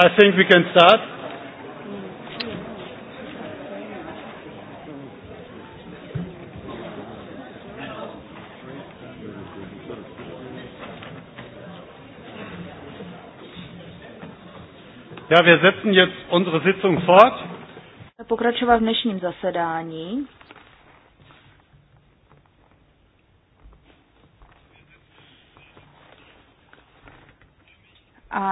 I think we can start. Ja, wir setzen jetzt unsere Sitzung fort. Pokračovat v dnešním zasedání.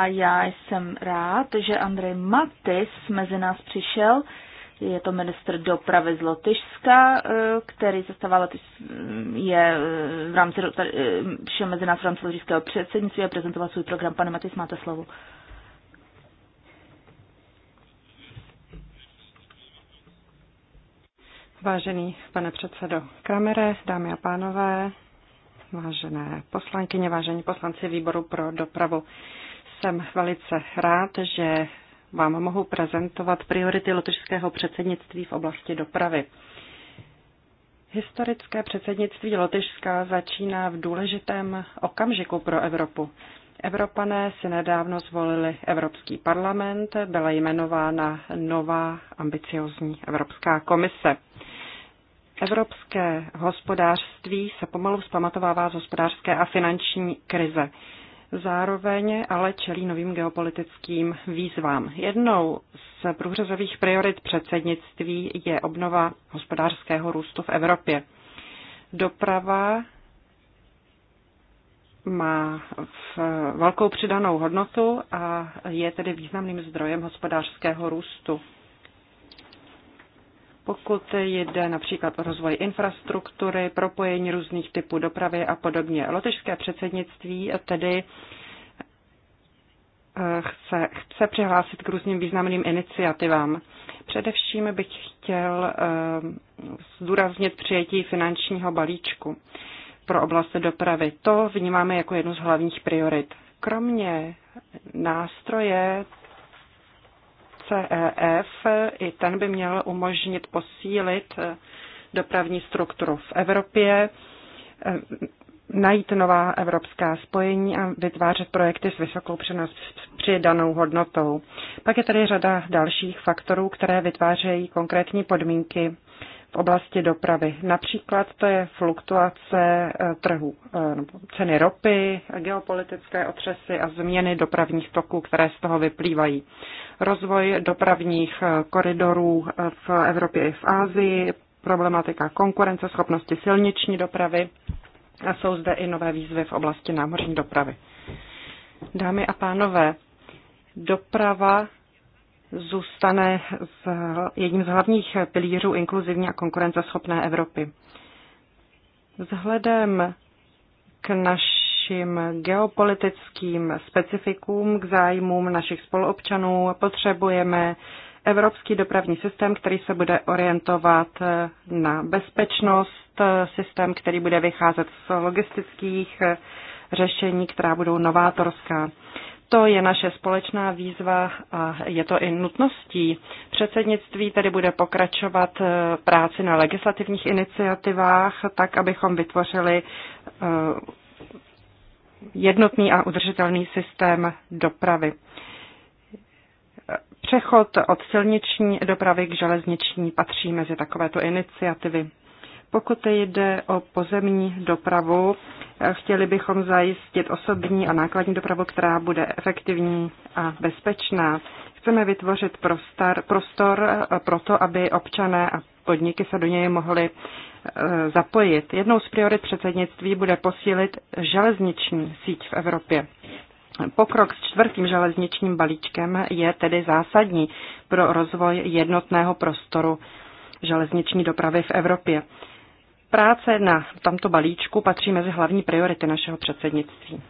A já jsem rád, že Andrej Matis mezi nás přišel. Je to ministr dopravy z Lotyšska, eh, který Lotyš, je eh, v rámci, přišel eh, mezi nás v rámci lotyšského předsednictví a prezentoval svůj program. Pane Matis, máte slovo. Vážený pane předsedo Kramere, dámy a pánové, vážené poslankyně, vážení poslanci výboru pro dopravu. Jsem velice rád, že vám mohu prezentovat priority lotyšského předsednictví v oblasti dopravy. Historické předsednictví Lotyšska začíná v důležitém okamžiku pro Evropu. Evropané si nedávno zvolili Evropský parlament, byla jmenována nová ambiciozní Evropská komise. Evropské hospodářství se pomalu zpamatovává z hospodářské a finanční krize. Zároveň ale čelí novým geopolitickým výzvám. Jednou z průřezových priorit předsednictví je obnova hospodářského růstu v Evropě. Doprava má v velkou přidanou hodnotu a je tedy významným zdrojem hospodářského růstu. Pokud jde například o rozvoj infrastruktury, propojení různých typů dopravy a podobně, lotyšské předsednictví tedy eh, chce, chce přihlásit k různým významným iniciativám. Především bych chtěl eh, zdůraznit přijetí finančního balíčku pro oblast dopravy. To vnímáme jako jednu z hlavních priorit. Kromě nástroje CEF, i ten by měl umožnit posílit eh, dopravní strukturu v Evropě, eh, najít nová evropská spojení a vytvářet projekty s vysokou přidanou hodnotou. Pak je tady řada dalších faktorů, které vytvářejí konkrétní podmínky oblasti dopravy. Například to je fluktuace eh, trhu, eh, ceny ropy, geopolitické otřesy a změny dopravních toků, které z toho vyplývají. Rozvoj dopravních eh, koridorů v Evropě i v Ázii, problematika konkurenceschopnosti silniční dopravy a jsou zde i nové výzvy v oblasti námořní dopravy. Dámy a pánové, doprava zůstane z, jedním z hlavních pilířů inkluzivní a konkurenceschopné Evropy. Vzhledem k našim geopolitickým specifikům, k zájmům našich spoluobčanů potřebujeme evropský dopravní systém, který se bude orientovat na bezpečnost, systém, který bude vycházet z logistických řešení, která budou novátorská. To je naše společná výzva a je to i nutností. Předsednictví tedy bude pokračovat eh, práci na legislativních iniciativách, tak abychom vytvořili eh, jednotný a udržitelný systém dopravy. Přechod od silniční dopravy k železniční patří mezi takovéto iniciativy. Pokud jde o pozemní dopravu, Chtěli bychom zajistit osobní a nákladní dopravu, která bude efektivní a bezpečná. Chceme vytvořit prostor, prostor pro to, aby občané a podniky se do něj mohly e, zapojit. Jednou z priorit předsednictví bude posílit železniční síť v Evropě. Pokrok s čtvrtým železničním balíčkem je tedy zásadní pro rozvoj jednotného prostoru železniční dopravy v Evropě. Práce na tomto balíčku patří mezi hlavní priority našeho předsednictví.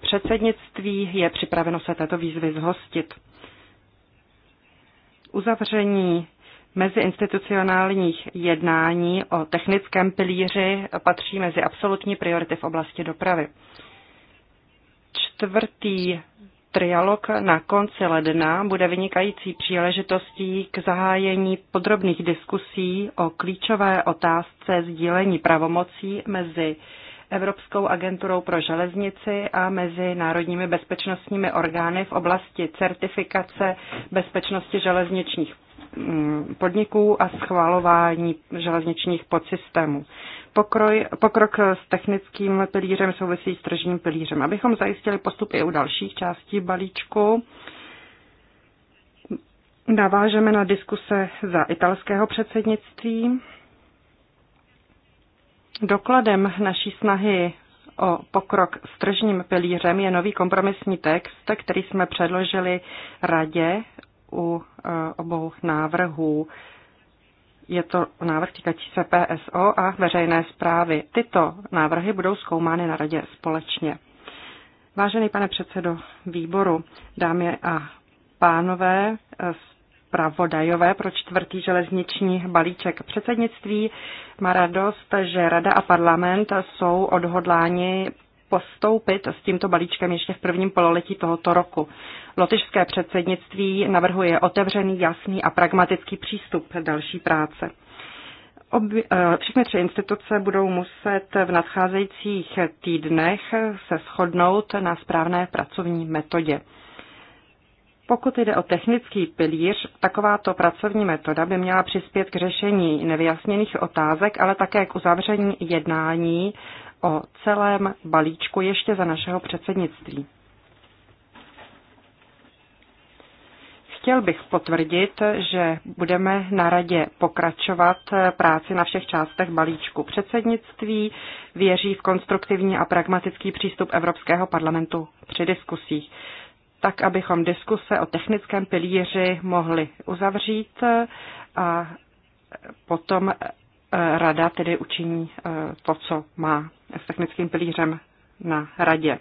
Předsednictví je připraveno se této výzvy zhostit. Uzavření meziinstitucionálních jednání o technickém pilíři patří mezi absolutní priority v oblasti dopravy. Čtvrtý trialog na konci ledna bude vynikající příležitostí k zahájení podrobných diskusí o klíčové otázce sdílení pravomocí mezi Evropskou agenturou pro železnici a mezi národními bezpečnostními orgány v oblasti certifikace bezpečnosti železničních Mm, podniků a schvalování železničních podsystémů. Pokroj, pokrok s technickým pilířem souvisí s tržním pilířem. Abychom zajistili postup i u dalších částí balíčku, navážeme na diskuse za italského předsednictví. Dokladem naší snahy o pokrok s tržním pilířem je nový kompromisní text, který jsme předložili Radě u eh, obou návrhů. Je to návrh týkající se PSO a veřejné zprávy. Tyto návrhy budou zkoumány na radě společně. Vážený pane předsedo výboru, dámy a pánové, eh, pravodajové pro čtvrtý železniční balíček předsednictví má radost, že Rada a parlament jsou odhodláni postoupit s tímto balíčkem ještě v prvním pololetí tohoto roku. Lotyšské předsednictví navrhuje otevřený, jasný a pragmatický přístup další práce. Obě, eh, všechny tři instituce budou muset v nadcházejících týdnech se shodnout na správné pracovní metodě. Pokud jde o technický pilíř, takováto pracovní metoda by měla přispět k řešení nevyjasněných otázek, ale také k uzavření jednání o celém balíčku ještě za našeho předsednictví. Chtěl bych potvrdit, že budeme na radě pokračovat práci na všech částech balíčku předsednictví, věří v konstruktivní a pragmatický přístup Evropského parlamentu při diskusích tak abychom diskuse o technickém pilíři mohli uzavřít a potom Eh, rada tedy učiní eh, to, co má s technickým pilířem na radě.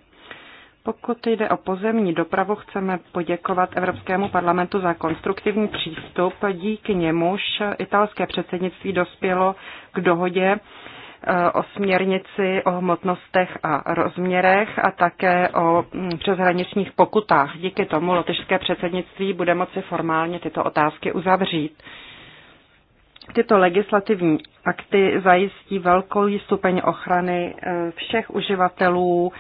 Pokud jde o pozemní dopravu, chceme poděkovat Evropskému parlamentu za konstruktivní přístup. Díky němuž italské předsednictví dospělo k dohodě eh, o směrnici o hmotnostech a rozměrech a také o mm, přeshraničních pokutách. Díky tomu lotyšské předsednictví bude moci formálně tyto otázky uzavřít. Tyto legislativní akty zajistí velkou stupeň ochrany eh, všech uživatelů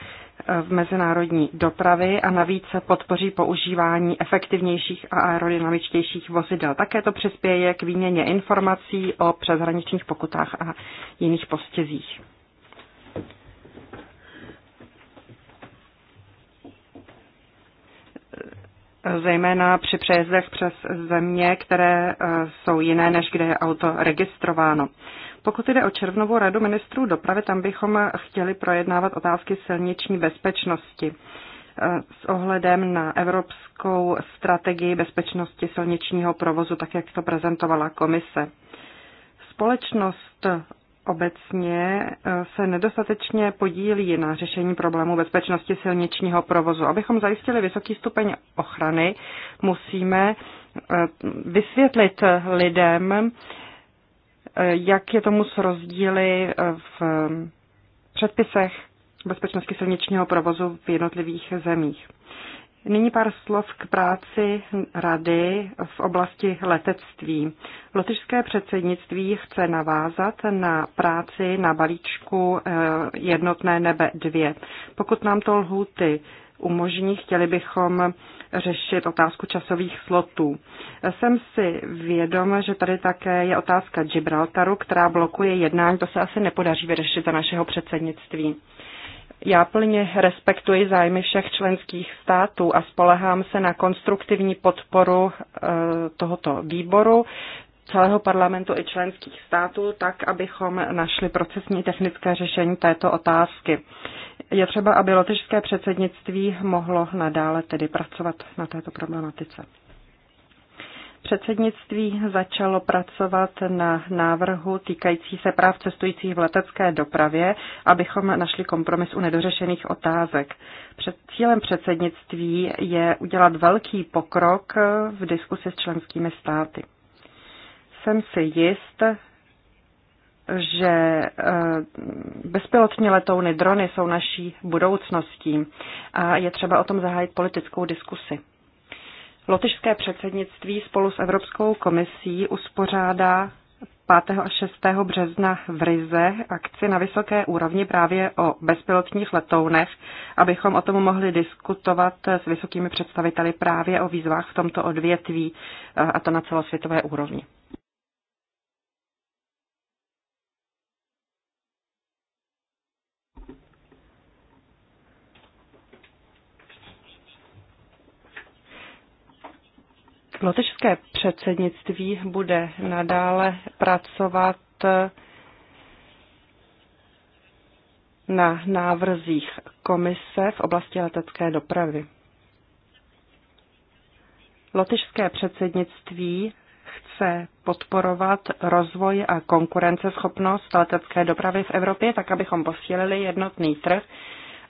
eh, v mezinárodní dopravy a navíc podpoří používání efektivnějších a aerodynamičtějších vozidel. Také to přispěje k výměně informací o přeshraničních pokutách a jiných postězích zejména při přejezdech přes země, které eh, jsou jiné, než kde je auto registrováno. Pokud jde o červnovou radu ministrů dopravy, tam bychom chtěli projednávat otázky silniční bezpečnosti eh, s ohledem na evropskou strategii bezpečnosti silničního provozu, tak jak to prezentovala komise. Společnost obecně eh, se nedostatečně podílí na řešení problému bezpečnosti silničního provozu. Abychom zajistili vysoký stupeň ochrany, musíme eh, vysvětlit lidem, eh, jak je tomu s rozdíly v předpisech bezpečnosti silničního provozu v jednotlivých zemích. Nyní pár slov k práci Rady v oblasti letectví. Lotyšské předsednictví chce navázat na práci na balíčku eh, jednotné nebe 2. Pokud nám to lhuty umožní, chtěli bychom řešit otázku časových slotů. Jsem si vědom, že tady také je otázka Gibraltaru, která blokuje jednání, to se asi nepodaří vyřešit za našeho předsednictví. Já plně respektuji zájmy všech členských států a spolehám se na konstruktivní podporu e, tohoto výboru, celého parlamentu i členských států, tak abychom našli procesní technické řešení této otázky. Je třeba, aby lotyšské předsednictví mohlo nadále tedy pracovat na této problematice. Předsednictví začalo pracovat na návrhu týkající se práv cestujících v letecké dopravě, abychom našli kompromis u nedořešených otázek. Před cílem předsednictví je udělat velký pokrok v diskusi s členskými státy. Jsem si jist, že eh, bezpilotní letouny, drony jsou naší budoucností a je třeba o tom zahájit politickou diskusi. Lotyšské předsednictví spolu s Evropskou komisí uspořádá 5. a 6. března v Rize akci na vysoké úrovni právě o bezpilotních letounech, abychom o tom mohli diskutovat s vysokými představiteli právě o výzvách v tomto odvětví a to na celosvětové úrovni. Lotyšské předsednictví bude nadále pracovat eh, na návrzích komise v oblasti letecké dopravy. Lotyšské předsednictví chce podporovat rozvoj a konkurenceschopnost letecké dopravy v Evropě, tak abychom posílili jednotný trh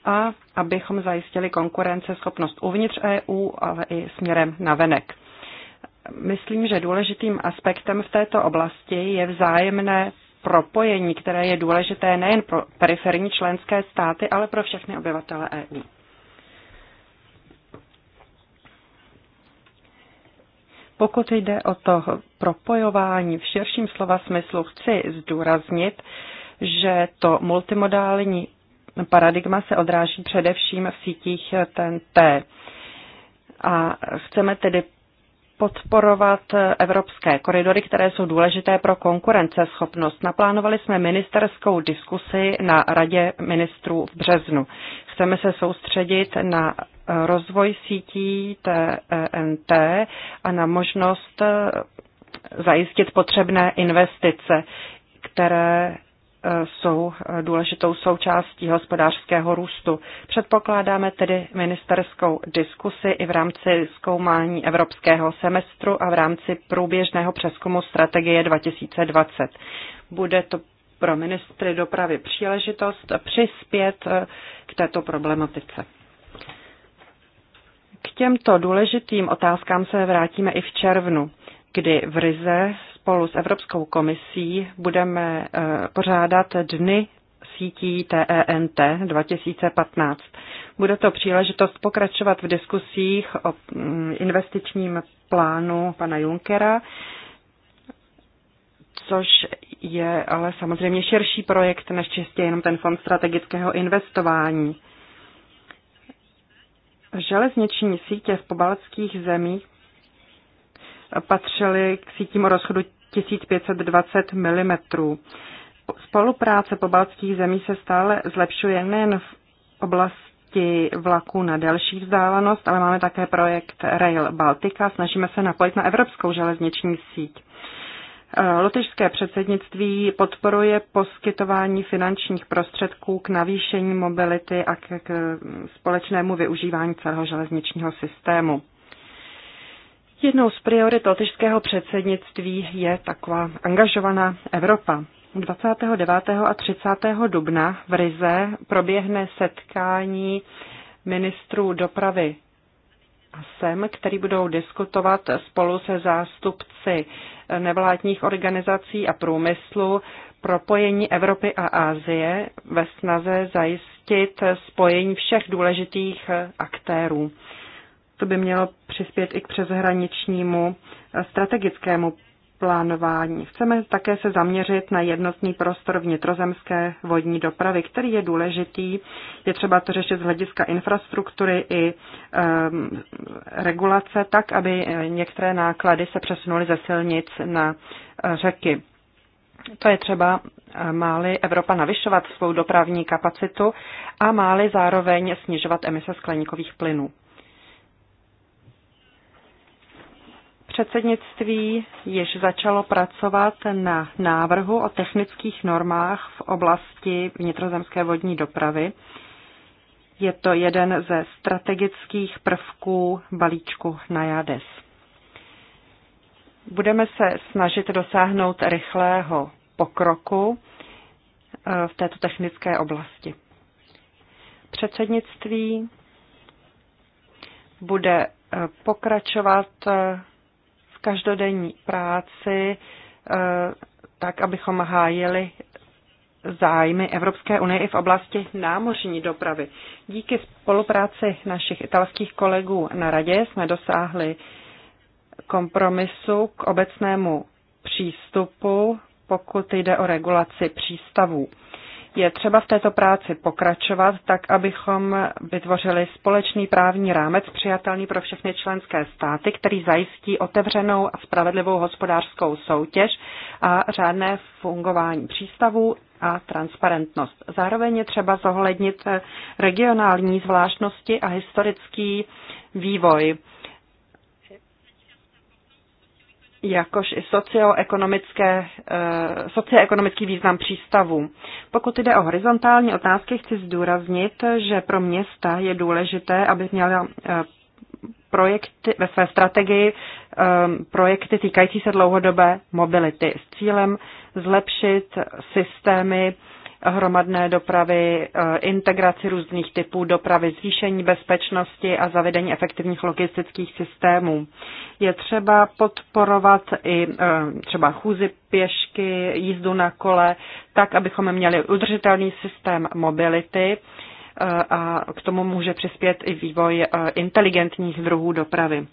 a abychom zajistili konkurenceschopnost uvnitř EU, ale i směrem na venek myslím, že důležitým aspektem v této oblasti je vzájemné propojení, které je důležité nejen pro periferní členské státy, ale pro všechny obyvatele EU. Pokud jde o to propojování v širším slova smyslu, chci zdůraznit, že to multimodální paradigma se odráží především v sítích TNT. A chceme tedy podporovat evropské koridory, které jsou důležité pro konkurenceschopnost. Naplánovali jsme ministerskou diskusi na Radě ministrů v březnu. Chceme se soustředit na rozvoj sítí TNT e a na možnost zajistit potřebné investice, které E, jsou e, důležitou součástí hospodářského růstu. Předpokládáme tedy ministerskou diskusi i v rámci zkoumání evropského semestru a v rámci průběžného přeskumu strategie 2020. Bude to pro ministry dopravy příležitost přispět e, k této problematice. K těmto důležitým otázkám se vrátíme i v červnu, kdy v Rize spolu s Evropskou komisí budeme eh, pořádat dny sítí TENT 2015. E Bude to příležitost pokračovat v diskusích o mm, investičním plánu pana Junkera, což je ale samozřejmě širší projekt než čistě jenom ten fond strategického investování. Železniční sítě v pobaltských zemích patřily k sítím o rozchodu. 1520 mm. Spolupráce po baltských zemí se stále zlepšuje nejen v oblasti vlaku na delší vzdálenost, ale máme také projekt Rail Baltica. Snažíme se napojit na evropskou železniční síť. Lotyšské předsednictví podporuje poskytování finančních prostředků k navýšení mobility a k společnému využívání celého železničního systému. Jednou z priorit lotyšského předsednictví je taková angažovaná Evropa. 29. a 30. dubna v Rize proběhne setkání ministrů dopravy a SEM, který budou diskutovat spolu se zástupci nevládních organizací a průmyslu propojení Evropy a Asie ve snaze zajistit spojení všech důležitých aktérů co by mělo přispět i k přeshraničnímu eh, strategickému plánování. Chceme také se zaměřit na jednotný prostor vnitrozemské vodní dopravy, který je důležitý. Je třeba to řešit z hlediska infrastruktury i um, regulace, tak aby eh, některé náklady se přesunuly ze silnic na řeky. To je třeba, máli Evropa navyšovat svou dopravní kapacitu a máli zároveň snižovat emise skleníkových plynů. Předsednictví již začalo pracovat na návrhu o technických normách v oblasti vnitrozemské vodní dopravy. Je to jeden ze strategických prvků balíčku na JADES. Budeme se snažit dosáhnout rychlého pokroku eh, v této technické oblasti. Předsednictví bude eh, pokračovat eh, každodenní práci, eh, tak abychom hájili zájmy Evropské unie i v oblasti námořní dopravy. Díky spolupráci našich italských kolegů na radě jsme dosáhli kompromisu k obecnému přístupu, pokud jde o regulaci přístavů. Je třeba v této práci pokračovat tak, abychom vytvořili společný právní rámec přijatelný pro všechny členské státy, který zajistí otevřenou a spravedlivou hospodářskou soutěž a řádné fungování přístavů a transparentnost. Zároveň je třeba zohlednit regionální zvláštnosti a historický vývoj jakož i socioekonomické, eh, socioekonomický význam přístavů. Pokud jde o horizontální otázky, chci zdůraznit, že pro města je důležité, aby měla eh, projekty, ve své strategii eh, projekty týkající se dlouhodobé mobility s cílem zlepšit systémy hromadné dopravy, eh, integraci různých typů dopravy, zvýšení bezpečnosti a zavedení efektivních logistických systémů. Je třeba podporovat i eh, třeba chůzi pěšky, jízdu na kole, tak, abychom měli udržitelný systém mobility eh, a k tomu může přispět i vývoj inteligentních druhů dopravy.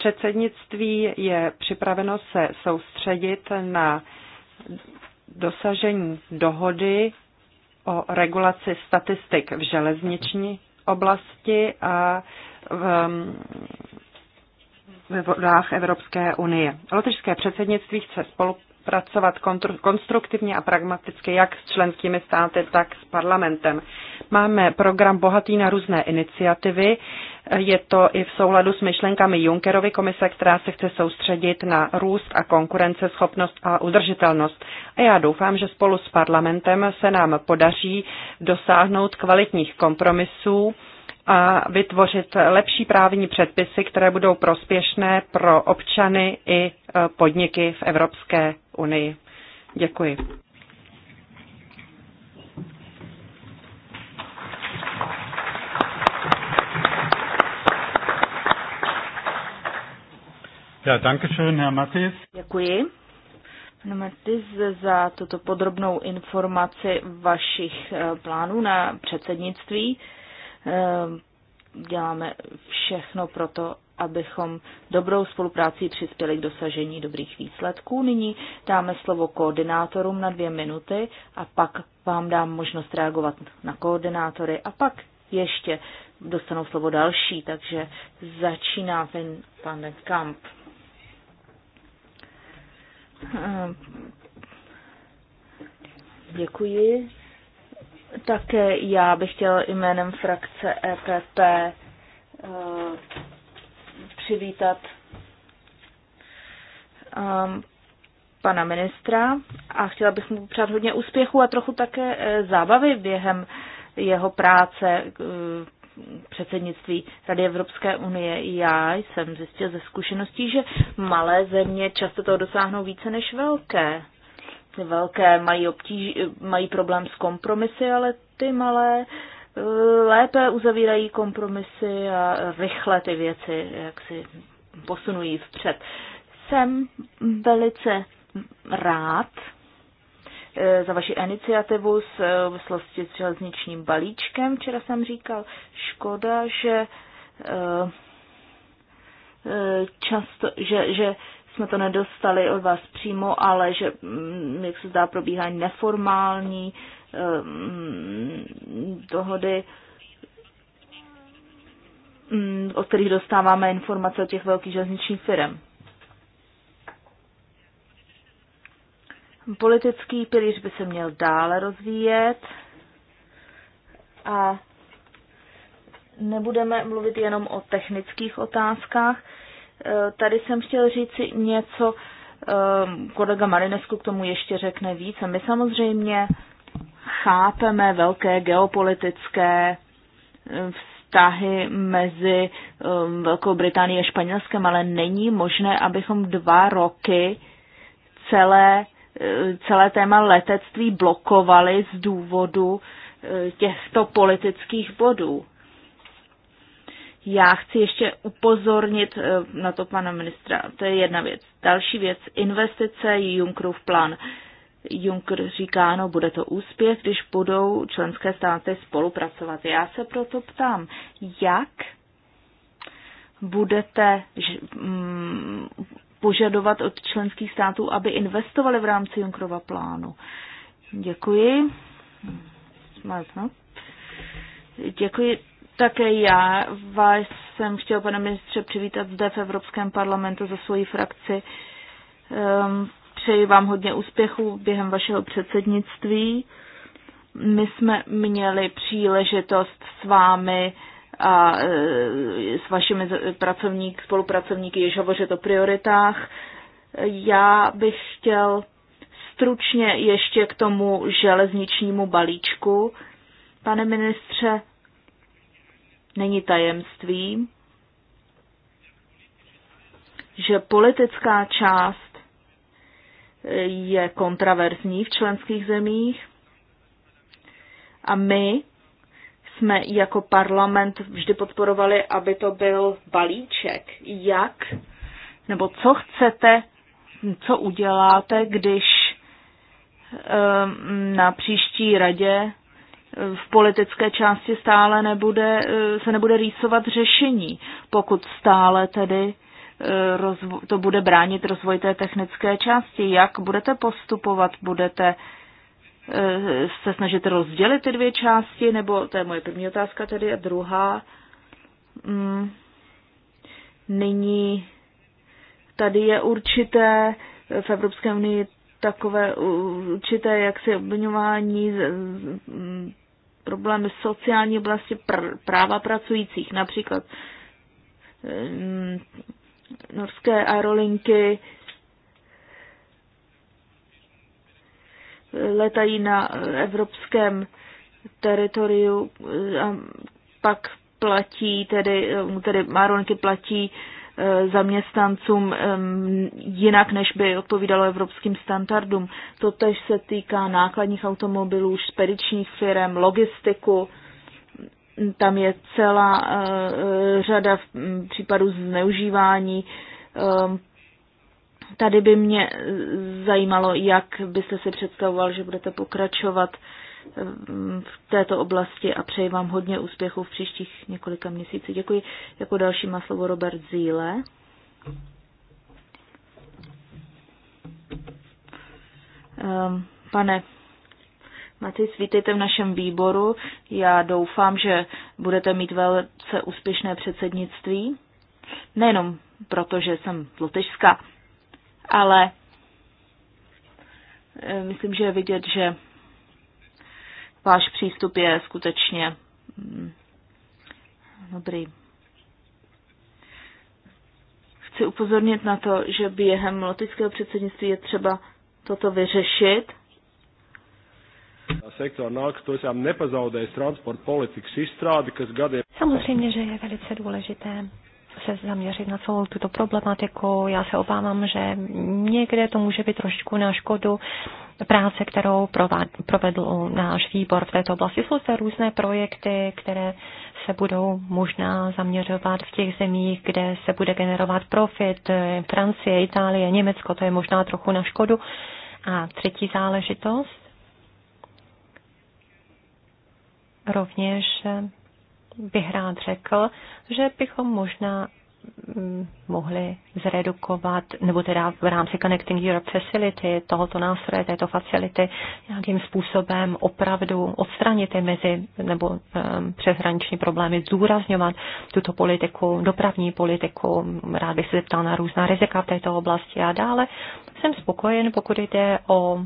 Předsednictví je připraveno se soustředit na dosažení dohody o regulaci statistik v železniční oblasti a v, um, ve vodách Evropské unie. Lotyšské předsednictví chce spolu pracovat konstruktivně a pragmaticky jak s členskými státy, tak s parlamentem. Máme program bohatý na různé iniciativy. Je to i v souladu s myšlenkami Junckerovy komise, která se chce soustředit na růst a konkurenceschopnost a udržitelnost. A já doufám, že spolu s parlamentem se nám podaří dosáhnout kvalitních kompromisů, a vytvořit lepší právní předpisy, které budou prospěšné pro občany i e, podniky v Evropské unii. Děkuji. Ja, danke schön, Herr Mattis. Děkuji. Pane Mattis, za tuto podrobnou informaci vašich e, plánů na předsednictví. Ehm, děláme všechno pro to, abychom dobrou spoluprácí přispěli k dosažení dobrých výsledků. Nyní dáme slovo koordinátorům na dvě minuty a pak vám dám možnost reagovat na koordinátory a pak ještě dostanou slovo další, takže začíná ten pan Kamp. Ehm, děkuji také já bych chtěla jménem frakce EPP uh, eh, přivítat um, pana ministra a chtěla bych mu přát hodně úspěchu a trochu také eh, zábavy během jeho práce eh, předsednictví Rady Evropské unie. Já jsem zjistil ze zkušeností, že malé země často toho dosáhnou více než velké. Ty velké mají, obtíž, mají problém s kompromisy, ale ty malé eh, lépe uzavírají kompromisy a rychle ty věci jak si posunují vpřed. Jsem velice rád eh, za vaši iniciativu s eh, vyslosti s železničním balíčkem. Včera jsem říkal, škoda, že často, že, že jsme to nedostali od vás přímo, ale že, mm, jak se zdá, probíhají neformální eh, mm, dohody, mm, o kterých dostáváme informace od těch velkých železničních firm. Politický pilíř by se měl dále rozvíjet a nebudeme mluvit jenom o technických otázkách, Eh, tady jsem chtěl říct si něco, ehm, kolega Marinesku k tomu ještě řekne víc. A my samozřejmě chápeme velké geopolitické ehm, vztahy mezi ehm, Velkou Británií a Španělskem, ale není možné, abychom dva roky celé, eh, celé téma letectví blokovali z důvodu eh, těchto politických bodů. Já chci ještě upozornit eh, na to pana ministra. To je jedna věc. Další věc, investice, Junckerův plán. Juncker říká, no bude to úspěch, když budou členské státy spolupracovat. Já se proto ptám, jak budete mm, požadovat od členských států, aby investovali v rámci Junkrova plánu. Děkuji. No. Děkuji. Také já vás jsem chtěl, pane ministře, přivítat zde v Evropském parlamentu za svoji frakci. Ehm, přeji vám hodně úspěchů během vašeho předsednictví. My jsme měli příležitost s vámi a e, s vašimi pracovník, spolupracovníky již hovořit o prioritách. Já bych chtěl stručně ještě k tomu železničnímu balíčku. Pane ministře, Není tajemstvím, že politická část eh, je kontraverzní v členských zemích a my jsme jako parlament vždy podporovali, aby to byl balíček. Jak nebo co chcete, co uděláte, když eh, na příští radě v politické části stále nebude, eh, se nebude rýsovat řešení, pokud stále tedy eh, rozvo- to bude bránit rozvoj té technické části. Jak budete postupovat? Budete eh, se snažit rozdělit ty dvě části? Nebo to je moje první otázka tedy a druhá. Mm, nyní tady je určité v Evropské unii takové určité jaksi obvinování problémy v sociální oblasti pr- práva pracujících, například um, norské aerolinky eh, letají na evropském teritoriu eh, a pak platí, tedy, tedy aerolinky platí uh, Eh, zaměstnancům jinak, než by odpovídalo evropským standardům. To tež se týká nákladních automobilů, špedičních firm, logistiku. Tam je celá eh, řada případů zneužívání. Tady by mě eh, zajímalo, jak byste si představoval, že budete pokračovat v této oblasti a přeji vám hodně úspěchů v příštích několika měsících. Děkuji. Jako další má slovo Robert Zíle. Ehm, pane Matis, vítejte v našem výboru. Já doufám, že budete mít velice úspěšné předsednictví. Nejenom proto, že jsem z ale ehm, myslím, že je vidět, že váš přístup je skutečně mm, dobrý. Chci upozornit na to, že během lotického předsednictví je třeba toto vyřešit. Samozřejmě, že je velice důležité se zaměřit na celou tuto problematiku. Já se obávám, že někde to může být trošku na škodu práce, kterou provedl náš výbor v této oblasti. Jsou zde různé projekty, které se budou možná zaměřovat v těch zemích, kde se bude generovat profit. Eh, Francie, Itálie, Německo, to je možná trochu na škodu. A třetí záležitost. Rovněž eh, bych rád řekl, že bychom možná mm, mohli zredukovat, nebo teda v rámci Connecting Europe Facility, tohoto nástroje, této facility, nějakým způsobem opravdu odstranit ty mezi nebo um, přeshraniční problémy, zdůrazňovat tuto politiku, dopravní politiku. Rád bych se zeptal na různá rizika v této oblasti a dále. Jsem spokojen, pokud jde o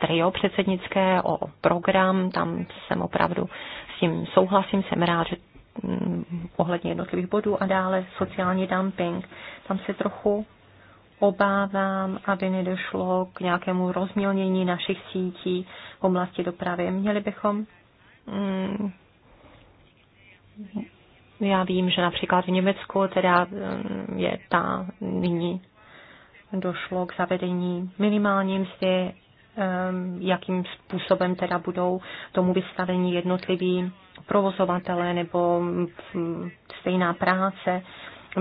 trio předsednické, o program, tam jsem opravdu tím souhlasím, jsem rád, že mm, ohledně jednotlivých bodů a dále sociální dumping. Tam se trochu obávám, aby nedošlo k nějakému rozmělnění našich sítí v oblasti dopravy. Měli bychom. Mm, já vím, že například v Německu teda mm, je ta nyní došlo k zavedení minimální mzdy Ehm, jakým způsobem teda budou tomu vystavení jednotliví provozovatele nebo mm, stejná práce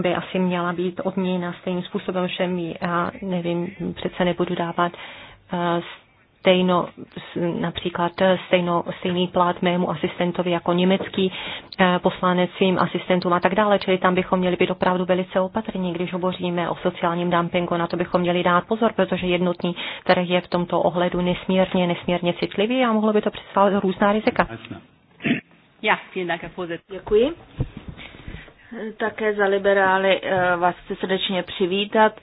by asi měla být od na stejným způsobem všem. Já nevím, přece nebudu dávat eh, stejno, například eh, stejno, stejný plat mému asistentovi jako německý eh, poslanec svým asistentům a tak dále. Čili tam bychom měli být opravdu velice opatrní, když hovoříme o sociálním dumpingu. Na to bychom měli dát pozor, protože jednotný trh je v tomto ohledu nesmírně, nesmírně citlivý a mohlo by to představovat různá rizika. Já, Děkuji. Také za liberály eh, vás chci srdečně přivítat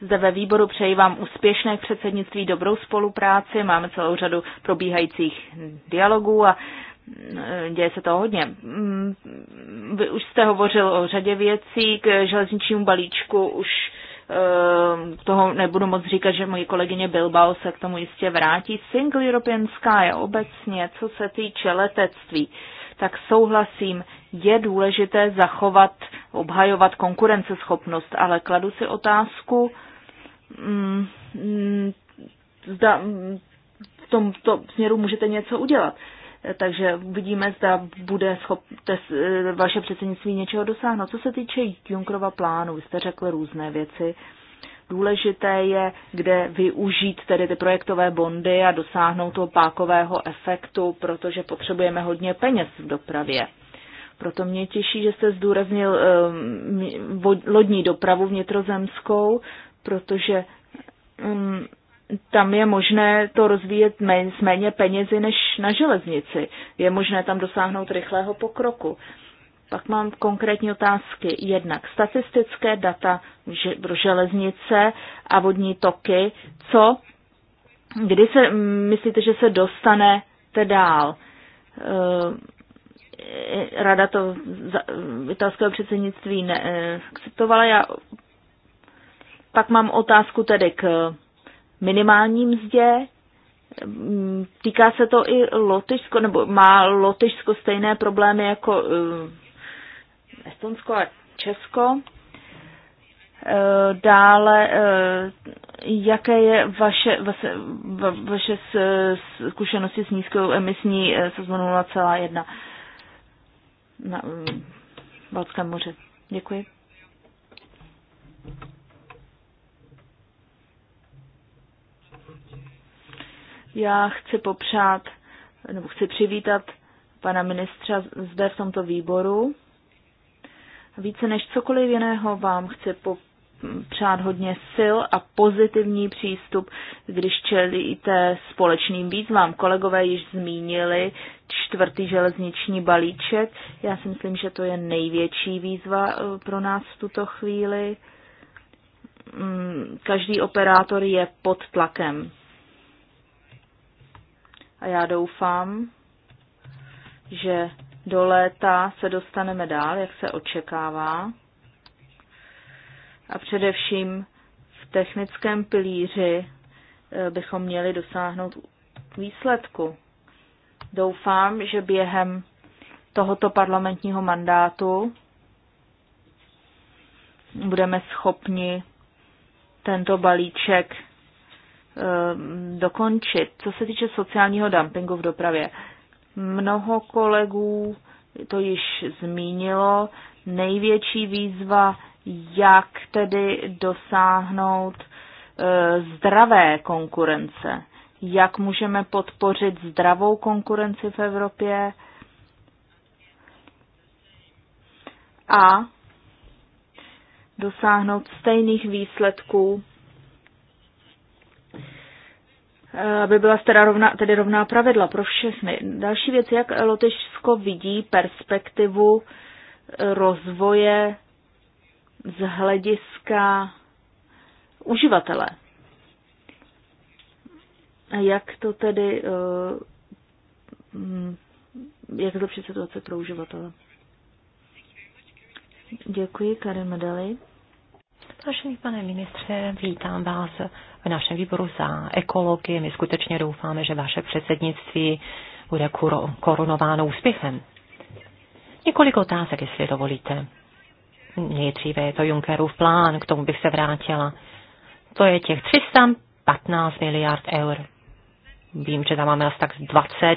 zde ve výboru. Přeji vám úspěšné předsednictví, dobrou spolupráci. Máme celou řadu probíhajících dialogů a mm, děje se to hodně. Mm, vy už jste hovořil o řadě věcí k železničnímu balíčku, už eh, toho nebudu moc říkat, že moji kolegyně Bilbao se k tomu jistě vrátí. Single European Sky obecně, co se týče letectví, tak souhlasím, je důležité zachovat, obhajovat konkurenceschopnost, ale kladu si otázku, Mm, mm, zda v tomto směru můžete něco udělat. Takže uvidíme, zda bude schop, tes, eh, vaše předsednictví něčeho dosáhnout. Co se týče Junkrova plánu, vy jste řekl různé věci. Důležité je, kde využít tedy ty projektové bondy a dosáhnout toho pákového efektu, protože potřebujeme hodně peněz v dopravě. Proto mě těší, že jste zdůraznil um, lodní dopravu vnitrozemskou, protože um, tam je možné to rozvíjet méně, s méně penězi než na železnici. Je možné tam dosáhnout rychlého pokroku. Pak mám konkrétní otázky. Jednak statistické data pro železnice a vodní toky. Co, kdy se mm, myslíte, že se dostanete dál? Eh, eh, rada to italského předsednictví neakceptovala. Eh, Já pak mám otázku tedy k minimální mzdě. Týká se to i Lotyšsko, nebo má Lotyšsko stejné problémy jako eh, Estonsko a Česko. Eh, dále, eh, jaké je vaše, vaše, vaše zkušenosti s nízkou emisní sazbou 0,1 na Balckém moře? Děkuji. Já chci popřát, nebo chci přivítat pana ministra zde v tomto výboru. Více než cokoliv jiného vám chci popřát hodně sil a pozitivní přístup, když čelíte společným výzvám. Kolegové již zmínili čtvrtý železniční balíček. Já si myslím, že to je největší výzva eh, pro nás v tuto chvíli. Mm, každý operátor je pod tlakem a já doufám, že do léta se dostaneme dál, jak se očekává. A především v technickém pilíři eh, bychom měli dosáhnout výsledku. Doufám, že během tohoto parlamentního mandátu budeme schopni tento balíček Ehm, dokončit. Co se týče sociálního dumpingu v dopravě, mnoho kolegů to již zmínilo. Největší výzva, jak tedy dosáhnout eh, zdravé konkurence, jak můžeme podpořit zdravou konkurenci v Evropě a dosáhnout stejných výsledků Eh, aby byla teda rovná, tedy rovná pravidla pro všechny. Další věc, jak Lotyšsko vidí perspektivu eh, rozvoje z hlediska uživatele. Jak to tedy, eh, jak zlepšit situace pro uživatele? Děkuji, Karin Medali. Vážený pane ministře, vítám vás v našem výboru za ekologii. My skutečně doufáme, že vaše předsednictví bude korunováno úspěchem. Několik otázek, jestli dovolíte. Nejdříve je to Junckerův plán, k tomu bych se vrátila. To je těch 315 miliard eur. Vím, že tam máme asi tak 20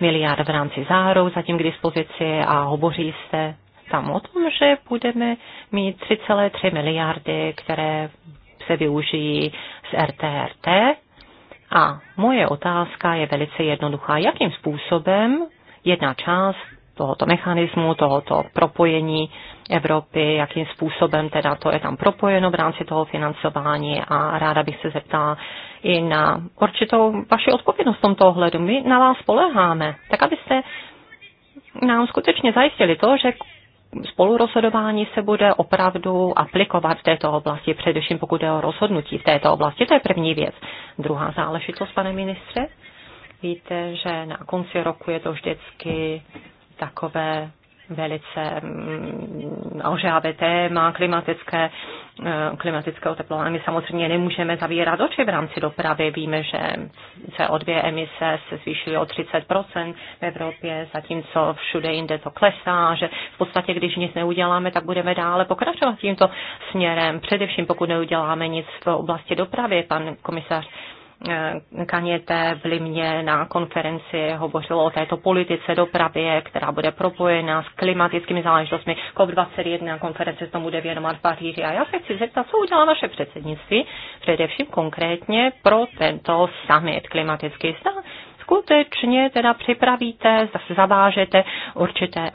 miliard v rámci zárou zatím k dispozici a hovoří se tam o tom, že budeme mít 3,3 miliardy, které se využijí z RTRT. A moje otázka je velice jednoduchá. Jakým způsobem jedna část tohoto mechanismu, tohoto propojení Evropy, jakým způsobem teda to je tam propojeno v rámci toho financování a ráda bych se zeptala i na určitou vaši odpovědnost v tomto ohledu. My na vás poleháme, tak abyste nám skutečně zajistili to, že spolurozhodování se bude opravdu aplikovat v této oblasti, především pokud je o rozhodnutí v této oblasti. To je první věc. Druhá záležitost, pane ministře, víte, že na konci roku je to vždycky takové velice mm, ožávé téma klimatické, eh, klimatické oteplování. My samozřejmě nemůžeme zavírat oči v rámci dopravy. Víme, že CO2 emise se zvýšily o 30% v Evropě, zatímco všude jinde to klesá, že v podstatě, když nic neuděláme, tak budeme dále pokračovat tímto směrem. Především, pokud neuděláme nic v oblasti dopravy, pan komisař Eh, Kaněte v Limě na konferenci hovořilo o této politice dopravě, která bude propojena s klimatickými záležitostmi. COP21 konference se tomu bude věnovat v Paříži. A já se chci zeptat, co udělá vaše předsednictví, především konkrétně pro tento summit klimatický stát skutečně teda připravíte, zase zavážete určité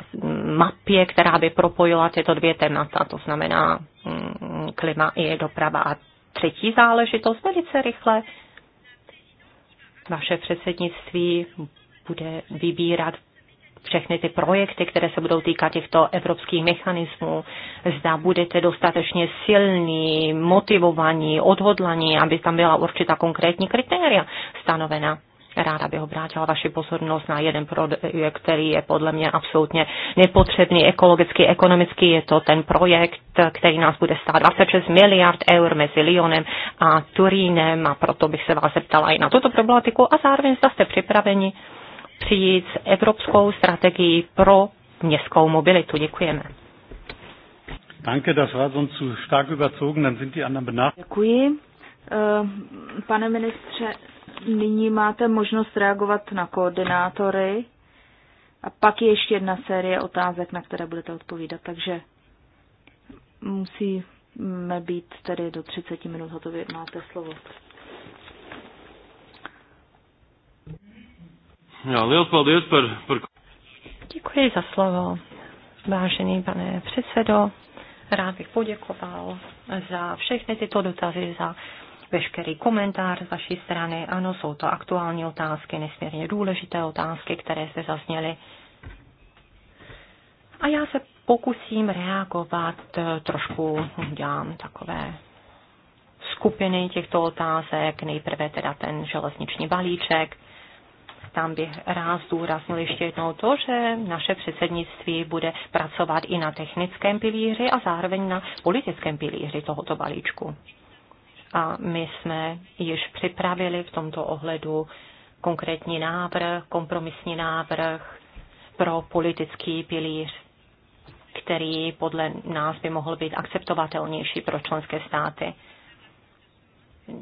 mapě, která by propojila tyto dvě témata, to znamená mm, klima i doprava. A třetí záležitost, velice rychle, vaše předsednictví bude vybírat všechny ty projekty, které se budou týkat těchto evropských mechanismů, zda budete dostatečně silní, motivovaní, odhodlaní, aby tam byla určitá konkrétní kritéria stanovena. Ráda bych obrátila vaši pozornost na jeden projekt, který je podle mě absolutně nepotřebný ekologicky, ekonomicky. Je to ten projekt, který nás bude stát 26 miliard eur mezi Lyonem a Turínem a proto bych se vás zeptala i na tuto problematiku a zároveň zda jste připraveni přijít s evropskou strategií pro městskou mobilitu. Děkujeme. Danke, das war sonst zu stark überzogen, dann sind die anderen benachrichtigt. Děkuji. Eh, pane ministře, Nyní máte možnost reagovat na koordinátory a pak je ještě jedna série otázek, na které budete odpovídat. Takže musíme být tedy do 30 minut hotově. Máte slovo. Děkuji za slovo, vážený pane předsedo. Rád bych poděkoval za všechny tyto dotazy, za veškerý komentář z vaší strany. Ano, jsou to aktuální otázky, nesmírně důležité otázky, které se zazněly. A já se pokusím reagovat eh, trošku, dělám takové skupiny těchto otázek. Nejprve teda ten železniční balíček. Tam bych rád zdůraznil ještě jednou to, že naše předsednictví bude pracovat i na technickém pilíři a zároveň na politickém pilíři tohoto balíčku a my jsme již připravili v tomto ohledu konkrétní návrh, kompromisní návrh pro politický pilíř, který podle nás by mohl být akceptovatelnější pro členské státy.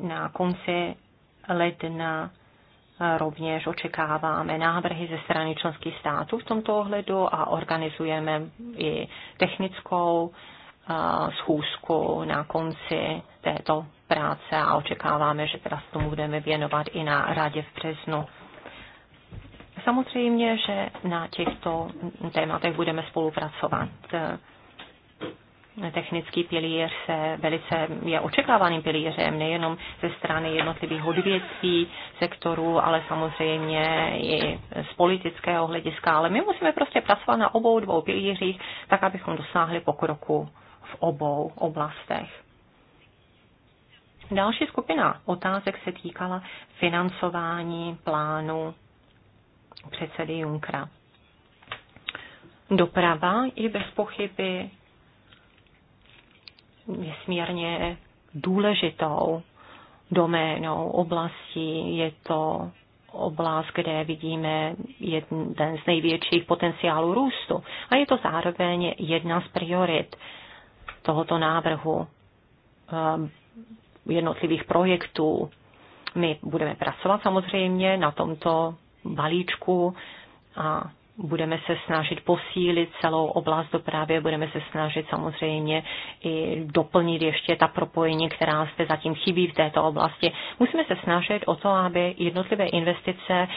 Na konci ledna rovněž očekáváme návrhy ze strany členských států v tomto ohledu a organizujeme i technickou eh, schůzku na konci této práce a očekáváme, že teda se tomu budeme věnovat i na radě v březnu. Samozřejmě, že na těchto tématech budeme spolupracovat. Technický pilíř se velice je očekávaným pilířem nejenom ze strany jednotlivých odvětví, sektorů, ale samozřejmě i z politického hlediska. Ale my musíme prostě pracovat na obou dvou pilířích, tak abychom dosáhli pokroku v obou oblastech. Další skupina otázek se týkala financování plánu předsedy Junkra. Doprava je bez pochyby nesmírně důležitou doménou oblastí. Je to oblast, kde vidíme jeden z největších potenciálů růstu. A je to zároveň jedna z priorit tohoto návrhu jednotlivých projektů. My budeme pracovat samozřejmě na tomto balíčku a budeme se snažit posílit celou oblast dopravy, budeme se snažit samozřejmě i doplnit ještě ta propojení, která zde zatím chybí v této oblasti. Musíme se snažit o to, aby jednotlivé investice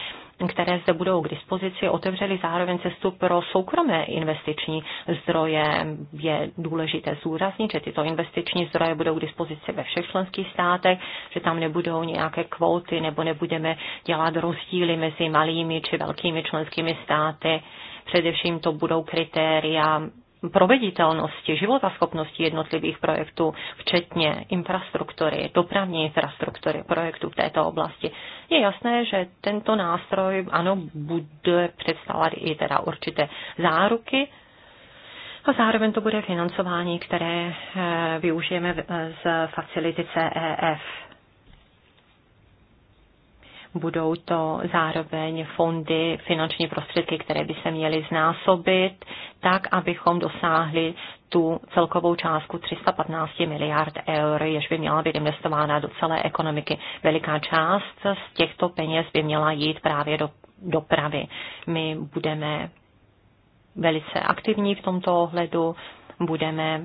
které zde budou k dispozici, otevřeli zároveň cestu pro soukromé investiční zdroje. Je důležité zúraznit, že tyto investiční zdroje budou k dispozici ve všech členských státech, že tam nebudou nějaké kvóty nebo nebudeme dělat rozdíly mezi malými či velkými členskými státy. Především to budou kritéria proveditelnosti, životaschopnosti jednotlivých projektů, včetně infrastruktury, dopravní infrastruktury projektů v této oblasti, je jasné, že tento nástroj ano, bude představovat i teda určité záruky, a zároveň to bude financování, které eh, využijeme z facility CEF budou to zároveň fondy, finanční prostředky, které by se měly znásobit, tak, abychom dosáhli tu celkovou částku 315 miliard eur, jež by měla být investována do celé ekonomiky. Veliká část z těchto peněz by měla jít právě do dopravy. My budeme velice aktivní v tomto ohledu, budeme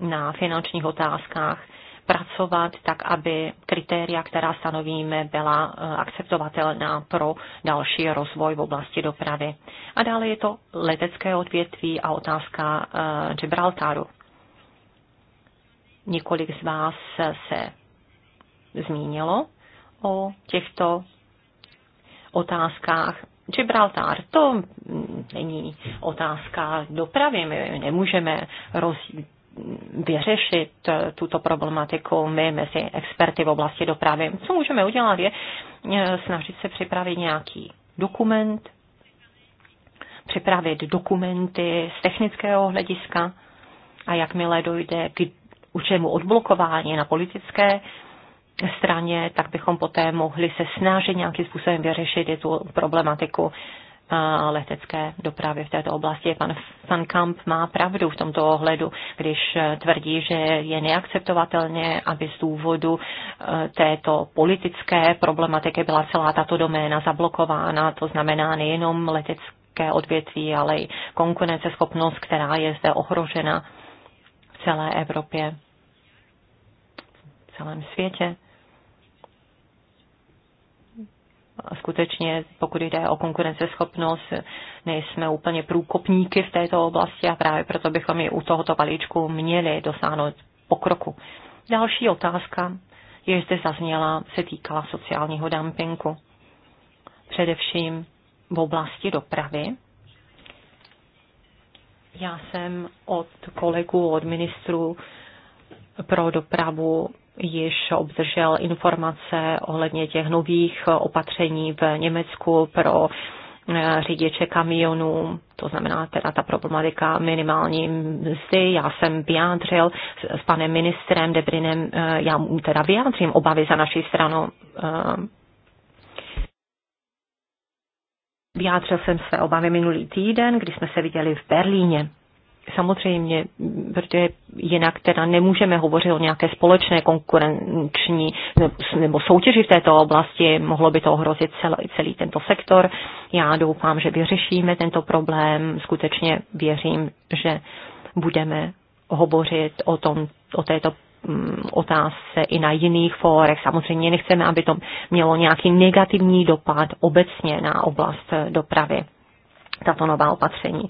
na finančních otázkách pracovat tak, aby kritéria, která stanovíme, byla eh, akceptovatelná pro další rozvoj v oblasti dopravy. A dále je to letecké odvětví a otázka eh, Gibraltaru. Několik z vás se zmínilo o těchto otázkách. Gibraltar, to mm, není otázka dopravy. My nemůžeme roz, vyřešit eh, tuto problematiku my mezi experty v oblasti dopravy. Co můžeme udělat je eh, snažit se připravit nějaký dokument, připravit dokumenty z technického hlediska a jakmile dojde k určitému odblokování na politické straně, tak bychom poté mohli se snažit nějakým způsobem vyřešit tu problematiku letecké dopravy v této oblasti. Pan Van Kamp má pravdu v tomto ohledu, když tvrdí, že je neakceptovatelně, aby z důvodu e, této politické problematiky byla celá tato doména zablokována, to znamená nejenom letecké odvětví, ale i konkurenceschopnost, která je zde ohrožena v celé Evropě, v celém světě. skutečně, pokud jde o konkurenceschopnost, nejsme úplně průkopníky v této oblasti a právě proto bychom i u tohoto balíčku měli dosáhnout pokroku. Další otázka, jež zde zazněla, se týkala sociálního dumpingu. Především v oblasti dopravy. Já jsem od kolegů, od ministrů pro dopravu již obdržel informace ohledně těch nových opatření v Německu pro eh, řidiče kamionů, to znamená teda ta problematika minimální mzdy. Já jsem vyjádřil s panem ministrem Debrinem, eh, já mu teda vyjádřím obavy za naší stranu. Eh, vyjádřil jsem své obavy minulý týden, kdy jsme se viděli v Berlíně samozřejmě, protože jinak teda nemůžeme hovořit o nějaké společné konkurenční nebo soutěži v této oblasti, mohlo by to ohrozit celý, celý tento sektor. Já doufám, že vyřešíme tento problém, skutečně věřím, že budeme hovořit o, tom, o této mm, otázce i na jiných fórech. Samozřejmě nechceme, aby to mělo nějaký negativní dopad obecně na oblast dopravy tato nová opatření.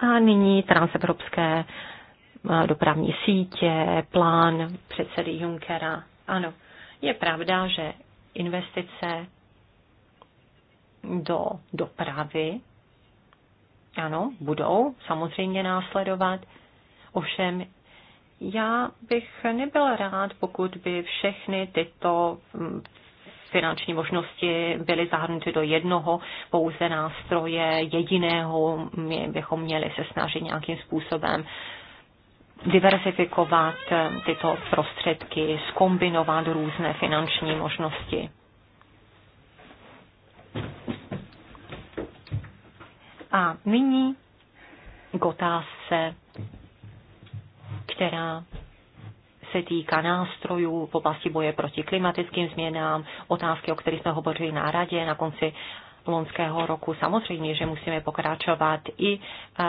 A nyní transevropské eh, dopravní sítě, plán předsedy Junckera. Ano, je pravda, že investice do dopravy, ano, budou samozřejmě následovat. Ovšem, já bych nebyl rád, pokud by všechny tyto hm, finanční možnosti byly zahrnuty do jednoho pouze nástroje, jediného. My bychom měli se snažit nějakým způsobem diversifikovat eh, tyto prostředky, skombinovat různé finanční možnosti. A nyní k otázce, která se týká nástrojů v oblasti boje proti klimatickým změnám, otázky, o kterých jsme hovořili na radě na konci loňského roku. Samozřejmě, že musíme pokračovat i eh,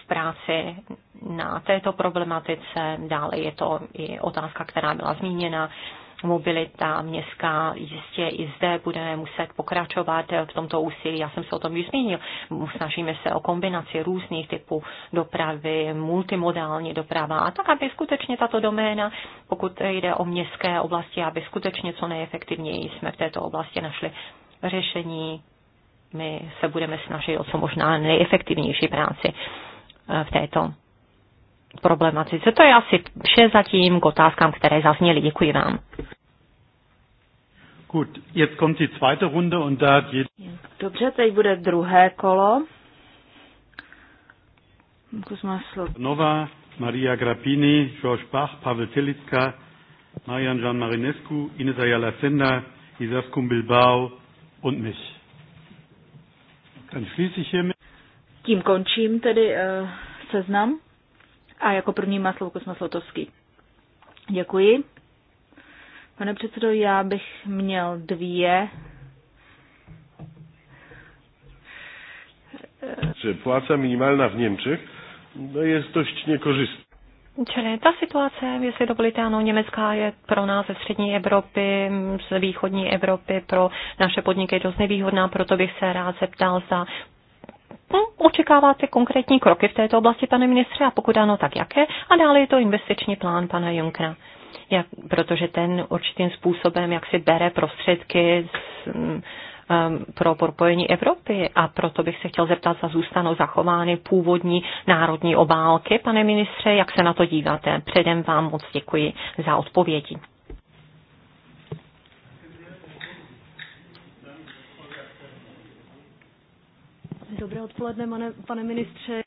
v práci na této problematice. Dále je to i otázka, která byla zmíněna mobilita městská. Jistě i zde budeme muset pokračovat v tomto úsilí. Já jsem se o tom již zmínil. Snažíme se o kombinaci různých typů dopravy, multimodální doprava a tak, aby skutečně tato doména, pokud jde o městské oblasti, aby skutečně co nejefektivněji jsme v této oblasti našli řešení. My se budeme snažit o co možná nejefektivnější práci eh, v této problematice. To je asi vše zatím k otázkám, které zazněly. Děkuji vám. Gut, jetzt kommt die zweite Runde und da geht... Dobře, teď bude druhé kolo. Nova, Maria Grappini, George Bach, Pavel Tilitska, Marian Jean Marinescu, Ines Ayala Senda, Isas Bilbao und mich. Dann schließe ich hiermit. Tím končím tedy uh, seznam. A jako první má slovo Kosma Slotovský. Děkuji. Pane předsedo, já bych měl dvě. Czy płaca minimalna v Niemczech no jest dość niekorzystna. Čili ta situace, jestli dovolíte, ano, německá je pro nás ze střední Evropy, z východní Evropy, pro naše podniky dost nevýhodná, proto bych se rád zeptal, zda Očekáváte konkrétní kroky v této oblasti, pane ministře, a pokud ano, tak jaké? A dále je to investiční plán pana Junkra. Jak, protože ten určitým způsobem, jak si bere prostředky z, mm, um, pro propojení Evropy a proto bych se chtěl zeptat, za zůstanou zachovány původní národní obálky. Pane ministře, jak se na to díváte? Předem vám moc děkuji za odpovědi. Dobré odpoledne, pane, ministře.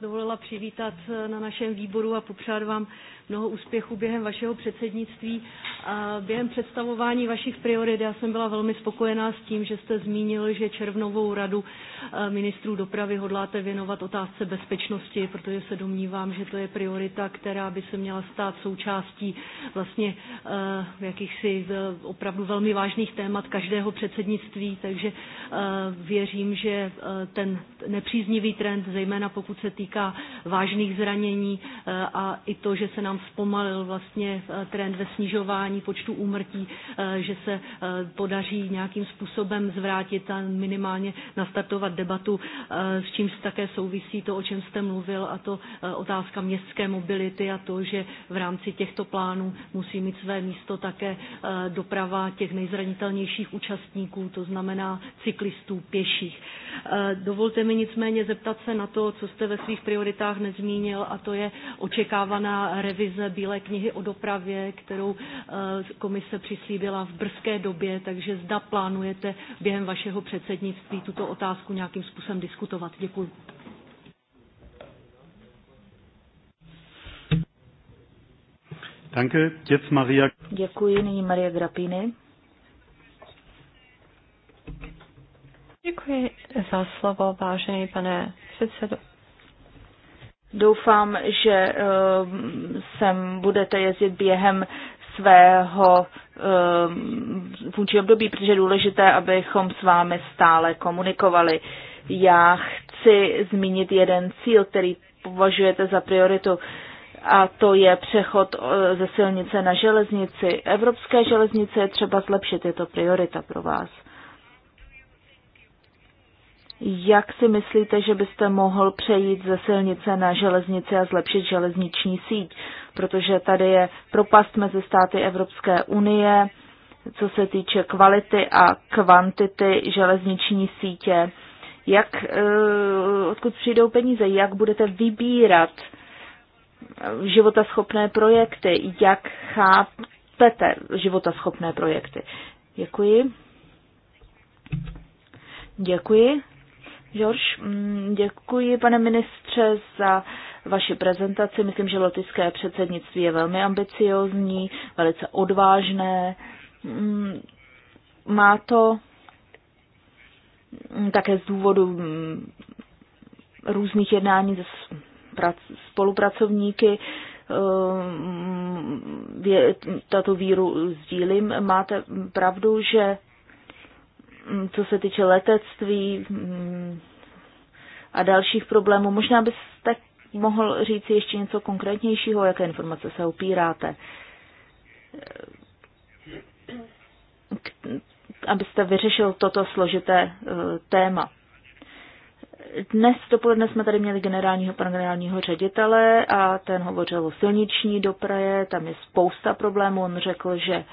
Dovolila přivítat eh, na našem výboru a popřát vám mnoho úspěchů během vašeho předsednictví. A během představování vašich priorit já jsem byla velmi spokojená s tím, že jste zmínil, že červnovou radu eh, ministrů dopravy hodláte věnovat otázce bezpečnosti, protože se domnívám, že to je priorita, která by se měla stát součástí eh, vlastně jakýchsi opravdu velmi vážných témat každého předsednictví, takže věřím, že ten nepříznivý trend, zejména pokud se týká týká vážných zranění eh, a i to, že se nám zpomalil vlastně eh, trend ve snižování počtu úmrtí, eh, že se podaří nějakým způsobem zvrátit a minimálně nastartovat debatu, s čím také souvisí to, o čem jste mluvil, a to otázka městské mobility a to, že v rámci těchto plánů musí mít své místo také doprava těch nejzranitelnějších účastníků, to znamená cyklistů, pěších. Eh, dovolte mi nicméně zeptat se na to, co jste ve svých prioritách nezmínil, a to je očekávaná revize Bílé knihy o dopravě, kterou eh, komise přislíbila v brzké době, takže zda plánujete během vašeho předsednictví tuto otázku nějakým způsobem diskutovat. Děkuji. Danke. Jetzt Maria. Děkuji, nyní Maria Grapini. Děkuji za slovo, vážený pane předsedo. Doufám, že eh, sem budete jezdit během svého funkčního eh, období, protože je důležité, abychom s vámi stále komunikovali. Já chci zmínit jeden cíl, který považujete za prioritu, a to je přechod eh, ze silnice na železnici. Evropské železnice je třeba zlepšit, je to priorita pro vás. Jak si myslíte, že byste mohl přejít ze silnice na železnici a zlepšit železniční síť? Protože tady je propast mezi státy Evropské unie, co se týče kvality a kvantity železniční sítě. Jak, eh, odkud přijdou peníze? Jak budete vybírat eh, životaschopné projekty? Jak chápete životaschopné projekty? Děkuji. Děkuji. George, mm, děkuji, pane ministře, za vaši prezentaci. Myslím, že lotické předsednictví je velmi ambiciozní, velice odvážné. Mm, má to mm, také z důvodu různých jednání se spolupracovníky. Tato víru sdílím. Máte pravdu, že Mm, co se týče letectví mm, a dalších problémů. Možná byste mohl říct ještě něco konkrétnějšího, jaké informace se opíráte, abyste vyřešil toto složité eh, téma. Dnes dopoledne jsme tady měli generálního, pana generálního ředitele a ten hovořil o silniční dopravě, tam je spousta problémů. On řekl, že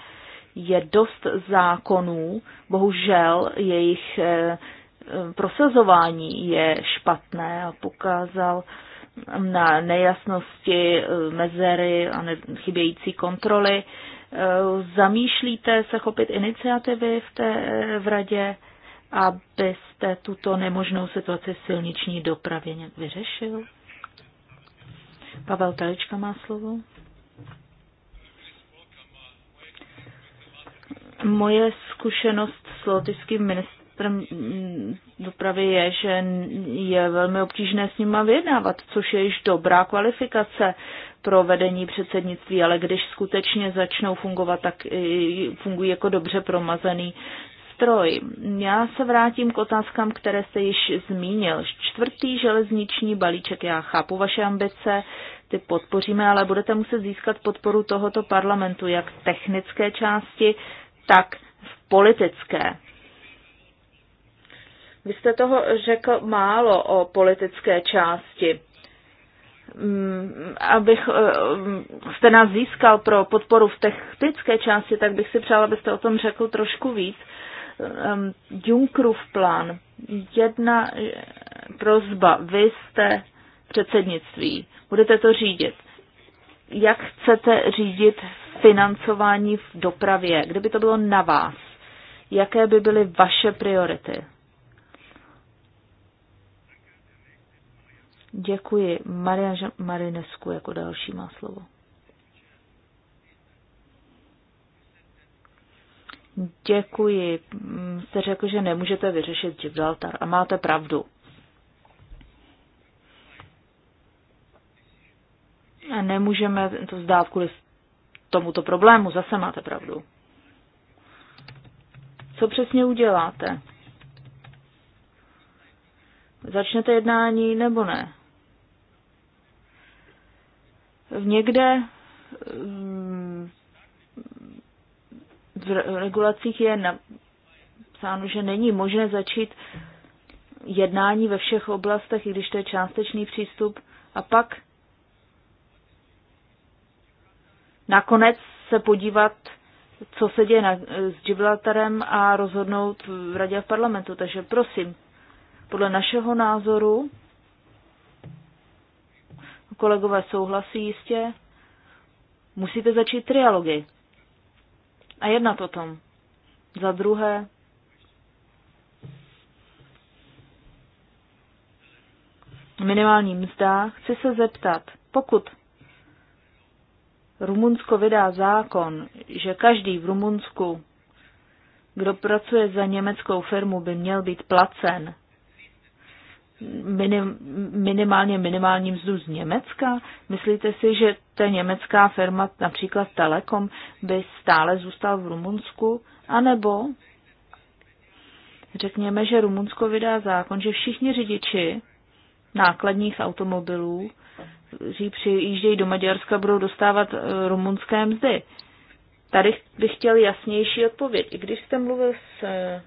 je dost zákonů, bohužel jejich eh, eh, prosazování je špatné a pokázal na nejasnosti, eh, mezery a chybějící kontroly. Zamýšlíte se chopit iniciativy v, té, v radě, abyste tuto nemožnou situaci v silniční dopravě nějak vyřešil? Pavel Telička má slovo. Moje zkušenost s lotyským ministrem dopravy je, že je velmi obtížné s nima vyjednávat, což je již dobrá kvalifikace pro vedení předsednictví, ale když skutečně začnou fungovat, tak fungují jako dobře promazaný stroj. Já se vrátím k otázkám, které jste již zmínil. Čtvrtý železniční balíček, já chápu vaše ambice, ty podpoříme, ale budete muset získat podporu tohoto parlamentu, jak technické části, tak v politické. Vy jste toho řekl málo o politické části. Mm, abych eh, mm, jste nás získal pro podporu v technické části, tak bych si přál, abyste o tom řekl trošku víc. Ehm, Junckerův plán. Jedna eh, prozba. Vy jste předsednictví. Budete to řídit. Jak chcete řídit financování v dopravě, kdyby to bylo na vás, jaké by byly vaše priority? Děkuji. Maria Marinesku jako další má slovo. Děkuji. Jste řekl, že nemůžete vyřešit Gibraltar a máte pravdu. Nemůžeme to vzdát kvůli tomuto problému. Zase máte pravdu. Co přesně uděláte? Začnete jednání nebo ne? Někde mm, v regulacích je napsáno, že není možné začít jednání ve všech oblastech, i když to je částečný přístup, a pak nakonec se podívat, co se děje na, s Gibraltarem a rozhodnout v radě a v parlamentu. Takže prosím, podle našeho názoru, kolegové souhlasí jistě, musíte začít trialogy a jednat o tom. Za druhé, minimální mzda, chci se zeptat, pokud Rumunsko vydá zákon, že každý v Rumunsku, kdo pracuje za německou firmu, by měl být placen minim, minimálně minimálním mzdu z Německa? Myslíte si, že ta německá firma, například Telekom, by stále zůstal v Rumunsku? A nebo řekněme, že Rumunsko vydá zákon, že všichni řidiči nákladních automobilů kteří přijíždějí do Maďarska, budou dostávat eh, rumunské mzdy. Tady bych chtěl jasnější odpověď. I když jste mluvil s eh,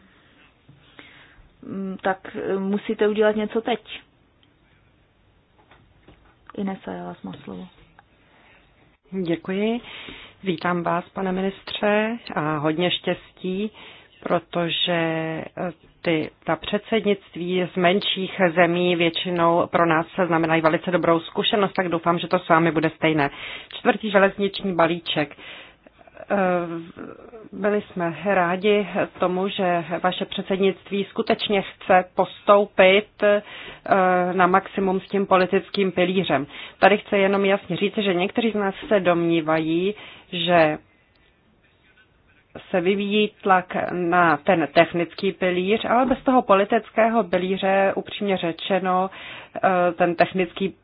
tak eh, musíte udělat něco teď. Inesa, já vás mám slovo. Děkuji. Vítám vás, pane ministře, a hodně štěstí, protože ty, ta předsednictví z menších zemí většinou pro nás znamenají velice dobrou zkušenost, tak doufám, že to s vámi bude stejné. Čtvrtý železniční balíček. Eh, byli jsme rádi tomu, že vaše předsednictví skutečně chce postoupit eh, na maximum s tím politickým pilířem. Tady chci jenom jasně říct, že někteří z nás se domnívají, že se vyvíjí tlak na ten technický pilíř, ale bez toho politického pilíře, upřímně řečeno, eh, ten technický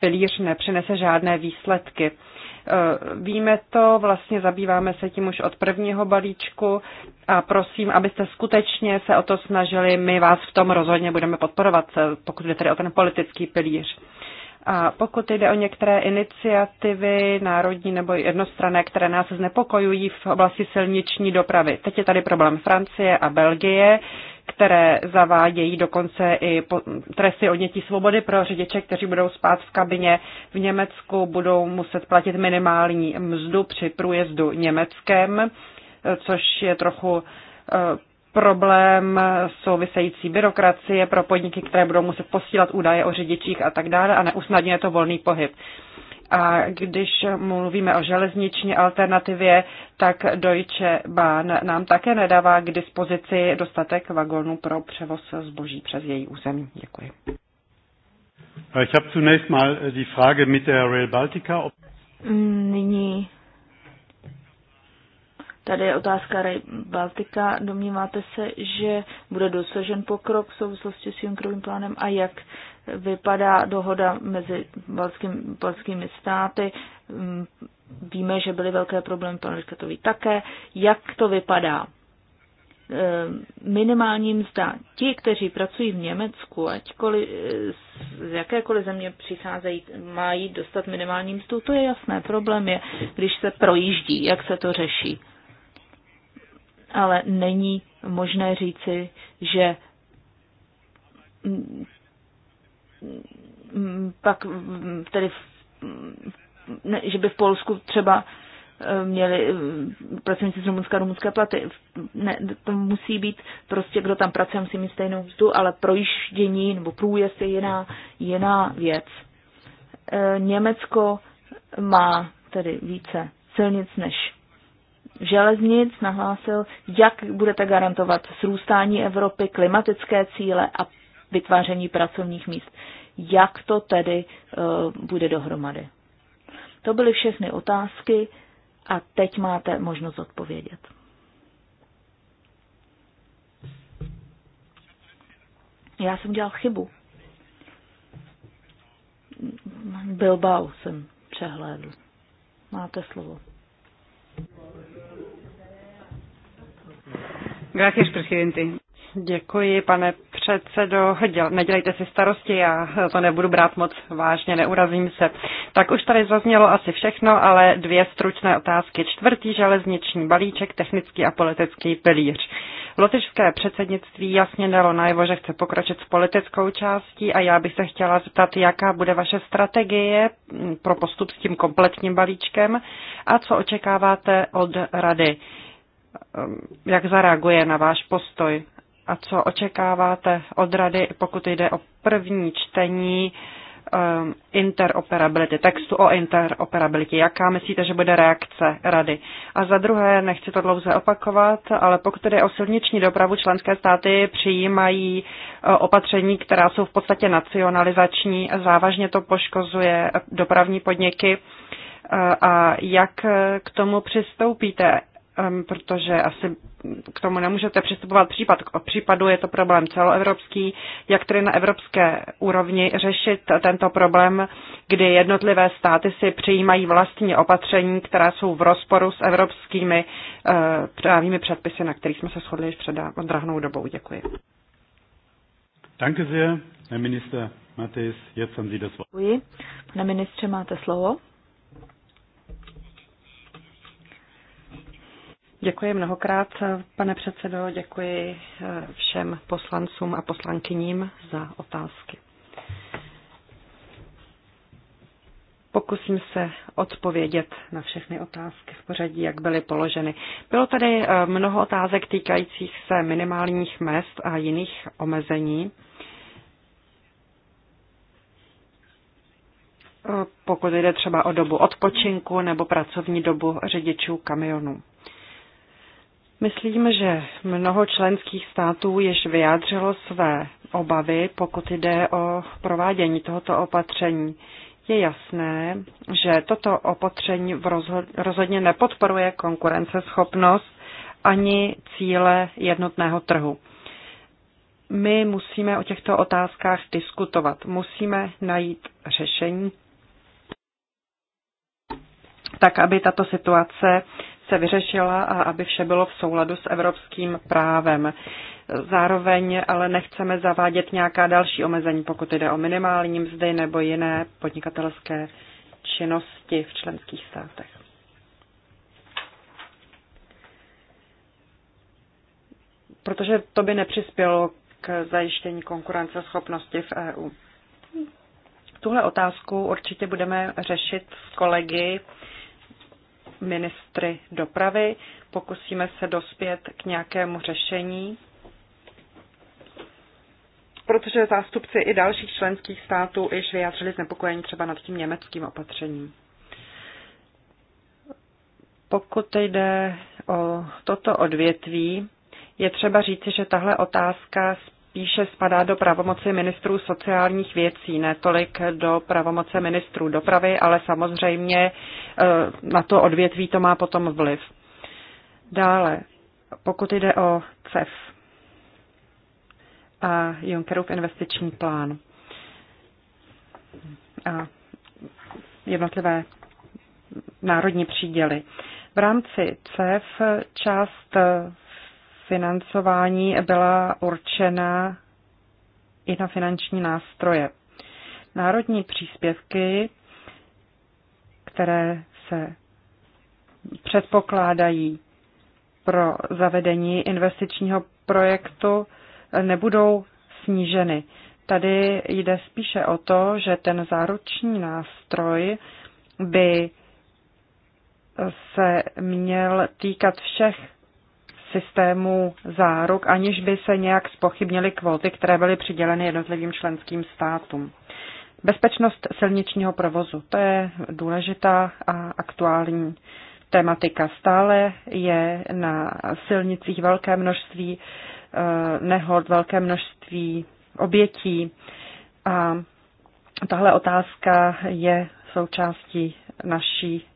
pilíř nepřinese žádné výsledky. Eh, víme to, vlastně zabýváme se tím už od prvního balíčku a prosím, abyste skutečně se o to snažili, my vás v tom rozhodně budeme podporovat, eh, pokud jde tedy o ten politický pilíř. A pokud jde o některé iniciativy národní nebo jednostrané, které nás znepokojují v oblasti silniční dopravy, teď je tady problém Francie a Belgie, které zavádějí dokonce i tresty odnětí svobody pro řidiče, kteří budou spát v kabině. V Německu budou muset platit minimální mzdu při průjezdu Německem, což je trochu eh, problém související byrokracie pro podniky, které budou muset posílat údaje o řidičích a tak dále a neusnadňuje to volný pohyb. A když mluvíme o železniční alternativě, tak Deutsche Bahn nám také nedává k dispozici dostatek vagonů pro převoz zboží přes její území. Děkuji. Ich habe zunächst mal äh, die Frage mit der Rail Baltica. Hm, nyní Tady je otázka Ray Baltika. Domníváte se, že bude dosažen pokrok v souvislosti s Junckerovým plánem a jak vypadá dohoda mezi balským, balskými státy? Mm, víme, že byly velké problémy, pan Rikatový také. Jak to vypadá? Eh, minimální mzda. Ti, kteří pracují v Německu, aťkoliv eh, z jakékoliv země přicházejí, mají dostat minimální mzdu, to je jasné. Problém je, když se projíždí, jak se to řeší ale není možné říci, že pak tedy že by v Polsku třeba eh, měli eh, pracovníci z Rumunska rumunské platy. Ne, to musí být prostě, kdo tam pracuje, musí mít stejnou mzdu, ale projíždění nebo průjezd je jiná, jiná věc. Eh, Německo má tedy více silnic než železnic nahlásil, jak budete garantovat zrůstání Evropy, klimatické cíle a vytváření pracovních míst. Jak to tedy uh, bude dohromady? To byly všechny otázky a teď máte možnost odpovědět. Já jsem dělal chybu. Bilbao jsem přehlédl. Máte slovo. Gracias, presidente. Děkuji, pane předsedo. Děl, nedělejte si starosti, já to nebudu brát moc vážně, neurazím se. Tak už tady zaznělo asi všechno, ale dvě stručné otázky. Čtvrtý železniční balíček, technický a politický pilíř. Lotyšské předsednictví jasně dalo najevo, že chce pokročit s politickou částí a já bych se chtěla zeptat, jaká bude vaše strategie pro postup s tím kompletním balíčkem a co očekáváte od rady. Ehm, jak zareaguje na váš postoj a co očekáváte od rady, pokud jde o první čtení ehm, interoperability, textu o interoperabilitě. Jaká myslíte, že bude reakce rady? A za druhé, nechci to dlouze opakovat, ale pokud tedy o silniční dopravu, členské státy přijímají eh, opatření, která jsou v podstatě nacionalizační, závažně to poškozuje dopravní podniky. Eh, a jak eh, k tomu přistoupíte? protože asi k tomu nemůžete přistupovat případ k případu, je to problém celoevropský, jak tedy na evropské úrovni řešit tento problém, kdy jednotlivé státy si přijímají vlastní opatření, která jsou v rozporu s evropskými eh, právními předpisy, na kterých jsme se shodli již před drahnou dobou. Děkuji. Danke sehr, Herr Minister Matthäus. Jetzt haben Sie das Wort. Děkuji. Pane ministře, máte slovo. Děkuji mnohokrát, pane předsedo, děkuji eh, všem poslancům a poslankyním za otázky. Pokusím se odpovědět na všechny otázky v pořadí, jak byly položeny. Bylo tady eh, mnoho otázek týkajících se minimálních mest a jiných omezení. Eh, pokud jde třeba o dobu odpočinku nebo pracovní dobu řidičů kamionů. Myslím, že mnoho členských států již vyjádřilo své obavy, pokud jde o provádění tohoto opatření. Je jasné, že toto opatření rozhodně nepodporuje konkurenceschopnost ani cíle jednotného trhu. My musíme o těchto otázkách diskutovat, musíme najít řešení, tak aby tato situace se vyřešila a aby vše bylo v souladu s evropským právem. Zároveň ale nechceme zavádět nějaká další omezení, pokud jde o minimální mzdy nebo jiné podnikatelské činnosti v členských státech. Protože to by nepřispělo k zajištění konkurenceschopnosti v EU. Tuhle otázku určitě budeme řešit s kolegy ministry dopravy. Pokusíme se dospět k nějakému řešení, protože zástupci i dalších členských států již vyjádřili znepokojení třeba nad tím německým opatřením. Pokud jde o toto odvětví, je třeba říci, že tahle otázka spíše spadá do pravomoci ministrů sociálních věcí, ne tolik do pravomoce ministrů dopravy, ale samozřejmě e, na to odvětví to má potom vliv. Dále, pokud jde o CEF a Junckerův investiční plán a jednotlivé národní příděly. V rámci CEF část financování byla určena i na finanční nástroje. Národní příspěvky, které se předpokládají pro zavedení investičního projektu, nebudou sníženy. Tady jde spíše o to, že ten záruční nástroj by se měl týkat všech systému záruk, aniž by se nějak spochybnily kvóty, které byly přiděleny jednotlivým členským státům. Bezpečnost silničního provozu, to je důležitá a aktuální tematika. Stále je na silnicích velké množství eh, nehod, velké množství obětí a tahle otázka je součástí naší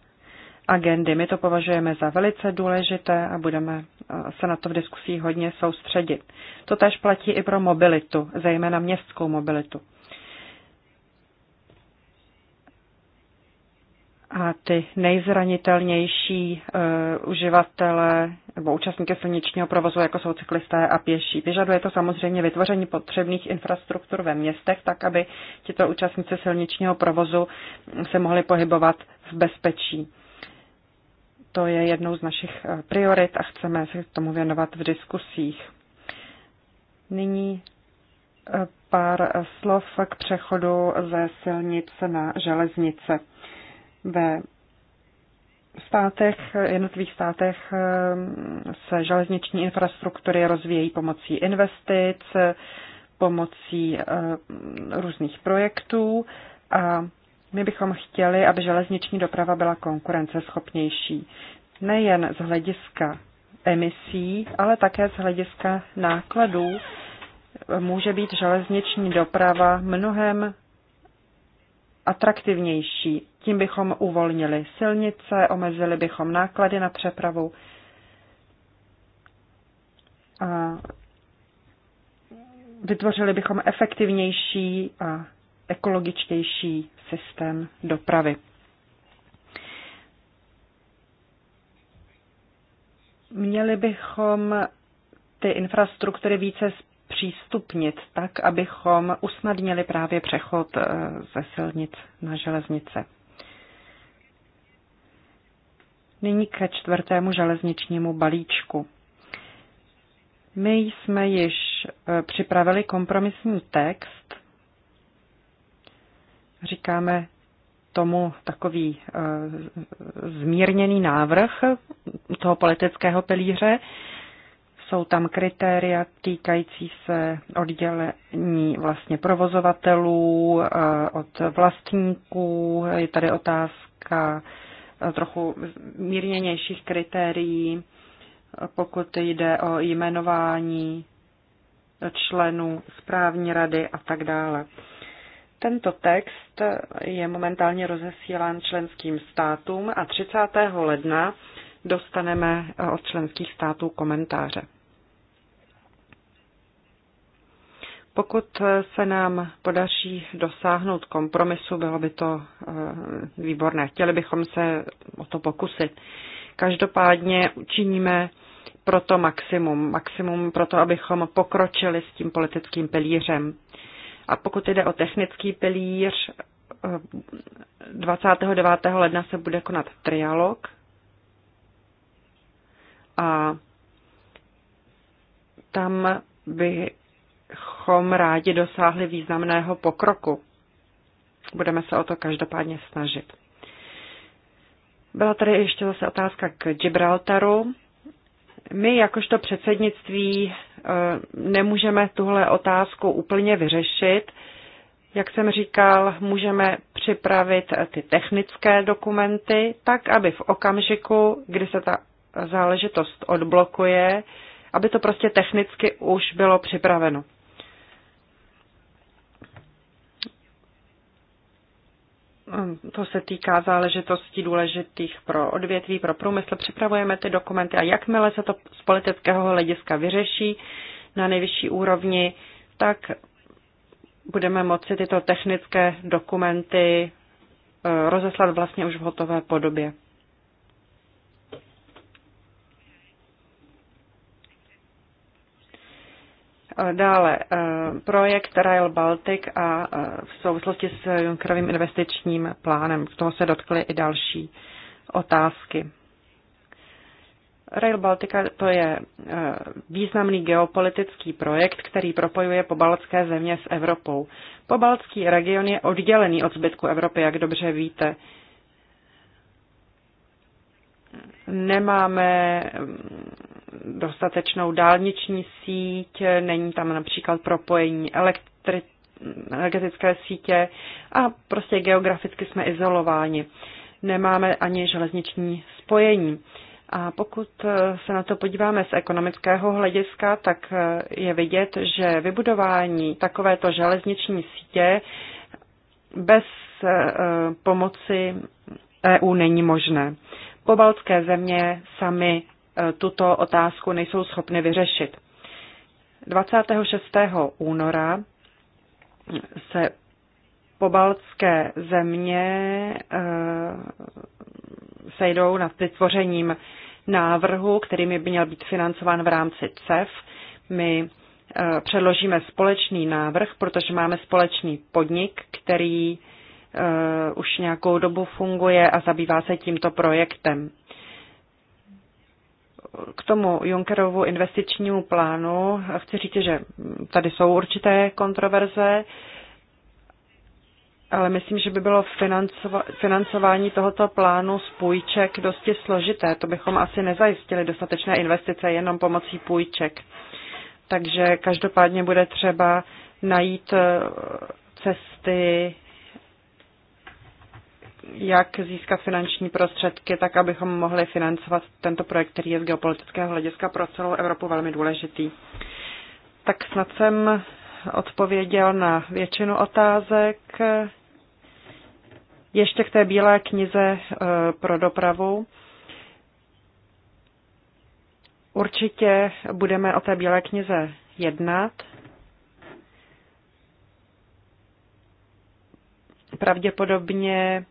agendy. My to považujeme za velice důležité a budeme eh, se na to v diskusí hodně soustředit. To tež platí i pro mobilitu, zejména městskou mobilitu. a ty nejzranitelnější uh, uživatele nebo účastníky silničního provozu, jako jsou cyklisté a pěší. Vyžaduje to samozřejmě vytvoření potřebných infrastruktur ve městech, tak aby tito účastníci silničního provozu se mohli pohybovat v bezpečí to je jednou z našich eh, priorit a chceme se tomu věnovat v diskusích. Nyní eh, pár eh, slov k přechodu ze silnice na železnice. Ve státech, jednotlivých státech se železniční infrastruktury rozvíjejí pomocí investic, pomocí různých projektů a my bychom chtěli, aby železniční doprava byla konkurenceschopnější. Nejen z hlediska emisí, ale také z hlediska nákladů může být železniční doprava mnohem atraktivnější. Tím bychom uvolnili silnice, omezili bychom náklady na přepravu. A vytvořili bychom efektivnější a ekologičtější systém dopravy. Měli bychom ty infrastruktury více přístupnit tak, abychom usnadnili právě přechod eh, ze silnic na železnice. Nyní ke čtvrtému železničnímu balíčku. My jsme již eh, připravili kompromisní text, Říkáme tomu takový eh, zmírněný návrh toho politického pilíře. Jsou tam kritéria týkající se oddělení vlastně provozovatelů eh, od vlastníků. Je tady otázka eh, trochu mírněnějších kritérií, pokud jde o jmenování členů správní rady a tak dále. Tento text je momentálně rozesílán členským státům a 30. ledna dostaneme od členských států komentáře. Pokud se nám podaří dosáhnout kompromisu, bylo by to eh, výborné. Chtěli bychom se o to pokusit. Každopádně učiníme proto maximum. Maximum proto, abychom pokročili s tím politickým pilířem. A pokud jde o technický pilíř, 29. Eh, ledna se bude konat trialog a tam bychom rádi dosáhli významného pokroku. Budeme se o to každopádně snažit. Byla tady ještě zase otázka k Gibraltaru. My jakožto předsednictví Eh, nemůžeme tuhle otázku úplně vyřešit. Jak jsem říkal, můžeme připravit ty technické dokumenty tak, aby v okamžiku, kdy se ta záležitost odblokuje, aby to prostě technicky už bylo připraveno. Ehm, to se týká záležitostí důležitých pro odvětví, pro průmysl. Připravujeme ty dokumenty a jakmile se to z politického hlediska vyřeší na nejvyšší úrovni, tak budeme moci tyto technické dokumenty eh, rozeslat vlastně už v hotové podobě. Dále eh, projekt Rail Baltic a eh, v souvislosti s Junckerovým investičním plánem. V toho se dotkly i další otázky. Rail Baltica to je eh, významný geopolitický projekt, který propojuje pobaltské země s Evropou. Pobaltský region je oddělený od zbytku Evropy, jak dobře víte. Nemáme dostatečnou dálniční síť, není tam například propojení elektri- energetické sítě a prostě geograficky jsme izolováni. Nemáme ani železniční spojení. A pokud se na to podíváme z ekonomického hlediska, tak je vidět, že vybudování takovéto železniční sítě bez eh, pomoci EU není možné. Pobaltské země sami E, tuto otázku nejsou schopny vyřešit. 26. února se pobaltské země e, sejdou nad vytvořením návrhu, kterým by měl být financován v rámci CEF. My e, předložíme společný návrh, protože máme společný podnik, který už nějakou dobu funguje a zabývá se tímto projektem k tomu Junckerovu investičnímu plánu chci říct, že tady jsou určité kontroverze, ale myslím, že by bylo financování tohoto plánu z půjček dosti složité. To bychom asi nezajistili dostatečné investice jenom pomocí půjček. Takže každopádně bude třeba najít eh, cesty, jak získat finanční prostředky, tak abychom mohli financovat tento projekt, který je z geopolitického hlediska pro celou Evropu velmi důležitý. Tak snad jsem odpověděl na většinu otázek. Ještě k té bílé knize eh, pro dopravu. Určitě budeme o té bílé knize jednat. Pravděpodobně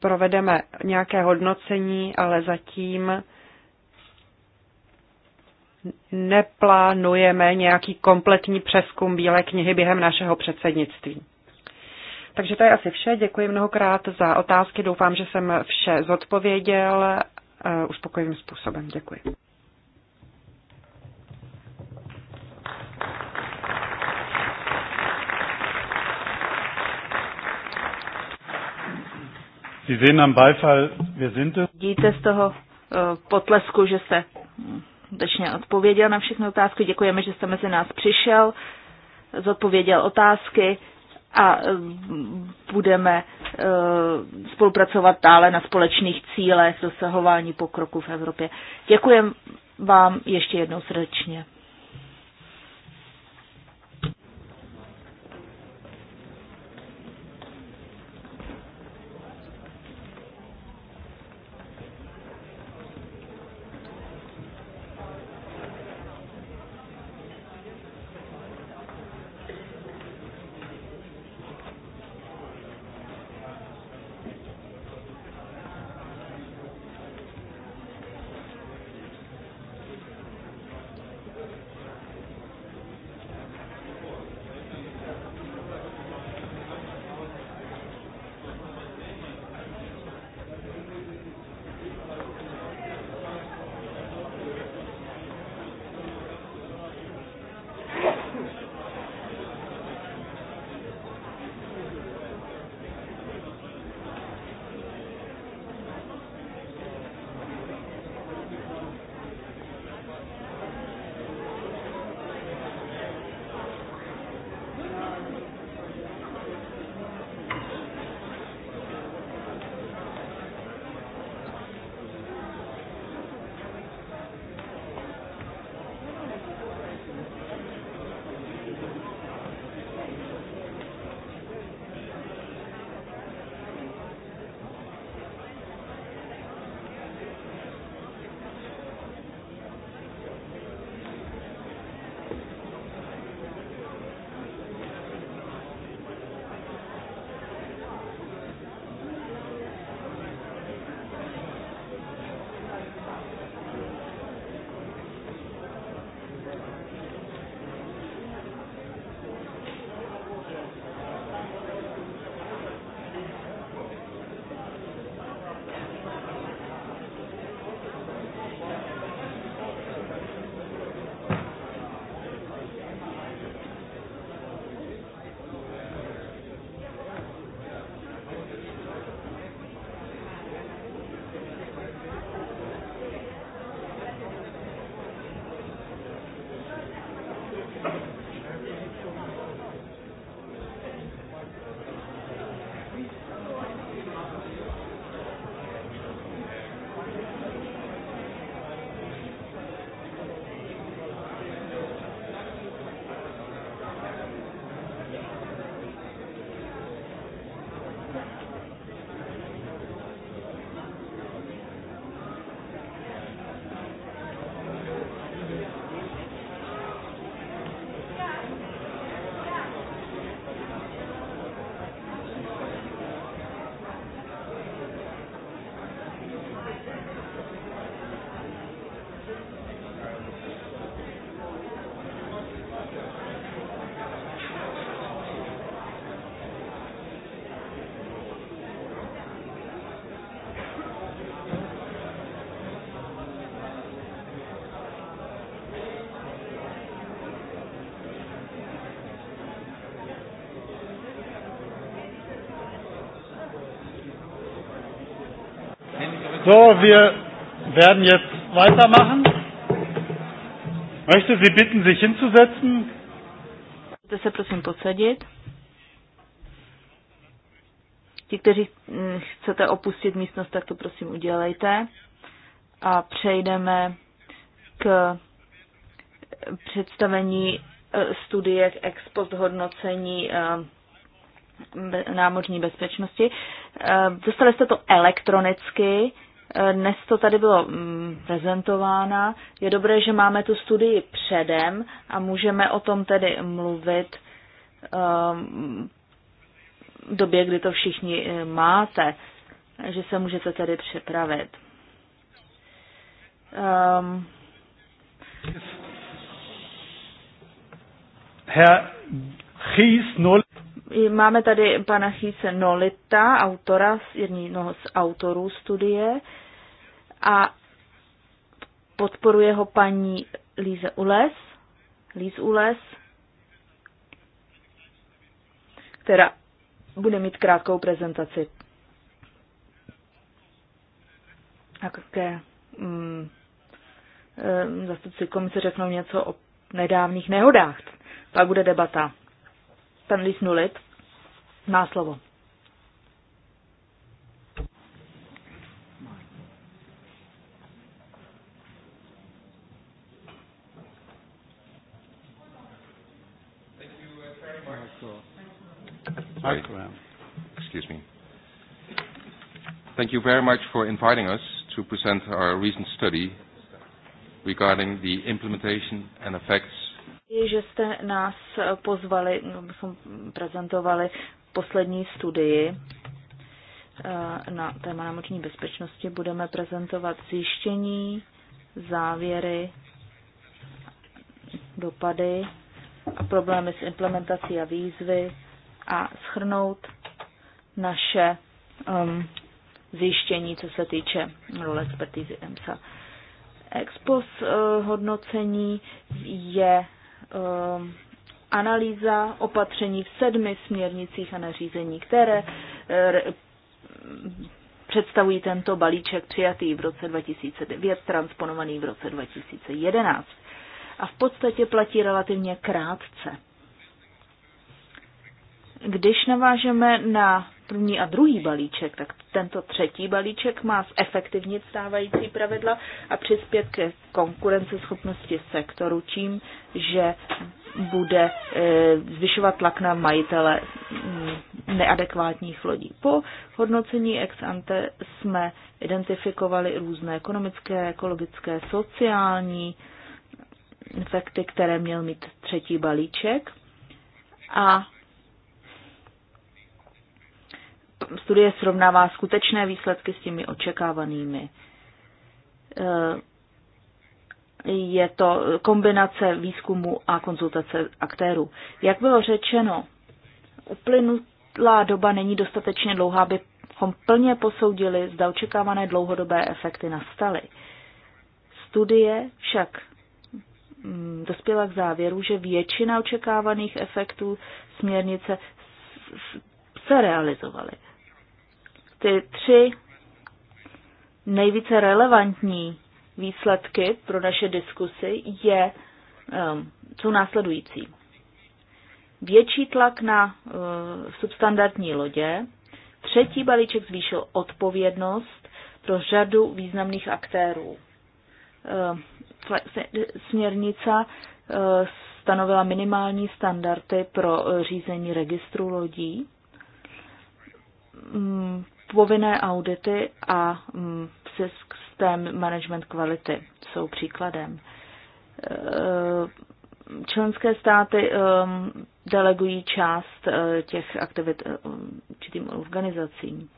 provedeme nějaké hodnocení, ale zatím neplánujeme nějaký kompletní přeskum Bílé knihy během našeho předsednictví. Takže to je asi vše. Děkuji mnohokrát za otázky. Doufám, že jsem vše zodpověděl eh, uspokojivým způsobem. Děkuji. Sie sehen am Beifall, wir sind es. Vidíte z toho uh, potlesku, že jste skutečně odpověděl na všechny otázky. Děkujeme, že jste mezi nás přišel, zodpověděl otázky a eh, budeme eh, spolupracovat dále na společných cílech dosahování pokroku v Evropě. Děkujem vám ještě jednou srdečně. So, wir werden jetzt weitermachen. Möchte Sie bitten, sich hinzusetzen. prosím Ti, kteří mm, chcete opustit místnost, tak to prosím udělejte. A přejdeme k představení e, studie k ex post hodnocení e, námořní bezpečnosti. E, dostali jste to elektronicky dnes to tady bylo mm, prezentována. Je dobré, že máme tu studii předem a můžeme o tom tedy mluvit ehm, v době, kdy to všichni eh, máte, že se můžete tedy připravit. Um, Herr Gies Máme tady pana Chýse Nolita, autora, jednoho z autorů studie a podporuje ho paní Líze Ules, Líz Ules, která bude mít krátkou prezentaci. A také mm, zastupci komise řeknou něco o nedávných nehodách. Pak bude debata pan Lis Nulit má slovo. Sorry. Excuse me. Thank you very much for inviting us to present our recent study regarding the implementation and effects že jste nás pozvali, jsme prezentovali poslední studii eh, na téma námořní bezpečnosti. Budeme prezentovat zjištění, závěry, dopady a problémy s implementací a výzvy a schrnout naše um, zjištění, co se týče role expertízy EMSA. Expos eh, hodnocení je Eh, analýza opatření v sedmi směrnicích a nařízení, které eh, představují tento balíček přijatý v roce 2009, transponovaný v roce 2011. A v podstatě platí relativně krátce. Když navážeme na první a druhý balíček, tak tento třetí balíček má zefektivnit stávající pravidla a přispět ke konkurenceschopnosti sektoru tím, že bude e, zvyšovat tlak na majitele mm, neadekvátních lodí. Po hodnocení ex ante jsme identifikovali různé ekonomické, ekologické, sociální efekty, které měl mít třetí balíček a studie srovnává skutečné výsledky s těmi očekávanými. Eh, je to kombinace výzkumu a konzultace aktérů. Jak bylo řečeno, uplynulá doba není dostatečně dlouhá, abychom plně posoudili, zda očekávané dlouhodobé efekty nastaly. Studie však mm, dospěla k závěru, že většina očekávaných efektů směrnice se realizovaly ty tři nejvíce relevantní výsledky pro naše diskusy je, um, jsou následující. Větší tlak na uh, substandardní lodě, třetí balíček zvýšil odpovědnost pro řadu významných aktérů. Uh, směrnice uh, stanovila minimální standardy pro uh, řízení registru lodí. Mm, povinné audity a mm, systém management kvality jsou příkladem. E, členské státy e, delegují část e, těch aktivit určitým organizacím.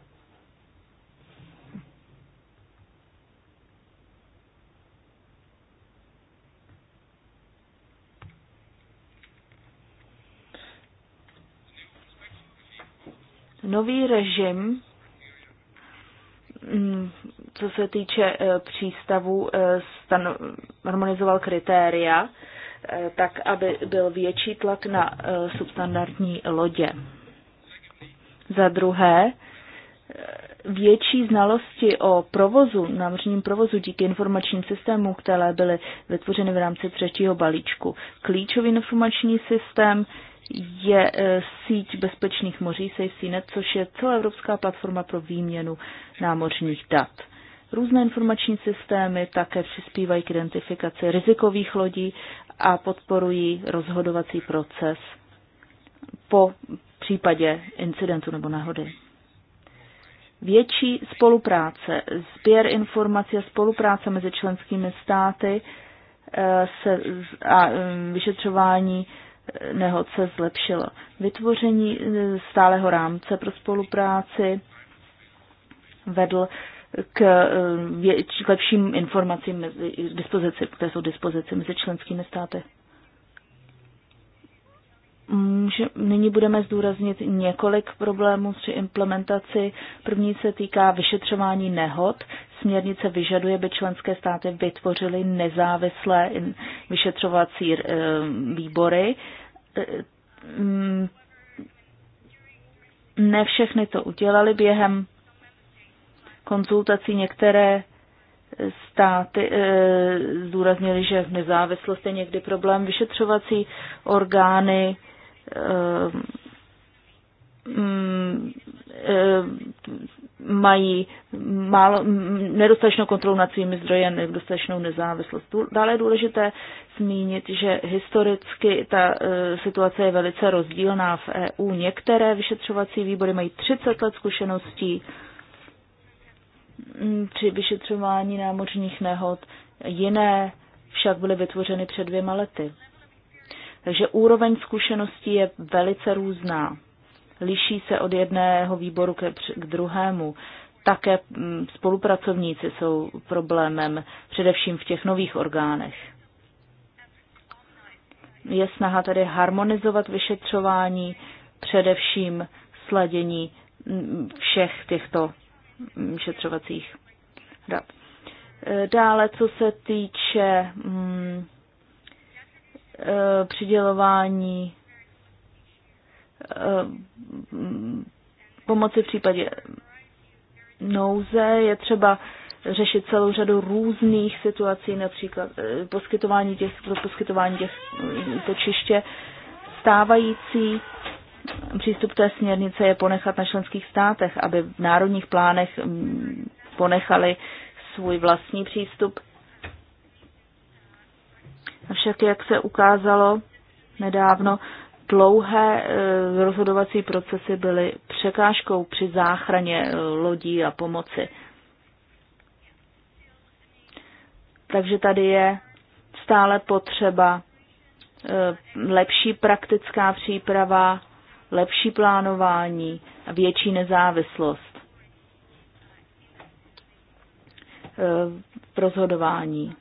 nový režim Mm, co se týče eh, přístavu, eh, harmonizoval kritéria, eh, tak aby byl větší tlak na substandardní lodě. Za druhé, větší znalosti o provozu, námořním provozu díky informačním systémům, které byly vytvořeny v rámci třetího balíčku. Klíčový informační systém je e, síť bezpečných moří SafeSeaNet, což je celoevropská platforma pro výměnu námořních dat. Různé informační systémy také přispívají k identifikaci rizikových lodí a podporují rozhodovací proces po případě incidentu nebo nehody. Větší spolupráce, sběr informací a spolupráce mezi členskými státy e, se, a e, vyšetřování nehod se zlepšilo. Vytvoření eh, stáleho rámce pro spolupráci vedl k, eh, věč, k lepším informacím mezi dispozici, které jsou dispozici mezi členskými státy. Může, nyní budeme zdůraznit několik problémů při implementaci. První se týká vyšetřování nehod. Směrnice vyžaduje, aby členské státy vytvořily nezávislé vyšetřovací eh, výbory. Eh, mm, ne všechny to udělali během konzultací. Některé státy eh, zdůraznili, že v nezávislost je někdy problém. Vyšetřovací orgány mm, mají málo, nedostatečnou kontrolu nad svými zdroji a nedostatečnou nezávislost. Dále je důležité zmínit, že historicky ta e, situace je velice rozdílná v EU. Některé vyšetřovací výbory mají 30 let zkušeností při vyšetřování námořních nehod, jiné však byly vytvořeny před dvěma lety. Takže úroveň zkušeností je velice různá liší se od jedného výboru k, k druhému. Také mm, spolupracovníci jsou problémem, především v těch nových orgánech. Je snaha tedy harmonizovat vyšetřování, především sladění mm, všech těchto mm, vyšetřovacích dat. E, dále, co se týče e, přidělování Eh, mm, pomoci v případě nouze. Je třeba řešit celou řadu různých situací, například eh, poskytování těch, poskytování těch eh, počiště. Stávající přístup té směrnice je ponechat na členských státech, aby v národních plánech mm, ponechali svůj vlastní přístup. Avšak, jak se ukázalo nedávno, dlouhé eh, rozhodovací procesy byly překážkou při záchraně eh, lodí a pomoci. Takže tady je stále potřeba eh, lepší praktická příprava, lepší plánování a větší nezávislost v rozhodování.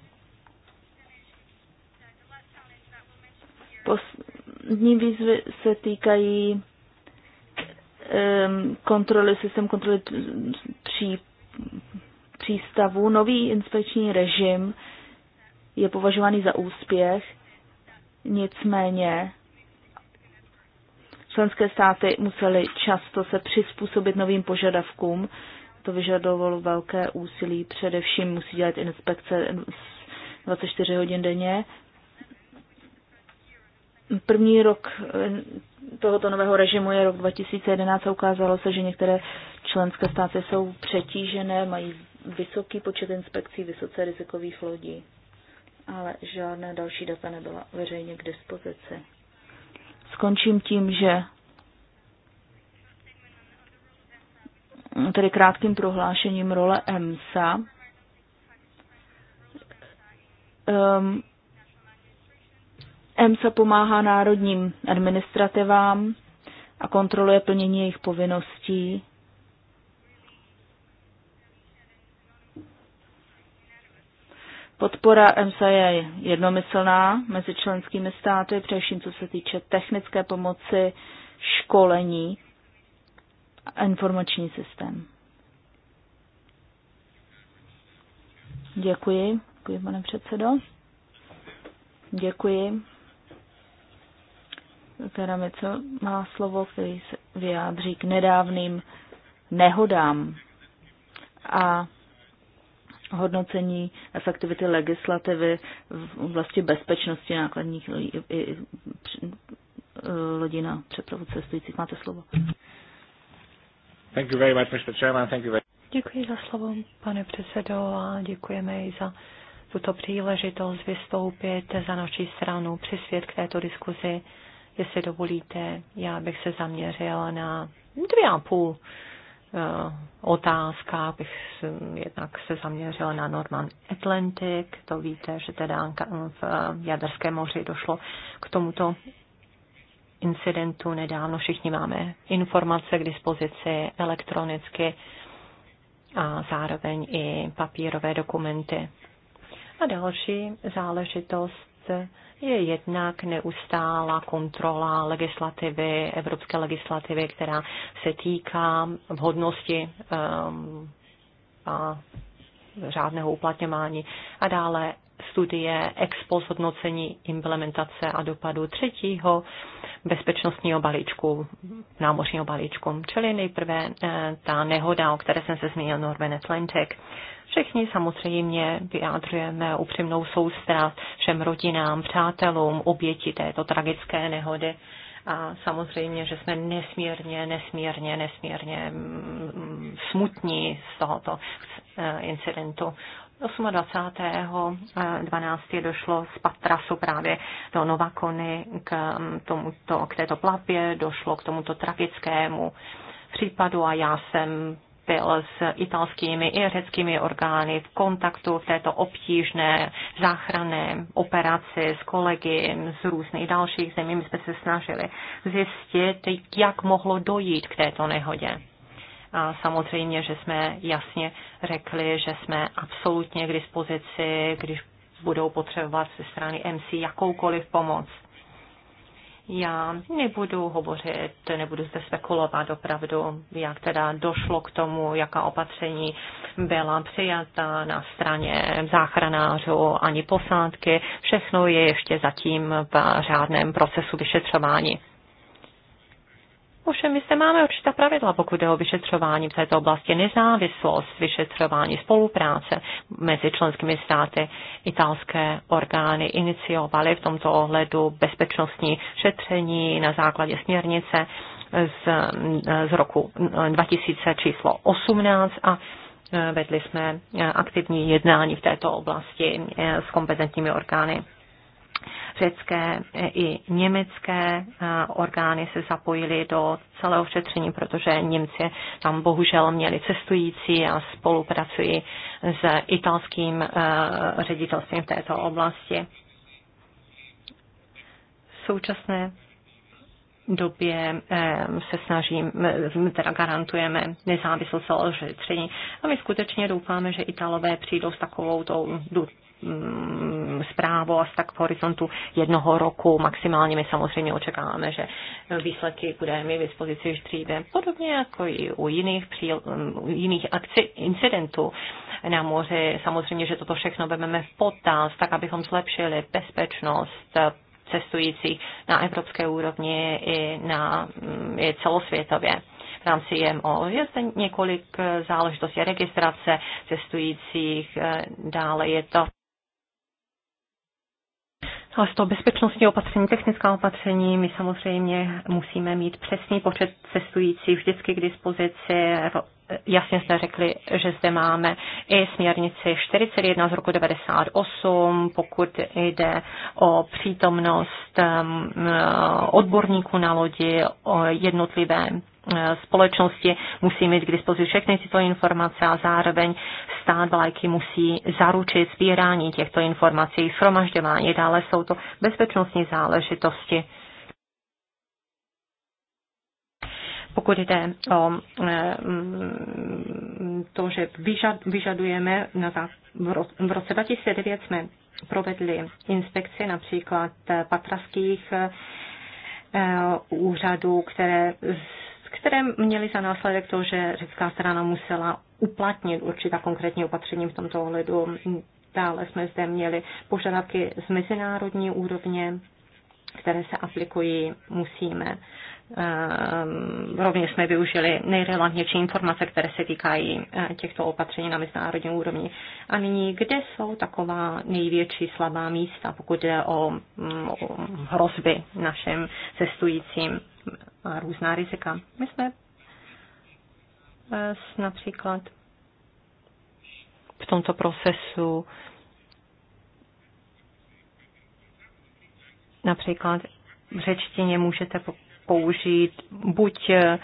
Dní výzvy se týkají ehm, kontroly, systém kontroly pří, přístavu. Nový inspekční režim je považovaný za úspěch, nicméně členské státy musely často se přizpůsobit novým požadavkům. To vyžadovalo velké úsilí, především musí dělat inspekce 24 hodin denně První rok eh, tohoto nového režimu je rok 2011 a ukázalo se, že některé členské státy jsou přetížené, mají vysoký počet inspekcí vysoce rizikových lodí, ale žádné další data nebyla veřejně k dispozici. Skončím tím, že tedy krátkým prohlášením role EMSA. Um, EMSA pomáhá národním administrativám a kontroluje plnění jejich povinností. Podpora EMSA je jednomyslná mezi členskými státy, především co se týče technické pomoci, školení a informační systém. Děkuji. Děkuji, pane předsedo. Děkuji. Karamico má slovo, který se vyjádří k nedávným nehodám a hodnocení efektivity legislativy v oblasti bezpečnosti nákladních lodí na přepravu cestujících. Máte slovo. Thank you very much, Mr. Chairman. Thank you very... Děkuji za slovo, pane předsedo, a děkujeme i za tuto příležitost vystoupit za naší stranu, přispět k této diskuzi Jestli dovolíte, já bych se zaměřila na dvě a půl eh, otázka, abych jednak se zaměřila na Norman Atlantic. To víte, že teda v Jaderském moři došlo k tomuto incidentu nedávno. Všichni máme informace k dispozici elektronicky a zároveň i papírové dokumenty. A další záležitost zde je jednak neustála kontrola legislativy, evropské legislativy, která se týká vhodnosti um, a řádného uplatňování a dále studie ex post hodnocení implementace a dopadu třetího bezpečnostního balíčku, námořního balíčku. Čili nejprve eh, ta nehoda, o které jsem se zmínil, Northern Atlantic, Všichni samozřejmě vyjádřujeme upřímnou soustrast všem rodinám, přátelům, oběti této tragické nehody. A samozřejmě, že jsme nesmírně, nesmírně, nesmírně mm, smutní z tohoto eh, incidentu. 28.12. došlo z Patrasu právě do Novakony k, mm, tomuto, k této plavbě, došlo k tomuto tragickému případu a já jsem byl s italskými i řeckými orgány v kontaktu v této obtížné záchranné operaci s kolegy z různých dalších zemí. My jsme se snažili zjistit, jak mohlo dojít k této nehodě. A samozřejmě, že jsme jasně řekli, že jsme absolutně k dispozici, když budou potřebovat ze strany MC jakoukoliv pomoc. Já nebudu hovořit, nebudu zde spekulovat opravdu, jak teda došlo k tomu, jaká opatření byla přijata na straně záchranářů ani posádky. Všechno je ještě zatím v řádném procesu vyšetřování. Ovšem, my se máme určitá pravidla, pokud jde o vyšetřování v této oblasti, nezávislost vyšetřování, spolupráce mezi členskými státy. Italské orgány iniciovaly v tomto ohledu bezpečnostní šetření na základě směrnice z, z roku 2000 číslo 18 a eh, vedli jsme eh, aktivní jednání v této oblasti eh, s kompetentními orgány řecké eh, i německé eh, orgány se zapojily do celého šetření, protože Němci tam bohužel měli cestující a spolupracují s italským eh, ředitelstvím v této oblasti. V současné době se snažím, teda garantujeme nezávislost celého šetření. A my skutečně doufáme, že Italové přijdou s takovou tou Mm, zprávu a tak v horizontu jednoho roku. Maximálně my samozřejmě očekáváme, že výsledky budeme mít v dispozici už dříve. Podobně jako i u jiných, příl, mm, u jiných akci, incidentů na moři. Samozřejmě, že toto všechno vezmeme v potaz, tak abychom zlepšili bezpečnost cestujících na evropské úrovni i, na, mm, i celosvětově v rámci IMO. Je zde několik záležitostí registrace cestujících, e, dále je to a z toho bezpečnostní opatření, technická opatření, my samozřejmě musíme mít přesný počet cestujících vždycky k dispozici. Jasně jsme řekli, že zde máme i směrnici 41 z roku 98, pokud jde o přítomnost um, odborníků na lodi, o jednotlivé Eh, společnosti musí mít k dispozici všechny tyto informace a zároveň stát vlajky musí zaručit sbírání těchto informací, shromažďování. Dále jsou to bezpečnostní záležitosti. Pokud jde o eh, to, že vyžadujeme na no v roce 2009 jsme provedli inspekci například patraských eh, úřadů, které které měly za následek to, že řecká strana musela uplatnit určitá konkrétní opatření v tomto ohledu. Dále jsme zde měli požadavky z mezinárodní úrovně, které se aplikují, musíme Ehm, rovněž jsme využili nejrelevantnější informace, které se týkají eh, těchto opatření na mezinárodní úrovni. A nyní, kde jsou taková největší slabá místa, pokud jde o mm, hrozby našem cestujícím a různá rizika? My jsme eh, například v tomto procesu například v řečtině můžete použít buď eh,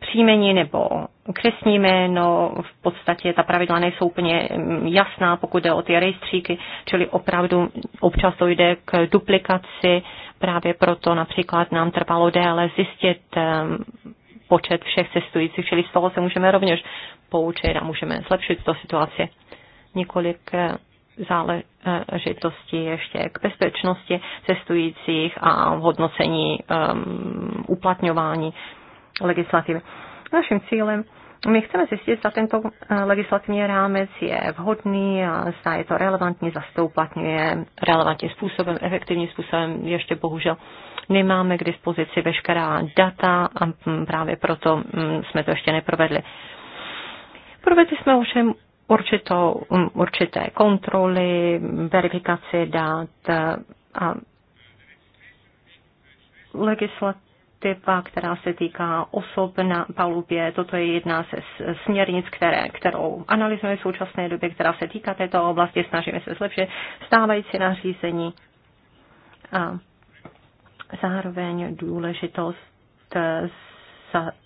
příjmení nebo křesní jméno, v podstatě ta pravidla nejsou úplně mm, jasná, pokud jde o ty rejstříky, čili opravdu občas dojde k duplikaci, právě proto například nám trvalo déle zjistit ehm, počet všech cestujících, čili z toho se můžeme rovněž poučit a můžeme zlepšit to situaci. Několik eh, záležitosti ještě k bezpečnosti cestujících a hodnocení um, uplatňování legislativy. Naším cílem my chceme zjistit, zda tento uh, legislativní rámec je vhodný a zda je to relevantní, zda to uplatňuje relevantním způsobem, efektivním způsobem. Ještě bohužel nemáme k dispozici veškerá data a právě proto jsme to ještě neprovedli. Provedli jsme ovšem určitou, um, určité kontroly, verifikaci dát a legislativa, která se týká osob na palubě. Toto je jedna ze směrnic, které, kterou analyzujeme v současné době, která se týká této oblasti. Snažíme se zlepšit stávající nařízení a zároveň důležitost eh,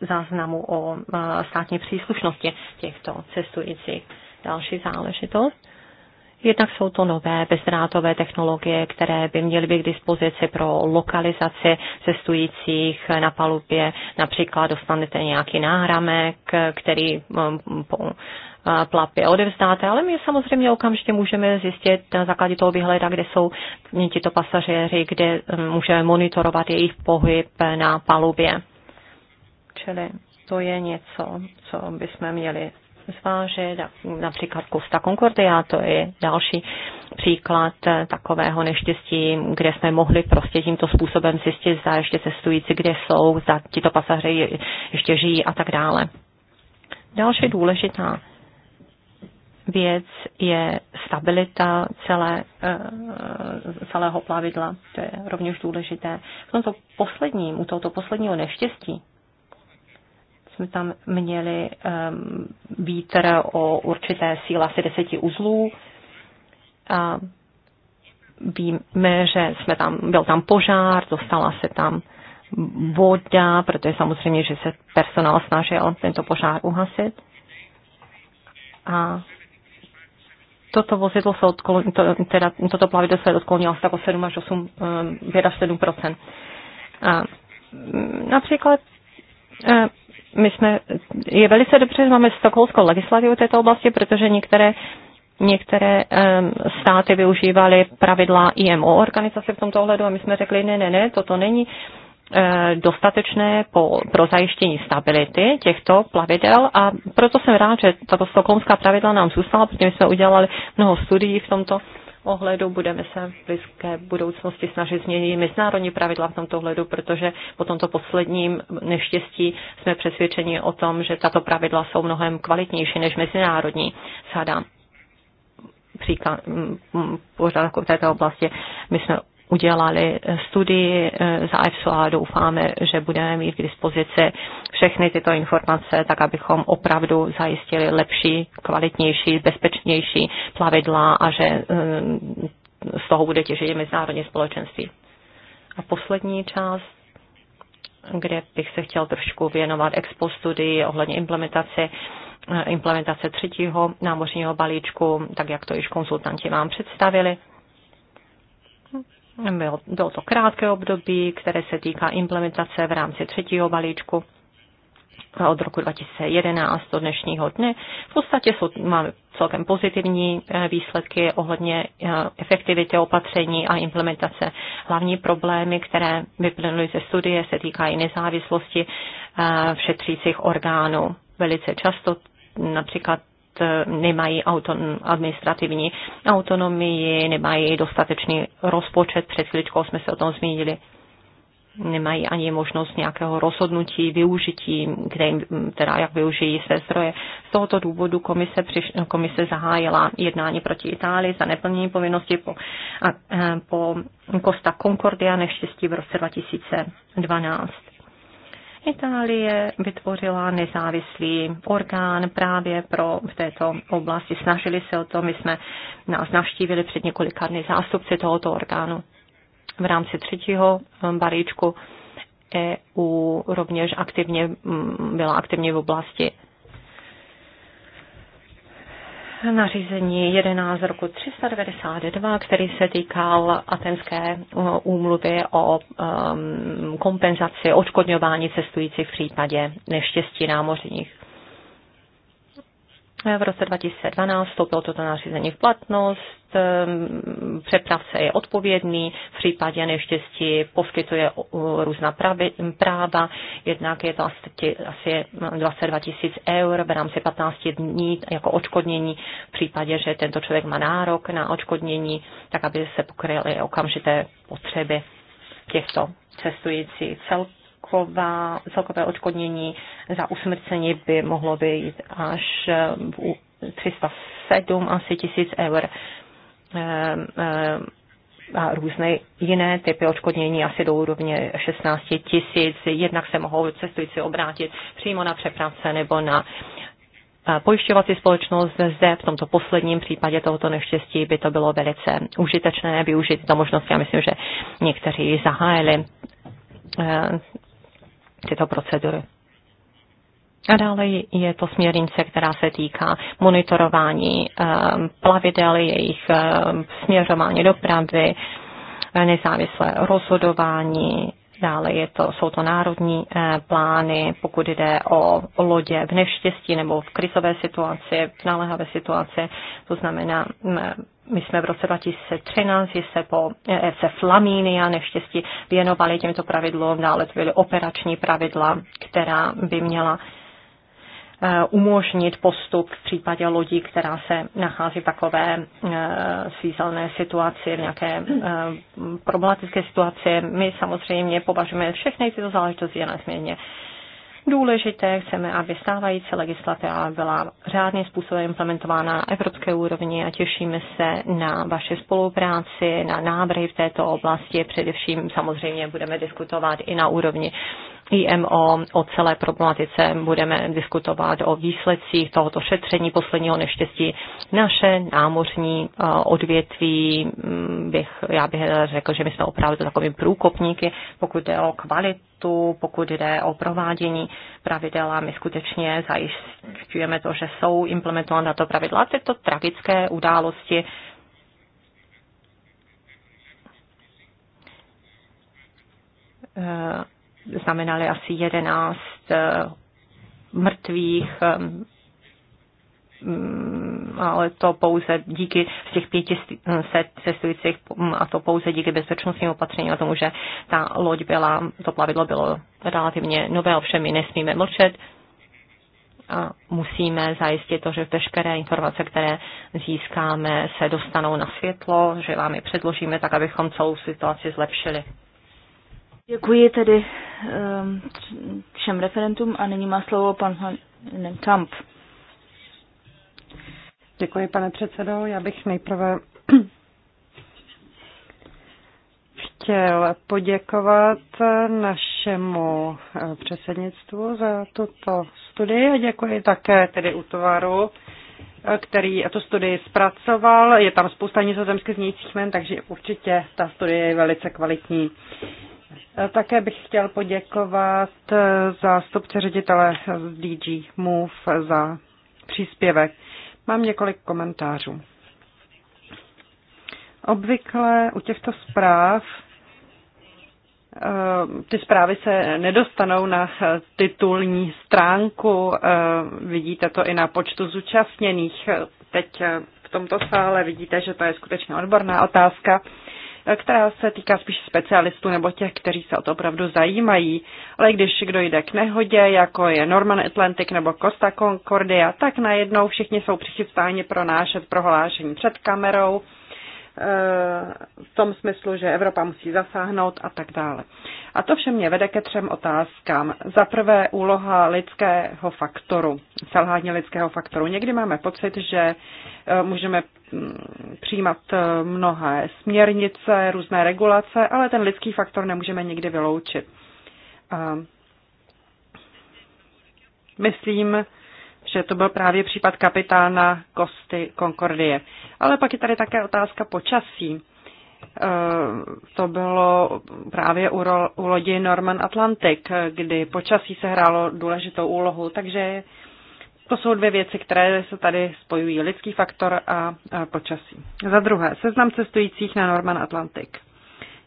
záznamu o eh, státní příslušnosti těchto cestujících další záležitost. Jednak jsou to nové bezdrátové technologie, které by měly být k dispozici pro lokalizaci cestujících na palubě. Například dostanete nějaký náhramek, který um, po uh, plapě odevzdáte, ale my samozřejmě okamžitě můžeme zjistit na základě toho vyhleda, kde jsou tito pasažéři, kde um, můžeme monitorovat jejich pohyb na palubě. Čili to je něco, co bychom měli zváže, například Costa Concordia, to je další příklad eh, takového neštěstí, kde jsme mohli prostě tímto způsobem zjistit, zda ještě cestující, kde jsou, zda tito pasaři ještě žijí a tak dále. Další důležitá věc je stabilita celé, eh, celého plavidla. To je rovněž důležité. V tomto posledním, u tohoto posledního neštěstí jsme tam měli ehm, vítr o určité síle asi deseti uzlů. A víme, že jsme tam, byl tam požár, dostala se tam voda, protože samozřejmě, že se personál snažil tento požár uhasit. A toto vozidlo se odkol, to, teda, toto plavidlo se odklonilo asi tak o 7 až 8, 5 ehm, až 7 A mm, například ehm, my jsme, je velice dobře, že máme stokholskou legislativu této oblasti, protože některé Některé um, státy využívaly pravidla IMO organizace v tomto ohledu a my jsme řekli, ne, ne, ne, toto není eh, dostatečné po, pro zajištění stability těchto plavidel a proto jsem rád, že tato stokholmská pravidla nám zůstala, protože jsme udělali mnoho studií v tomto ohledu budeme se v blízké budoucnosti snažit změnit mezinárodní pravidla v tomto ohledu, protože po tomto posledním neštěstí jsme přesvědčeni o tom, že tato pravidla jsou mnohem kvalitnější než mezinárodní sada příklad mm, mm, pořád jako v této oblasti. My jsme udělali eh, studii eh, za EFSO a doufáme, že budeme mít k dispozici všechny tyto informace, tak abychom opravdu zajistili lepší, kvalitnější, bezpečnější plavidla a že eh, z toho bude těžit i mezinárodní společenství. A poslední část kde bych se chtěl trošku věnovat expo studii ohledně implementace implementace třetího námořního balíčku, tak jak to již konzultanti vám představili. Bylo, bylo to krátké období, které se týká implementace v rámci třetího balíčku od roku 2011 do dnešního dne. V podstatě jsou, máme celkem pozitivní eh, výsledky ohledně eh, efektivity opatření a implementace. Hlavní problémy, které vyplynuly ze studie, se týkají nezávislosti všetřících eh, orgánů. Velice často například E, nemají auton, administrativní autonomii, nemají dostatečný rozpočet, před chvíličkou jsme se o tom zmínili, nemají ani možnost nějakého rozhodnutí, využití, kde jim, teda jak využijí své zdroje. Z tohoto důvodu komise, přiš, komise zahájila jednání proti Itálii za neplnění povinnosti po, a, e, po Costa Concordia neštěstí v roce 2012. Itálie vytvořila nezávislý orgán právě pro v této oblasti. Snažili se o to, my jsme nás navštívili před několika dny zástupci tohoto orgánu. V rámci třetího eh, balíčku EU rovněž aktivně mm, byla aktivně v oblasti nařízení 11 roku 392, který se týkal atenské uh, úmluvy o um, kompenzaci, odškodňování cestujících v případě neštěstí námořních v roce 2012 vstoupilo toto nařízení v platnost, ehm, přepravce je odpovědný, v případě neštěstí poskytuje uh, různá práva, jednak je to asi 22 no, tisíc eur v rámci 15 dní jako očkodnění, v případě, že tento člověk má nárok na očkodnění, tak aby se pokryly okamžité potřeby těchto cestujících. celků celková, celkové odškodnění za usmrcení by mohlo být až 307 asi tisíc eur ehm, ehm, a různé jiné typy odškodnění asi do úrovně 16 tisíc. Jednak se mohou cestující obrátit přímo na přepravce nebo na eh, pojišťovací společnost zde v tomto posledním případě tohoto neštěstí by to bylo velice užitečné využít to možnosti. Já myslím, že někteří zahájili eh, tyto procedury. A dále je to směrnice, která se týká monitorování ehm, plavidel, jejich ehm, směřování dopravy, nezávislé rozhodování, Dále je to, jsou to národní eh, plány, pokud jde o lodě v neštěstí nebo v krizové situaci, v naléhavé situaci. To znamená, mm, my jsme v roce 2013, se po eh, se a neštěstí věnovali těmto pravidlům, dále to byly operační pravidla, která by měla Eh, umožnit postup v případě lodí, která se nachází v takové eh, svízelné situaci, v nějaké eh, problematické situaci. My samozřejmě považujeme všechny tyto záležitosti je nesmírně důležité. Chceme, aby stávající legislativa byla řádným způsobem implementována na evropské úrovni a těšíme se na vaše spolupráci, na návrhy v této oblasti. Především samozřejmě budeme diskutovat i na úrovni IMO, o celé problematice budeme diskutovat, o výsledcích tohoto šetření posledního neštěstí. Naše námořní eh, odvětví, mm, bych, já bych řekl, že my jsme opravdu takovými průkopníky, pokud jde o kvalitu, pokud jde o provádění pravidel a my skutečně zajišťujeme to, že jsou implementována to pravidla. Tyto tragické události uh, znamenaly asi 11 eh, mrtvých, eh, mm, ale to pouze díky z těch 500 eh, cestujících mm, a to pouze díky bezpečnostním opatřením a tomu, že ta loď byla, to plavidlo bylo relativně nové, ovšem my nesmíme mlčet a musíme zajistit to, že veškeré informace, které získáme, se dostanou na světlo, že vám je předložíme tak, abychom celou situaci zlepšili. Děkuji tedy ehm, všem referentům a nyní má slovo pan Trump. Děkuji, pane předsedo. Já bych nejprve chtěl poděkovat našemu eh, předsednictvu za tuto studii a děkuji také tedy útvaru, eh, který tu studii zpracoval. Je tam spousta nizozemských znějících jmen, takže určitě ta studie je velice kvalitní. Eh, také bych chtěl poděkovat eh, zástupce ředitele z DG Move za příspěvek. Mám několik komentářů. Obvykle u těchto zpráv eh, ty zprávy se nedostanou na titulní stránku. Vidíte to i na počtu zúčastněných. Teď v tomto sále vidíte, že to je skutečně odborná otázka která se týká spíš specialistů nebo těch, kteří se o to opravdu zajímají. Ale když kdo jde k nehodě, jako je Norman Atlantic nebo Costa Concordia, tak najednou všichni jsou přichystáni pro nášet prohlášení před kamerou Eh, v tom smyslu, že Evropa musí zasáhnout a tak dále. A to vše mě vede ke třem otázkám. Za prvé úloha lidského faktoru, selhání lidského faktoru. Někdy máme pocit, že eh, můžeme mm, přijímat eh, mnohé směrnice, různé regulace, ale ten lidský faktor nemůžeme nikdy vyloučit. myslím, že to byl právě případ kapitána Kosty Concordie. Ale pak je tady také otázka počasí. E, to bylo právě u, ro, u lodi Norman Atlantic, kdy počasí se hrálo důležitou úlohu, takže to jsou dvě věci, které se tady spojují, lidský faktor a počasí. Za druhé, seznam cestujících na Norman Atlantic.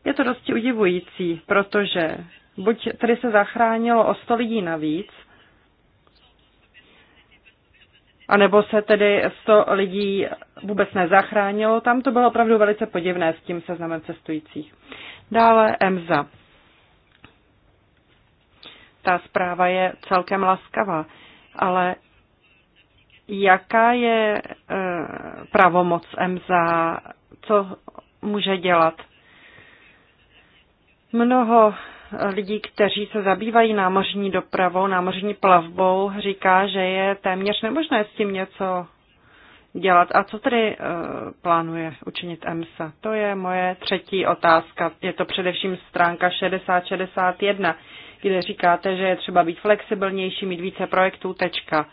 Je to dosti udivující, protože buď tady se zachránilo o 100 lidí navíc, a nebo se tedy 100 lidí vůbec nezachránilo. Tam to bylo opravdu velice podivné s tím seznamem cestujících. Dále EMSA. Ta zpráva je celkem laskavá, ale jaká je e, pravomoc EMSA, co může dělat? Mnoho lidí, kteří se zabývají námořní dopravou, námořní plavbou, říká, že je téměř nemožné s tím něco dělat. A co tedy eh, plánuje učinit EMSA? To je moje třetí otázka. Je to především stránka 6061, kde říkáte, že je třeba být flexibilnější, mít více projektů, tečka.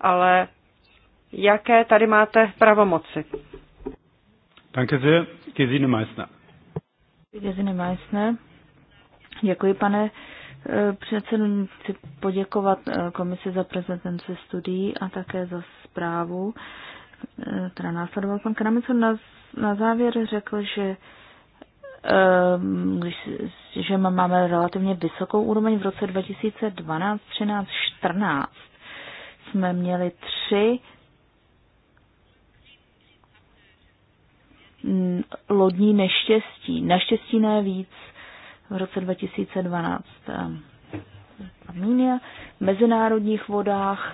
Ale jaké tady máte pravomoci? Danke sehr, Gesine Meissner. Gesine Meissner. Děkuji, pane eh, předsedu. Chci poděkovat eh, komisi za prezentaci studií a také za zprávu, eh, která následoval pan Kramicon. Na, na závěr řekl, že když, že máme relativně vysokou úroveň v roce 2012, 13, 14 jsme měli tři mm, lodní neštěstí. Naštěstí ne víc v roce 2012 Armínia. V mezinárodních vodách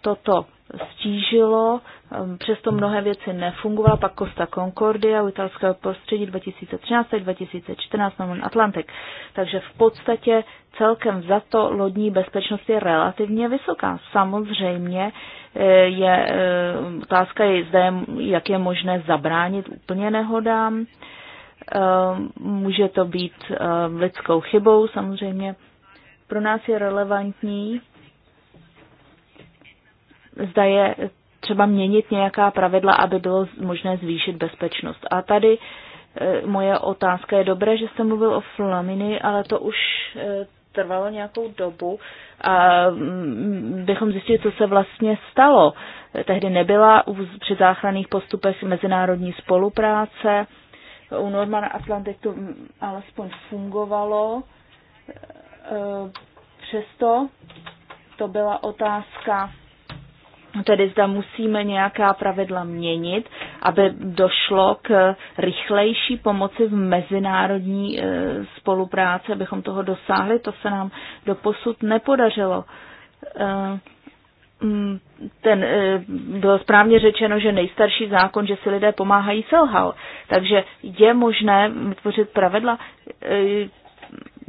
toto stížilo, ehm, přesto mnohé věci nefungovala. pak Costa Concordia u italského prostředí 2013 2014 na Atlantik. Takže v podstatě celkem za to lodní bezpečnost je relativně vysoká. Samozřejmě eh, je eh, otázka, je, zda jak je možné zabránit úplně nehodám. Eh, může to být eh, lidskou chybou samozřejmě. Pro nás je relevantní, zda je třeba měnit nějaká pravidla, aby bylo možné zvýšit bezpečnost. A tady eh, moje otázka je dobré, že jste mluvil o flaminy, ale to už trvalo nějakou dobu a mm, bychom zjistili, co se vlastně stalo. Tehdy nebyla při záchranných postupech mezinárodní spolupráce, u Norman Atlantic to alespoň fungovalo. E, přesto to byla otázka, tedy zda musíme nějaká pravidla měnit, aby došlo k rychlejší pomoci v mezinárodní e, spolupráci, abychom toho dosáhli. To se nám doposud nepodařilo e, Mm, ten, eh, bylo správně řečeno, že nejstarší zákon, že si lidé pomáhají, selhal. Takže je možné vytvořit pravidla. Eh,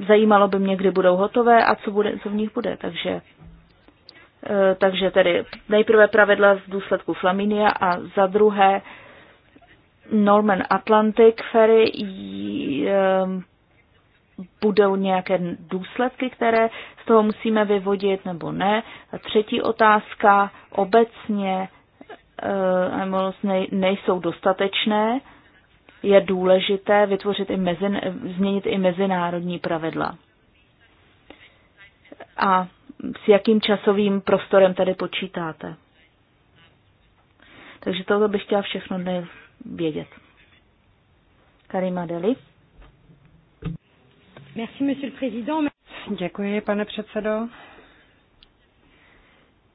zajímalo by mě, kdy budou hotové a co, bude, co v nich bude. Takže, eh, takže tedy nejprve pravidla z důsledku Flaminia a za druhé Norman Atlantic Ferry budou nějaké důsledky, které z toho musíme vyvodit nebo ne. A třetí otázka, obecně e, nejsou dostatečné, je důležité vytvořit i mezi, změnit i mezinárodní pravidla. A s jakým časovým prostorem tady počítáte? Takže toto bych chtěla všechno vědět. Karima Deli. Merci, monsieur le président. Děkuji, pane předsedo.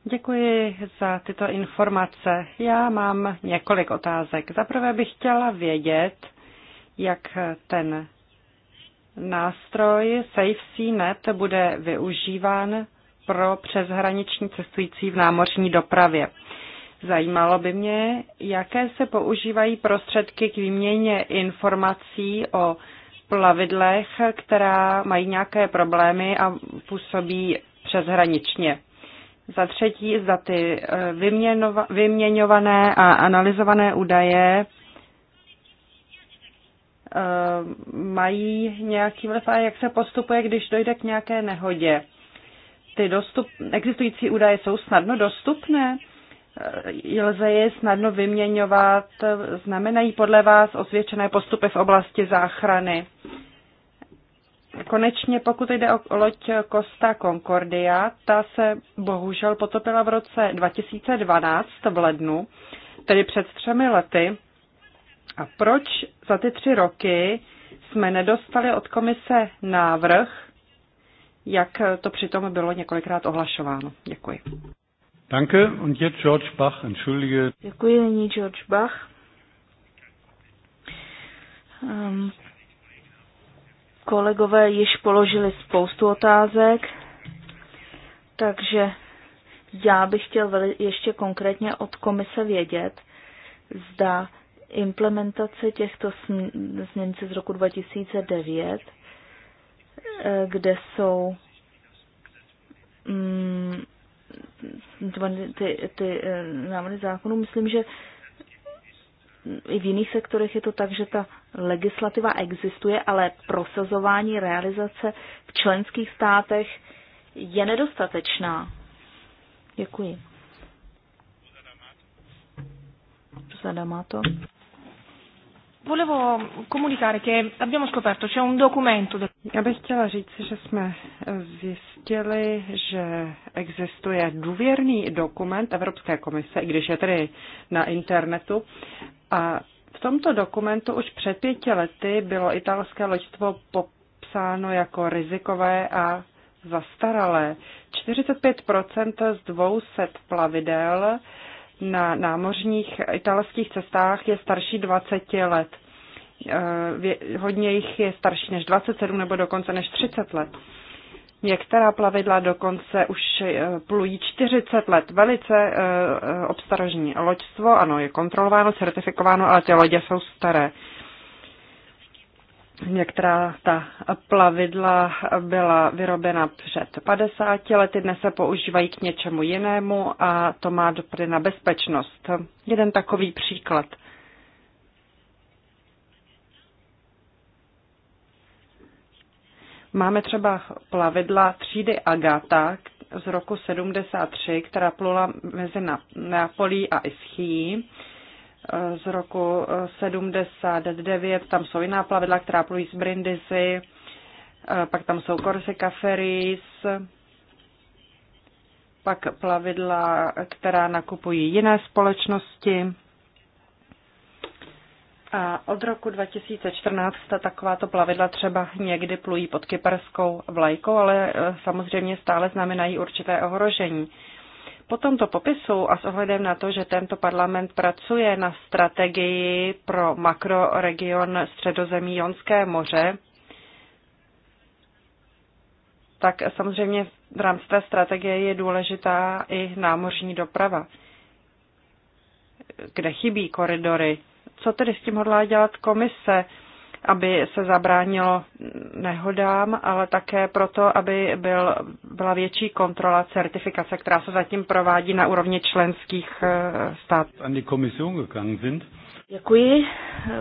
Děkuji za tyto informace. Já mám několik otázek. Zaprvé bych chtěla vědět, jak ten nástroj SafeSeaNet bude využíván pro přeshraniční cestující v námořní dopravě. Zajímalo by mě, jaké se používají prostředky k výměně informací o plavidlech, která mají nějaké problémy a působí přeshraničně. Za třetí, za ty eh, vyměňované a analyzované údaje eh, mají nějaký vliv a jak se postupuje, když dojde k nějaké nehodě. Ty dostup, existující údaje jsou snadno dostupné. Eh, lze je snadno vyměňovat, znamenají podle vás osvědčené postupy v oblasti záchrany. Konečně pokud jde o loď Costa Concordia, ta se bohužel potopila v roce 2012 v lednu, tedy před třemi lety. A proč za ty tři roky jsme nedostali od komise návrh, jak to přitom bylo několikrát ohlašováno? Děkuji. Danke und jetzt George Bach, entschuldige. Děkuji, nyní George Bach. Um, kolegové již položili spoustu otázek, takže já bych chtěl ještě konkrétně od komise vědět, zda implementace těchto změnců z roku 2009, eh, kde jsou mm, ty, ty eh, návrhy zákonů. Myslím, že i v jiných sektorech je to tak, že ta legislativa existuje, ale prosazování realizace v členských státech je nedostatečná. Děkuji. to. Volevo comunicare che abbiamo scoperto, c'è un documento. Já bych chtěla říct, že jsme zjistili, že existuje důvěrný dokument Evropské komise, i když je tedy na internetu. A v tomto dokumentu už před pěti lety bylo italské loďstvo popsáno jako rizikové a zastaralé. 45 z 200 plavidel na námořních italských cestách je starší 20 let. Eh, hodně jich je starší než 27 nebo dokonce než 30 let. Některá plavidla dokonce už eh, plují 40 let. Velice eh, obstarožní loďstvo, ano, je kontrolováno, certifikováno, ale ty lodě jsou staré. Některá ta plavidla byla vyrobena před 50 lety, dnes se používají k něčemu jinému a to má dopady na bezpečnost. Jeden takový příklad. Máme třeba plavidla třídy Agata z roku 73, která plula mezi Neapolí a Ischií z roku 79, eh, tam jsou jiná plavidla, která plují z Brindisi, eh, pak tam jsou Corsica Ferries, pak plavidla, která nakupují jiné společnosti. A od roku 2014 takováto plavidla třeba někdy plují pod kyperskou vlajkou, ale eh, samozřejmě stále znamenají určité ohrožení. Po tomto popisu a s ohledem na to, že tento parlament pracuje na strategii pro makroregion středozemí Jonské moře, tak samozřejmě v rámci té strategie je důležitá i námořní doprava, kde chybí koridory. Co tedy s tím hodlá dělat komise? aby se zabránilo nehodám, ale také proto, aby byl, byla větší kontrola certifikace, která se zatím provádí na úrovni členských eh, států. Děkuji,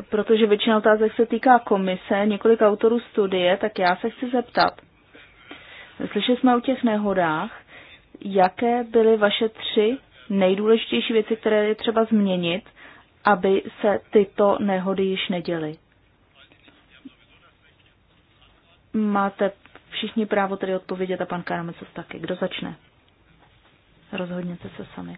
protože většina otázek se týká komise, několik autorů studie, tak já se chci zeptat. Slyšeli jsme o těch nehodách, jaké byly vaše tři nejdůležitější věci, které je třeba změnit, aby se tyto nehody již neděly? Máte všichni právo tedy odpovědět a pan Karamecov taky. Kdo začne? Rozhodněte se sami.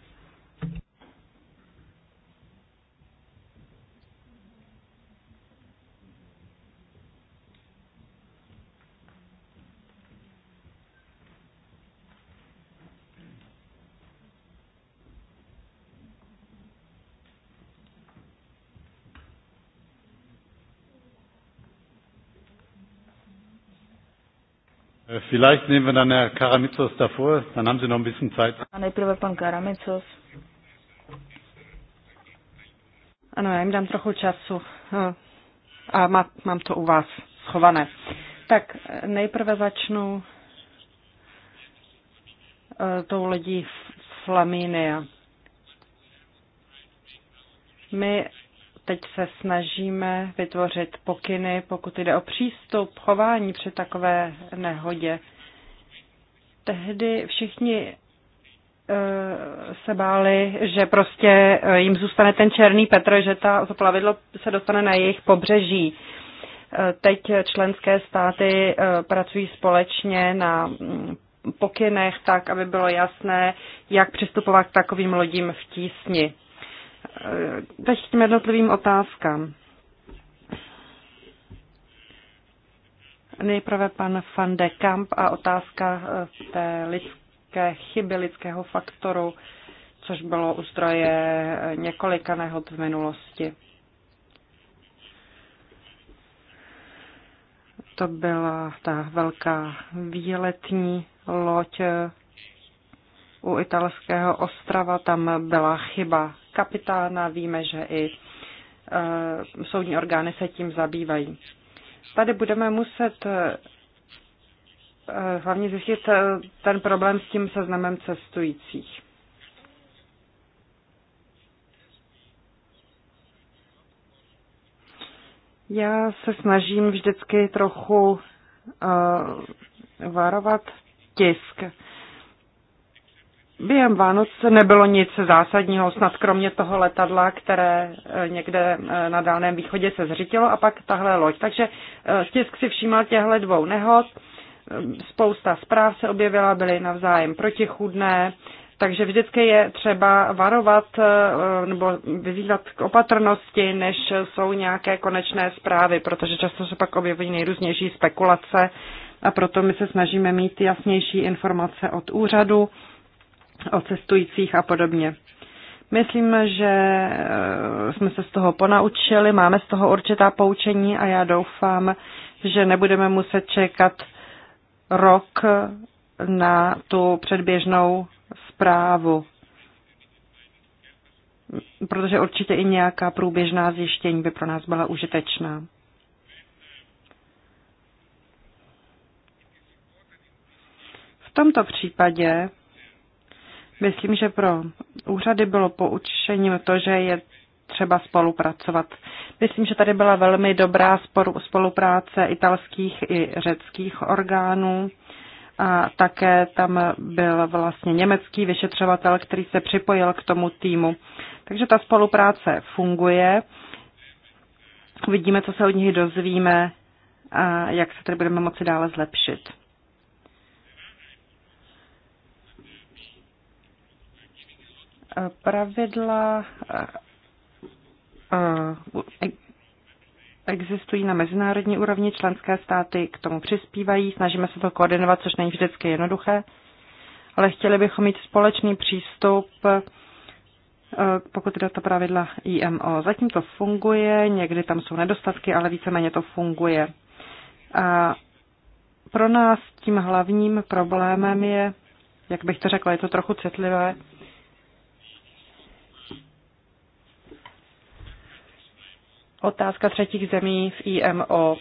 Äh, vielleicht nehmen wir dann Herr Karamitsos davor, dann haben Sie noch ein bisschen Zeit. A nejprve pan Karamitsos. Ano, já jim dám trochu času eh, a má, mám to u vás schované. Tak eh, nejprve začnu eh, tou lidí Flaminia. My Teď se snažíme vytvořit pokyny, pokud jde o přístup, chování při takové nehodě. Tehdy všichni e, se báli, že prostě e, jim zůstane ten černý Petr, že ta, to plavidlo se dostane na jejich pobřeží. E, teď členské státy pracují společně na mm, pokynech tak, aby bylo jasné, jak přistupovat k takovým lodím v tísni. Eh, teď k těm jednotlivým otázkám. Nejprve pan van de Kamp a otázka eh, té lidské chyby, lidského faktoru, což bylo u zdroje eh, několika nehod v minulosti. To byla ta velká výletní loď u italského ostrava, tam byla chyba kapitána. Víme, že i e, soudní orgány se tím zabývají. Tady budeme muset e, hlavně zjistit e, ten problém s tím seznamem cestujících. Já se snažím vždycky trochu uh, varovat tisk. Během Vánoc nebylo nic zásadního, snad kromě toho letadla, které eh, někde eh, na Dálném východě se zřítilo a pak tahle loď. Takže stisk eh, si všímal těchto dvou nehod, spousta zpráv se objevila, byly navzájem protichudné, takže vždycky je třeba varovat nebo vyzývat k opatrnosti, než jsou nějaké konečné zprávy, protože často se pak objevují nejrůznější spekulace a proto my se snažíme mít jasnější informace od úřadu o cestujících a podobně. Myslím, že eh, jsme se z toho ponaučili, máme z toho určitá poučení a já doufám, že nebudeme muset čekat rok na tu předběžnou zprávu, protože určitě i nějaká průběžná zjištění by pro nás byla užitečná. V tomto případě Myslím, že pro úřady bylo poučením to, že je třeba spolupracovat. Myslím, že tady byla velmi dobrá spolupráce italských i řeckých orgánů a také tam byl vlastně německý vyšetřovatel, který se připojil k tomu týmu. Takže ta spolupráce funguje. Uvidíme, co se od nich dozvíme a jak se tady budeme moci dále zlepšit. Pravidla eh, eh, existují na mezinárodní úrovni, členské státy k tomu přispívají, snažíme se to koordinovat, což není vždycky jednoduché, ale chtěli bychom mít společný přístup, eh, pokud jde o to pravidla IMO. Zatím to funguje, někdy tam jsou nedostatky, ale víceméně to funguje. A pro nás tím hlavním problémem je, jak bych to řekla, je to trochu citlivé, Otázka třetích zemí v IMO.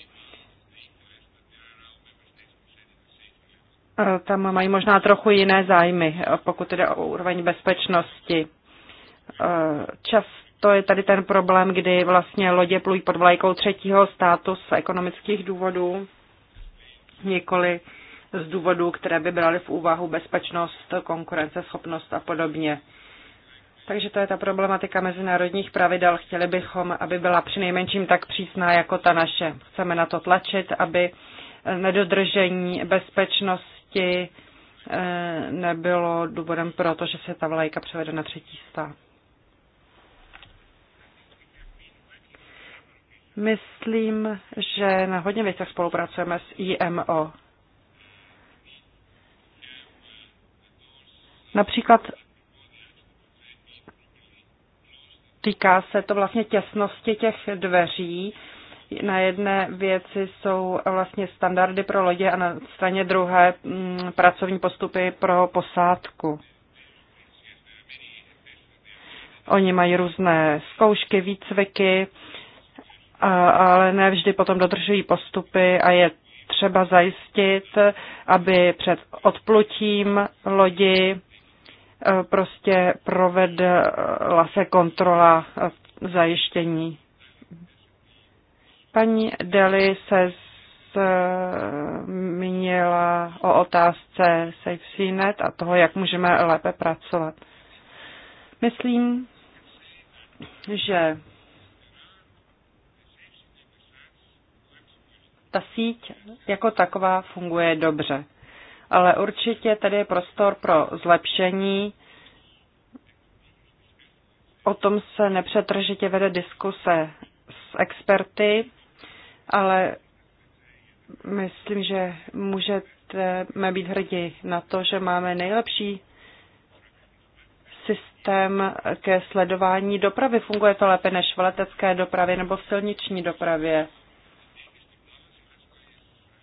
E, tam mají možná trochu jiné zájmy, pokud jde o úroveň bezpečnosti. E, často je tady ten problém, kdy vlastně lodě plují pod vlajkou třetího státu z ekonomických důvodů, nikoli z důvodů, které by braly v úvahu bezpečnost, konkurenceschopnost a podobně. Takže to je ta problematika mezinárodních pravidel. Chtěli bychom, aby byla přinejmenším tak přísná jako ta naše. Chceme na to tlačit, aby eh, nedodržení bezpečnosti eh, nebylo důvodem pro to, že se ta vlajka převede na třetí stát. Myslím, že na hodně věcech spolupracujeme s IMO. Například týká se to vlastně těsnosti těch dveří. Na jedné věci jsou vlastně standardy pro lodě a na straně druhé mm, pracovní postupy pro posádku. Oni mají různé zkoušky, výcviky, ale ne vždy potom dodržují postupy a je třeba zajistit, aby před odplutím lodi prostě provedla se kontrola zajištění. Paní Deli se zmínila o otázce SafeCNet a toho, jak můžeme lépe pracovat. Myslím, že ta síť jako taková funguje dobře ale určitě tady je prostor pro zlepšení. O tom se nepřetržitě vede diskuse s experty, ale myslím, že můžeme být hrdí na to, že máme nejlepší systém ke sledování dopravy. Funguje to lépe než v letecké dopravě nebo v silniční dopravě.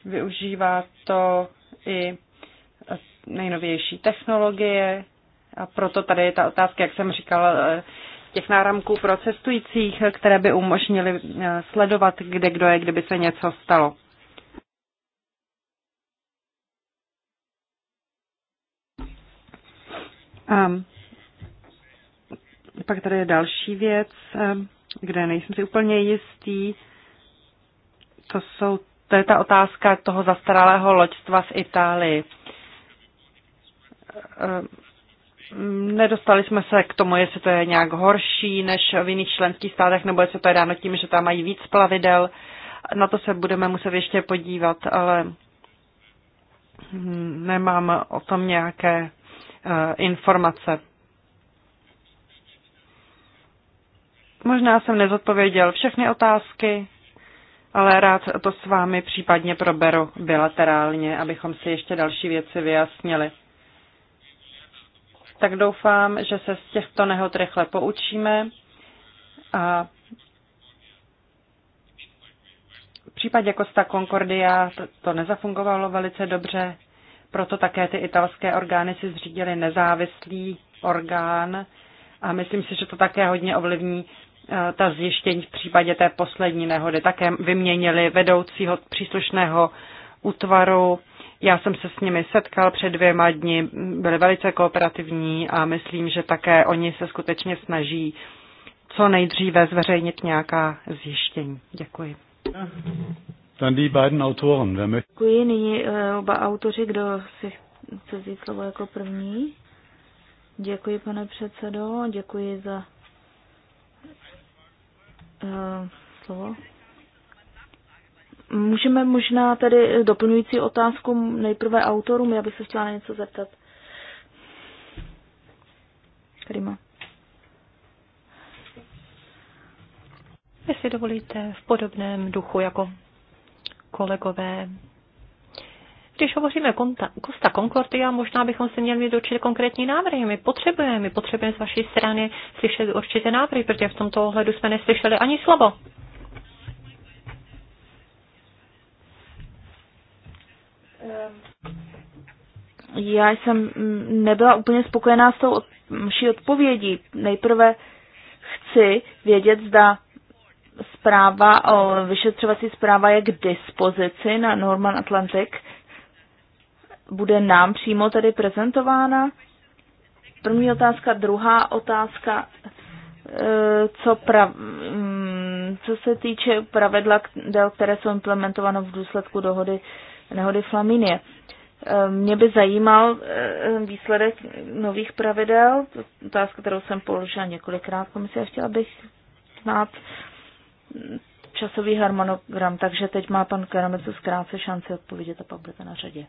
Využívá to i nejnovější technologie a proto tady je ta otázka, jak jsem říkala, eh, těch náramků pro cestujících, eh, které by umožnily eh, sledovat, kde kdo je, kdyby se něco stalo. A ehm, pak tady je další věc, ehm, kde nejsem si úplně jistý. To, jsou, to je ta otázka toho zastaralého loďstva v Itálii. Eh, nedostali jsme se k tomu, jestli to je nějak horší než v jiných členských státech, nebo jestli to je dáno tím, že tam mají víc plavidel. Na to se budeme muset ještě podívat, ale hm, nemám o tom nějaké eh, informace. Možná jsem nezodpověděl všechny otázky, ale rád to s vámi případně proberu bilaterálně, abychom si ještě další věci vyjasnili tak doufám, že se z těchto nehod rychle poučíme a v případě Costa Concordia to nezafungovalo velice dobře, proto také ty italské orgány si zřídily nezávislý orgán a myslím si, že to také hodně ovlivní eh, ta zjištění v případě té poslední nehody. Také vyměnili vedoucího příslušného útvaru já jsem se s nimi setkal před dvěma dny, byli velice kooperativní a myslím, že také oni se skutečně snaží co nejdříve zveřejnit nějaká zjištění. Děkuji. Dann die beiden Autoren. Wer möchte? Děkuji. Nyní eh, oba autoři, kdo si chce vzít slovo jako první. Děkuji, pane předsedo. Děkuji za uh, slovo. Můžeme možná tedy doplňující otázku nejprve autorům, já bych se chtěla něco zeptat. Karima. Jestli dovolíte, v podobném duchu jako kolegové. Když hovoříme Costa Concordia, možná bychom se měli mít určitě konkrétní návrhy. My potřebujeme, my potřebujeme z vaší strany slyšet určitě návrhy, protože v tomto ohledu jsme neslyšeli ani slovo. Já jsem mm, nebyla úplně spokojená s tou mší odpovědí. Nejprve chci vědět, zda zpráva o vyšetřovací zpráva je k dispozici na Norman Atlantic. Bude nám přímo tedy prezentována? První otázka, druhá otázka, e, co, pra, mm, co se týče pravidla, které jsou implementovány v důsledku dohody nehody Flaminie. Eh, mě by zajímal eh, výsledek nových pravidel, otázka, kterou jsem položila několikrát komisi a chtěla bych znát časový harmonogram, takže teď má pan Karamecu zkrátce šanci odpovědět a pak budete na řadě.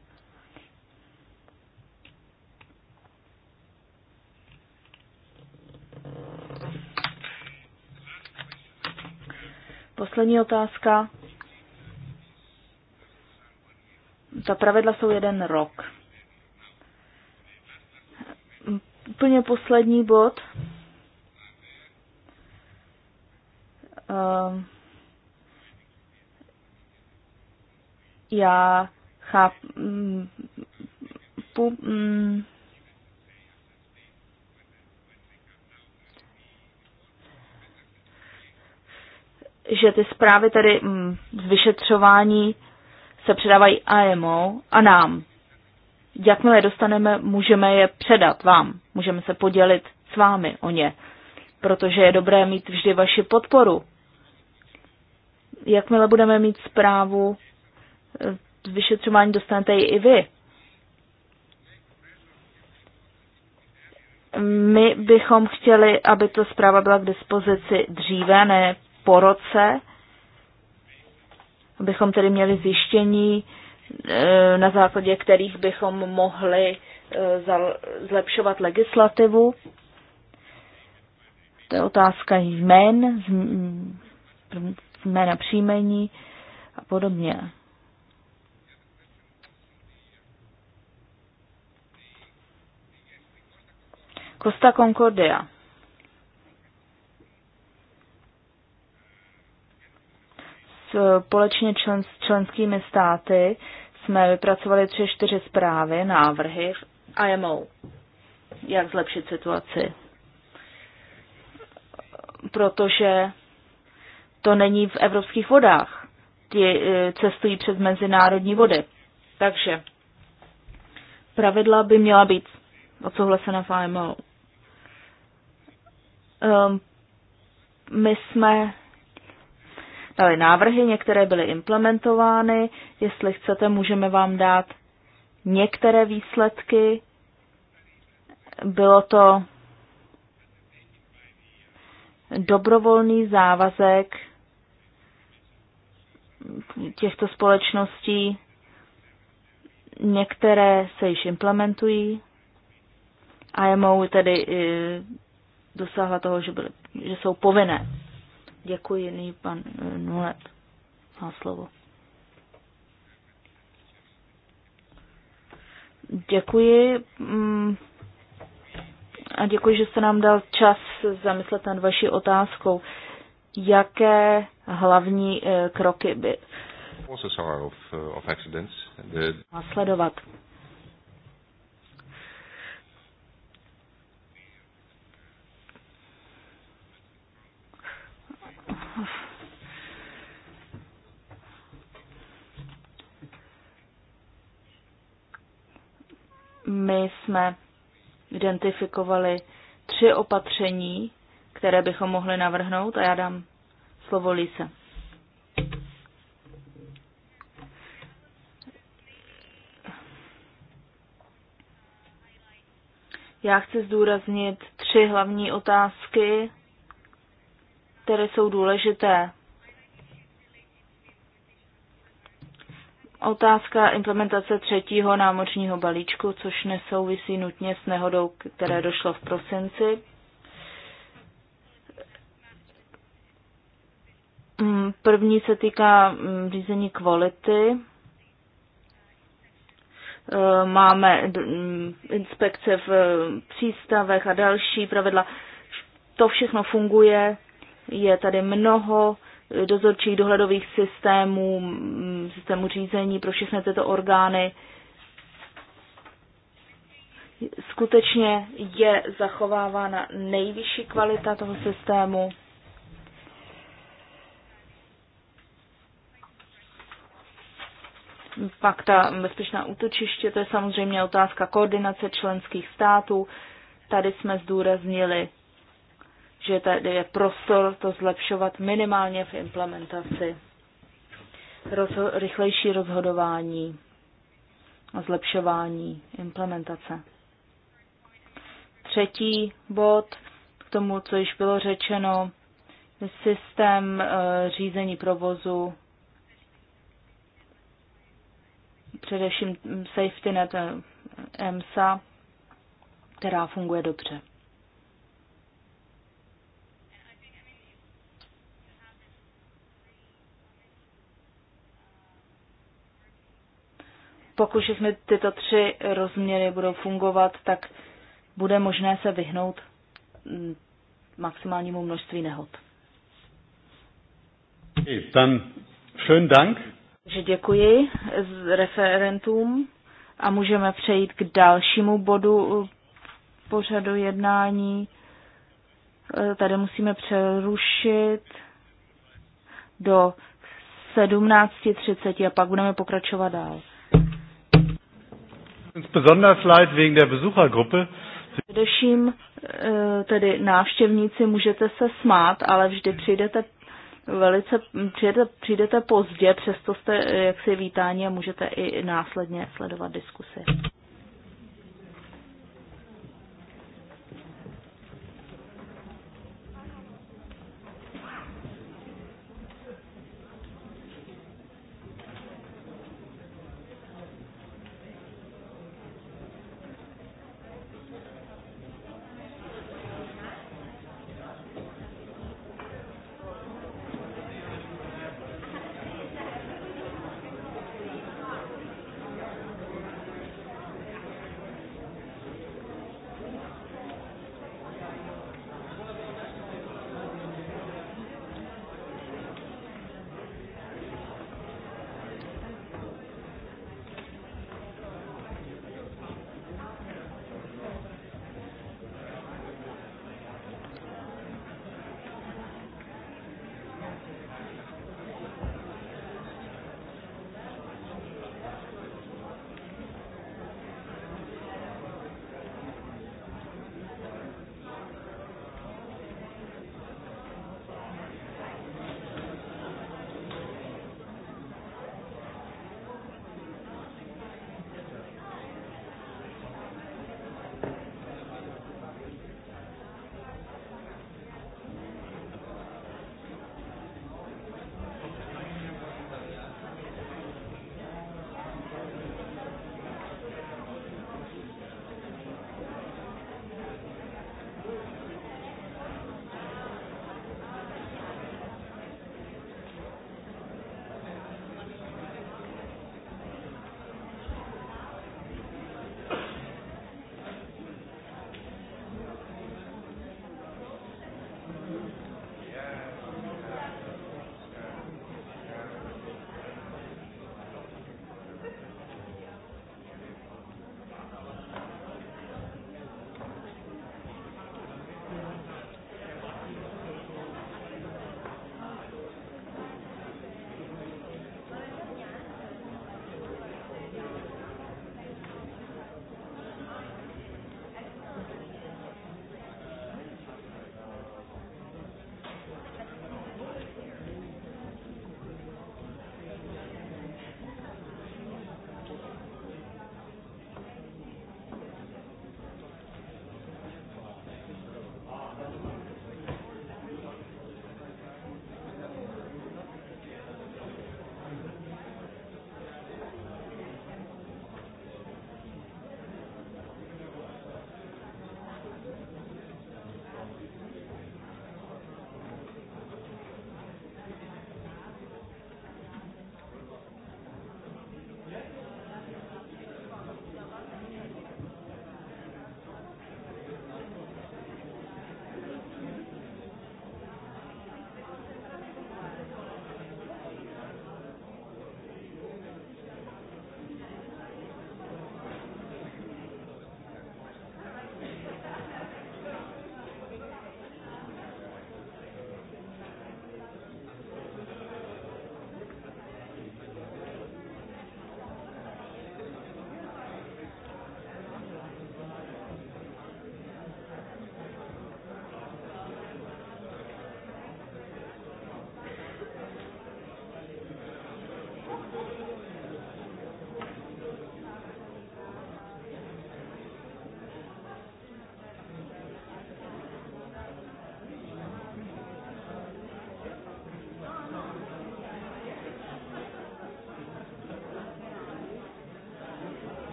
Poslední otázka. ta pravidla jsou jeden rok. Úplně poslední bod. Ehm, já chápu, mm, mm, že ty zprávy tady mm, z vyšetřování se předávají AMO a nám. Jakmile je dostaneme, můžeme je předat vám, můžeme se podělit s vámi o ně, protože je dobré mít vždy vaši podporu. Jakmile budeme mít zprávu eh, vyšetřování, dostanete ji i vy. My bychom chtěli, aby ta zpráva byla k dispozici dříve, ne po roce, abychom tedy měli zjištění, e, na základě kterých bychom mohli e, zlepšovat legislativu. To je otázka jmen, jména příjmení a podobně. Costa Concordia. společně člen, s členskými státy jsme vypracovali tři, čtyři zprávy, návrhy v IMO, jak zlepšit situaci. Protože to není v evropských vodách. Ty eh, cestují přes mezinárodní vody. Takže pravidla by měla být odsouhlasena v IMO. Um, ehm, my jsme dali návrhy, některé byly implementovány. Jestli chcete, můžeme vám dát některé výsledky. Bylo to dobrovolný závazek těchto společností. Některé se již implementují. IMO tedy eh, dosáhla toho, že, byly, že jsou povinné. Děkuji, nyní pan eh, Nulet má slovo. Děkuji mm, a děkuji, že jste nám dal čas zamyslet nad vaší otázkou. Jaké hlavní eh, kroky by následovat? My jsme identifikovali tři opatření, které bychom mohli navrhnout a já dám slovo Lise. Já chci zdůraznit tři hlavní otázky, které jsou důležité Otázka implementace třetího námořního balíčku, což nesouvisí nutně s nehodou, které došlo v prosinci. Mm, první se týká mm, řízení kvality. E, máme mm, inspekce v e, přístavech a další pravidla. To všechno funguje. Je tady mnoho dozorčích dohledových systémů, systému řízení pro všechny tyto orgány. Skutečně je zachovávána nejvyšší kvalita toho systému. Pak ta bezpečná útočiště, to je samozřejmě otázka koordinace členských států. Tady jsme zdůraznili že tady je prostor to zlepšovat minimálně v implementaci. Rozho- rychlejší rozhodování a zlepšování implementace. Třetí bod k tomu, co již bylo řečeno, systém eh, řízení provozu, především safety net EMSA, eh, která funguje dobře. pokud jsme tyto tři rozměry budou fungovat, tak bude možné se vyhnout mm, maximálnímu množství nehod. Dann schönen Dank. Že děkuji referentům a můžeme přejít k dalšímu bodu pořadu jednání. E, tady musíme přerušit do 17.30 a pak budeme pokračovat dál. Uns besonders leid wegen der Besuchergruppe. Především eh, tedy návštěvníci můžete se smát, ale vždy přijdete velice, přijdete, přijdete pozdě, přesto jste eh, jaksi vítáni a můžete i následně sledovat diskusy.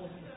Thank you.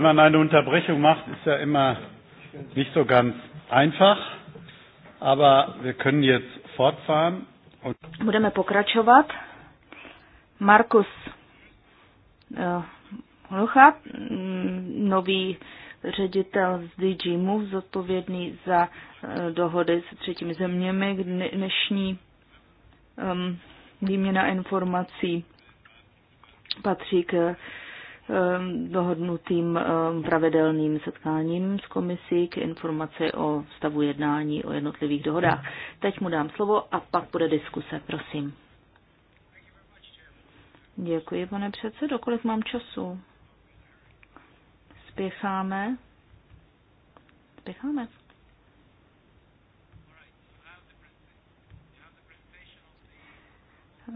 wenn man eine Unterbrechung macht, ist ja immer nicht so ganz einfach, aber wir können jetzt fortfahren. Und Budeme pokračovat. Markus uh, Hlucha, mm, nový ředitel z DG Move, zodpovědný za uh, dohody s třetími zeměmi, dnešní um, výměna informací patří k uh, Um, dohodnutým um, pravidelným setkáním s komisí k informaci o stavu jednání o jednotlivých dohodách. Teď mu dám slovo a pak bude diskuse, prosím. Děkuji, pane předsedo. Kolik mám času? Spěcháme. Spěcháme.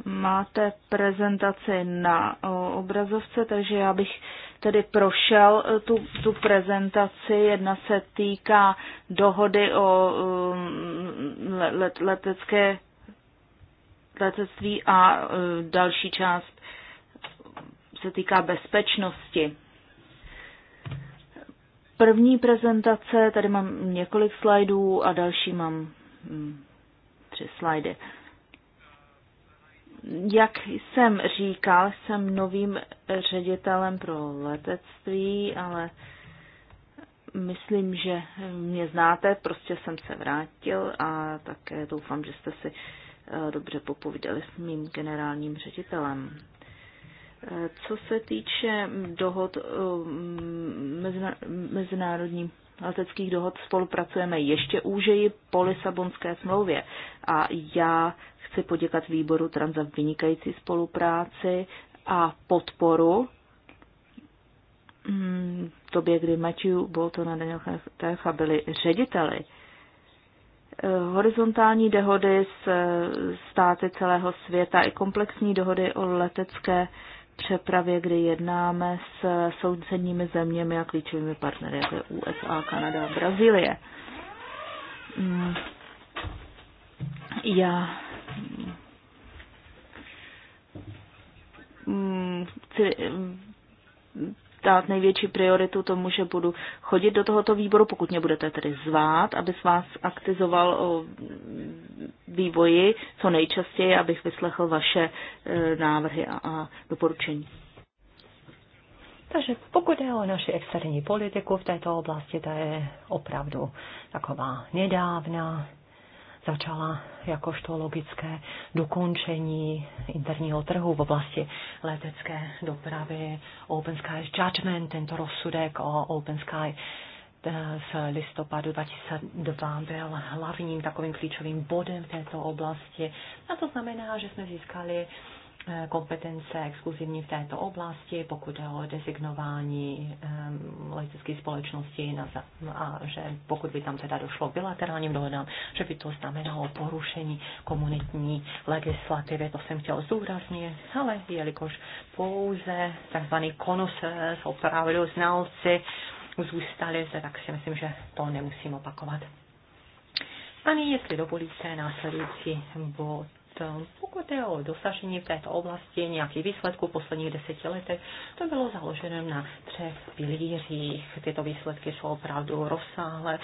Máte prezentaci na obrazovce, takže já bych tedy prošel e, tu, tu prezentaci. Jedna se týká dohody o um, let, letecké letectví a e, další část se týká bezpečnosti. První prezentace, tady mám několik slajdů a další mám mm, tři slajdy. Jak jsem říkal, jsem novým ředitelem pro letectví, ale myslím, že mě znáte, prostě jsem se vrátil a také doufám, že jste si eh, dobře popovídali s mým generálním ředitelem. Eh, co se týče dohod eh, mezinárodní leteckých dohod spolupracujeme ještě úžeji po Lisabonské smlouvě. A já chci poděkat výboru Trans za vynikající spolupráci a podporu hmm, tobě, kdy Matthew Bolton a Daniel Techa byli řediteli. Eh, horizontální dohody s eh, státy celého světa i komplexní dohody o letecké přepravě, kdy jednáme s sousedními zeměmi a klíčovými partnery, jako je USA, Kanada a Brazílie. Mm. Já mm, chci dát největší prioritu tomu, že budu chodit do tohoto výboru, pokud mě budete tedy zvát, aby vás aktizoval o vývoji co nejčastěji, abych vyslechl vaše e, návrhy a, a doporučení. Takže pokud je o naši externí politiku v této oblasti, ta je opravdu taková nedávná, začala jakožto logické dokončení interního trhu v oblasti letecké dopravy. Open Sky Judgment, tento rozsudek o Open Sky z eh, listopadu 2002 byl hlavním takovým klíčovým bodem v této oblasti. A to znamená, že jsme získali Eh, kompetence exkluzivní v této oblasti, pokud je o designování um, společnosti na, a že pokud by tam teda došlo k bilaterálním dohodám, že by to znamenalo porušení komunitní legislativy. To jsem chtěl zdůraznit, ale jelikož pouze tzv. s eh, opravdu znalci, zůstali se, tak si myslím, že to nemusím opakovat. A nyní, jestli dovolíte, následující bod pokud je o dosažení v této oblasti nějakých výsledků v posledních deseti letech, to bylo založeno na třech pilířích. Tyto výsledky jsou opravdu rozsáhlé,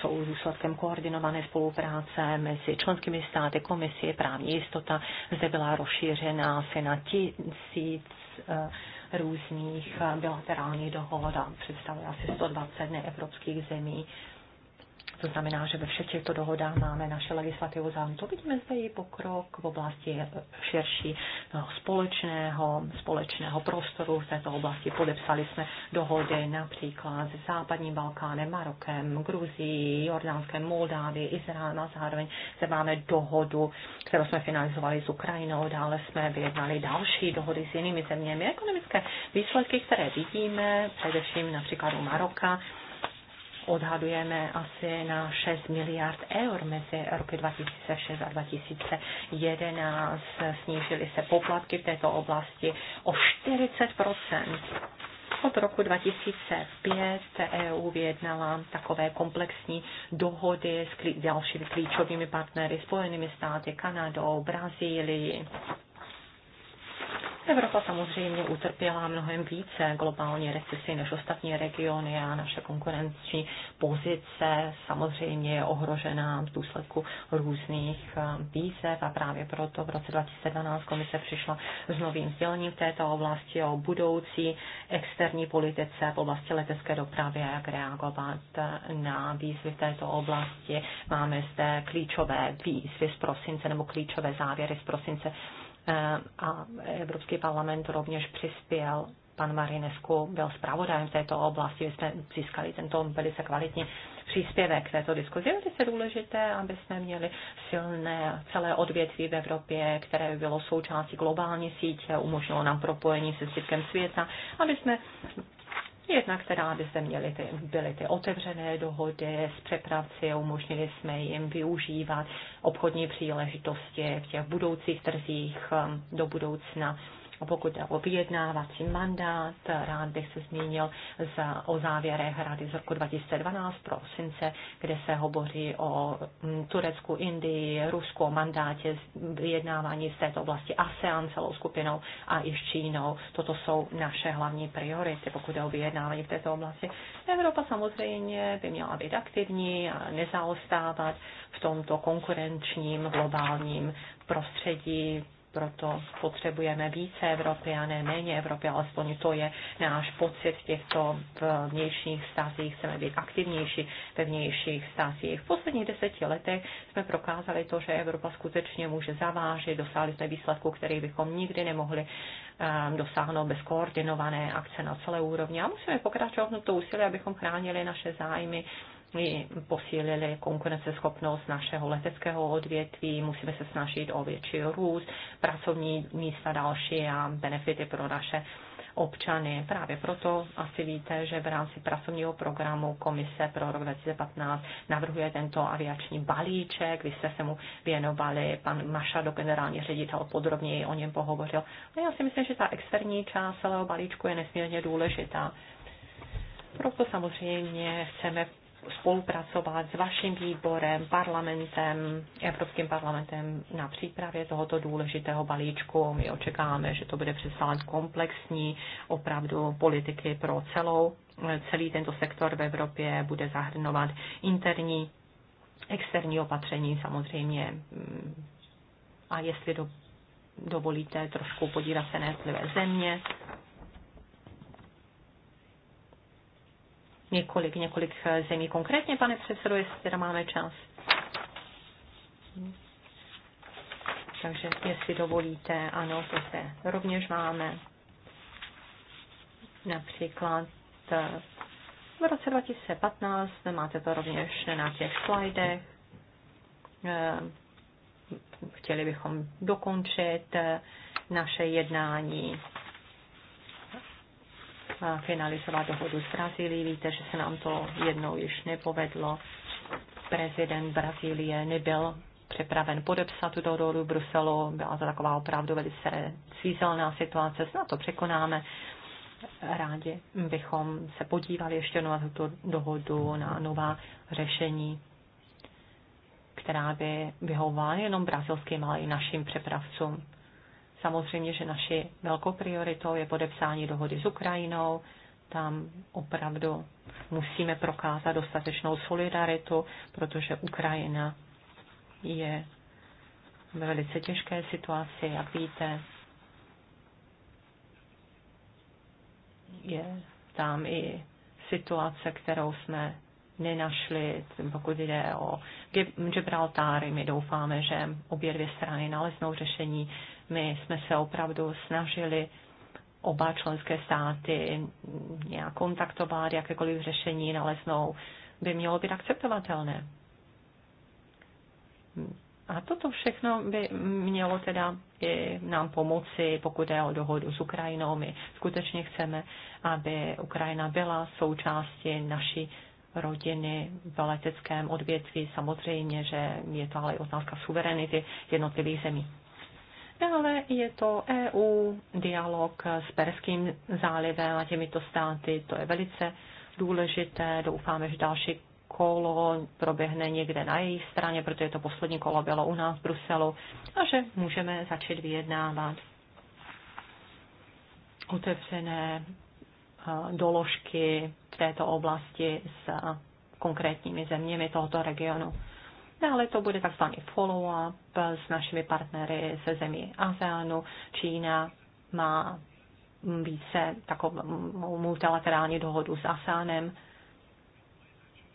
jsou důsledkem koordinované spolupráce mezi členskými státy, komisí, právní jistota. Zde byla rozšířena asi na tisíc eh, různých eh, bilaterálních dohod a představuje asi 120 neevropských zemí to znamená, že ve všech těchto dohodách máme naše legislativu To Vidíme zde i pokrok v oblasti širší eh, společného, společného prostoru. V této oblasti podepsali jsme dohody například s Západním Balkánem, Marokem, Gruzií, Jordánskem, Moldávii, Izraelem a zároveň se máme dohodu, kterou jsme finalizovali s Ukrajinou. Dále jsme vyjednali další dohody s jinými zeměmi. Ekonomické výsledky, které vidíme, především například u Maroka, odhadujeme asi na 6 miliard eur mezi roky 2006 a 2011. Snížily se poplatky v této oblasti o 40 od roku 2005 EU vyjednala takové komplexní dohody s klí- dalšími klíčovými partnery, Spojenými státy, Kanadou, Brazílií, Evropa samozřejmě utrpěla mnohem více globální recesi než ostatní regiony a naše konkurenční pozice samozřejmě je ohrožená v důsledku různých eh, výzev a právě proto v roce 2012 komise přišla s novým sdělením v této oblasti o budoucí externí politice v oblasti letecké dopravy a jak reagovat eh, na výzvy v této oblasti. Máme zde klíčové výzvy z prosince nebo klíčové závěry z prosince Eh, a Evropský parlament rovněž přispěl. Pan Marinesku byl zpravodajem v této oblasti, jsme získali tento velice kvalitní příspěvek k této diskuzi. Je velice důležité, aby jsme měli silné celé odvětví v Evropě, které by bylo součástí globální sítě, umožnilo nám propojení se zbytkem světa, aby jsme Jednak teda, aby se měli ty, byly ty otevřené dohody s přepravci, umožnili jsme jim využívat obchodní příležitosti v těch budoucích trzích um, do budoucna a pokud jde o vyjednávací mandát, rád bych se zmínil za, o závěrech Rady z roku 2012 prosince, kde se hovoří o mm, Turecku, Indii, Rusku, o mandátě vyjednávání z této oblasti ASEAN celou skupinou a i s Čínou. Toto jsou naše hlavní priority, pokud jde o vyjednávání v této oblasti. Evropa samozřejmě by měla být aktivní a nezaostávat v tomto konkurenčním globálním prostředí proto potřebujeme více Evropy a ne méně Evropy, alespoň to je náš pocit v těchto vnějších stazích. Chceme být aktivnější ve vnějších stazích. V posledních deseti letech jsme prokázali to, že Evropa skutečně může zavážit, dosáhli jsme výsledku, který bychom nikdy nemohli eh, dosáhnout bez koordinované akce na celé úrovni. A musíme pokračovat v tomto úsilí, abychom chránili naše zájmy posílili konkurenceschopnost našeho leteckého odvětví, musíme se snažit o větší růst, pracovní místa další a benefity pro naše občany. Právě proto asi víte, že v rámci pracovního programu Komise pro rok 2015 navrhuje tento aviační balíček. Vy jste se mu věnovali, pan Mašado, generální ředitel, podrobněji o něm pohovořil. A no já si myslím, že ta externí část celého balíčku je nesmírně důležitá. Proto samozřejmě chceme spolupracovat s vaším výborem, parlamentem, Evropským parlamentem na přípravě tohoto důležitého balíčku. My očekáváme, že to bude přesát komplexní opravdu politiky pro celou, celý tento sektor v Evropě, bude zahrnovat interní, externí opatření samozřejmě a jestli do, dovolíte trošku podívat se na země, několik, několik eh, zemí. Konkrétně, pane předsedo, jestli teda máme čas. Takže jestli dovolíte, ano, to se rovněž máme. Například eh, v roce 2015, máte to rovněž na těch slajdech, eh, chtěli bychom dokončit naše jednání finalizovat dohodu s Brazílií. Víte, že se nám to jednou již nepovedlo. Prezident Brazílie nebyl připraven podepsat tu dohodu v Bruselu. Byla to taková opravdu velice svízelná situace. Snad to překonáme. Rádi bychom se podívali ještě na tuto dohodu, na nová řešení, která by vyhovovala jenom brazilským, ale i našim přepravcům. Samozřejmě, že naši velkou prioritou je podepsání dohody s Ukrajinou. Tam opravdu musíme prokázat dostatečnou solidaritu, protože Ukrajina je ve velice těžké situaci, jak víte. Je tam i situace, kterou jsme nenašli, pokud jde o Gibraltáry. My doufáme, že obě dvě strany naleznou řešení my jsme se opravdu snažili oba členské státy nějak kontaktovat, jakékoliv řešení naleznou, by mělo být akceptovatelné. A toto všechno by mělo teda i nám pomoci, pokud je o dohodu s Ukrajinou. My skutečně chceme, aby Ukrajina byla součástí naší rodiny v leteckém odvětví. Samozřejmě, že je to ale otázka suverenity jednotlivých zemí. Dále je to EU, dialog s Perským zálivem a těmito státy. To je velice důležité. Doufáme, že další kolo proběhne někde na její straně, protože to poslední kolo bylo u nás v Bruselu a že můžeme začít vyjednávat otevřené eh, doložky v této oblasti s eh, konkrétními zeměmi tohoto regionu. Dále to bude tzv. follow-up s našimi partnery se zemí ASEANu. Čína má více takovou multilaterální dohodu s ASEANem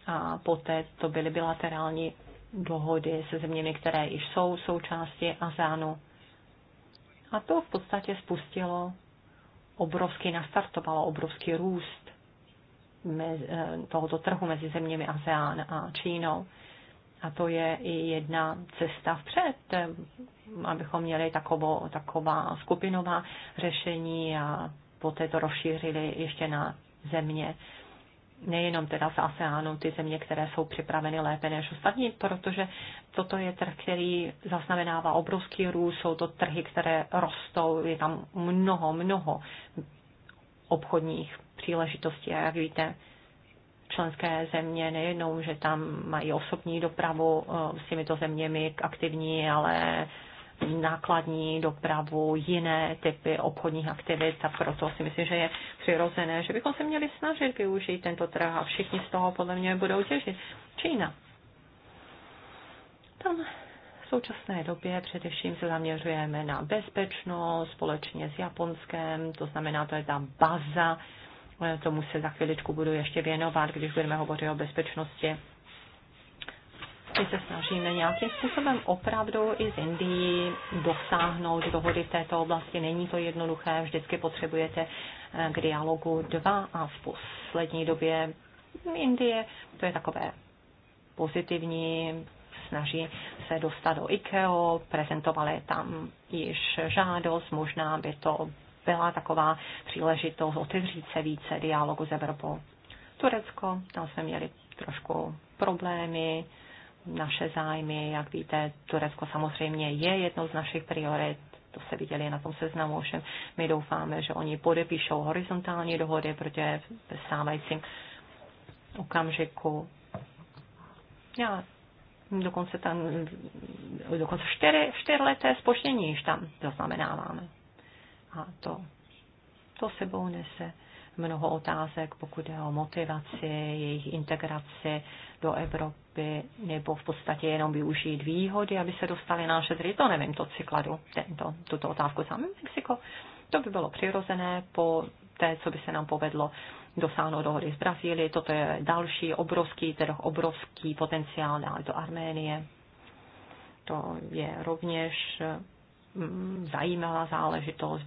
a poté to byly bilaterální dohody se zeměmi, které již jsou součástí ASEANu. A to v podstatě spustilo obrovský, nastartovalo obrovský růst eh, tohoto trhu mezi zeměmi ASEAN a Čínou. A to je i jedna cesta vpřed, abychom měli takovo, taková skupinová řešení a poté to rozšířili ještě na země, nejenom teda z ASEANu, ty země, které jsou připraveny lépe než ostatní, protože toto je trh, který zaznamenává obrovský růst, jsou to trhy, které rostou, je tam mnoho, mnoho obchodních příležitostí a jak víte, členské země nejenom, že tam mají osobní dopravu eh, s těmito zeměmi aktivní, ale nákladní dopravu, jiné typy obchodních aktivit a proto si myslím, že je přirozené, že bychom se měli snažit využít tento trh a všichni z toho podle mě budou těžit. Čína. Tam v současné době především se zaměřujeme na bezpečnost společně s Japonskem, to znamená, to je ta baza, Tomu se za chviličku budu ještě věnovat, když budeme hovořit o bezpečnosti. My se snažíme nějakým způsobem opravdu i z Indii dosáhnout dohody v této oblasti. Není to jednoduché, vždycky potřebujete eh, k dialogu dva a v poslední době Indie, to je takové pozitivní, snaží se dostat do IKEA, prezentovali tam již žádost, možná by to byla taková příležitost otevřít se více dialogu s Evropou. Turecko, tam jsme měli trošku problémy, naše zájmy, jak víte, Turecko samozřejmě je jednou z našich priorit, to se viděli na tom seznamu, že my doufáme, že oni podepíšou horizontální dohody, protože ve stávajícím okamžiku já dokonce tam dokonce čtyři, leté spoždění již tam zaznamenáváme. A to, to sebou nese mnoho otázek, pokud je o motivaci, jejich integraci do Evropy, nebo v podstatě jenom využít výhody, aby se dostali na naše To nevím, to si kladu tento, tuto otázku sám Mexiko. Jako, to by bylo přirozené po té, co by se nám povedlo dosáhnout dohody z Brazílií. Toto je další obrovský tedy obrovský potenciál, dále do Arménie. To je rovněž Mm, zajímavá záležitost,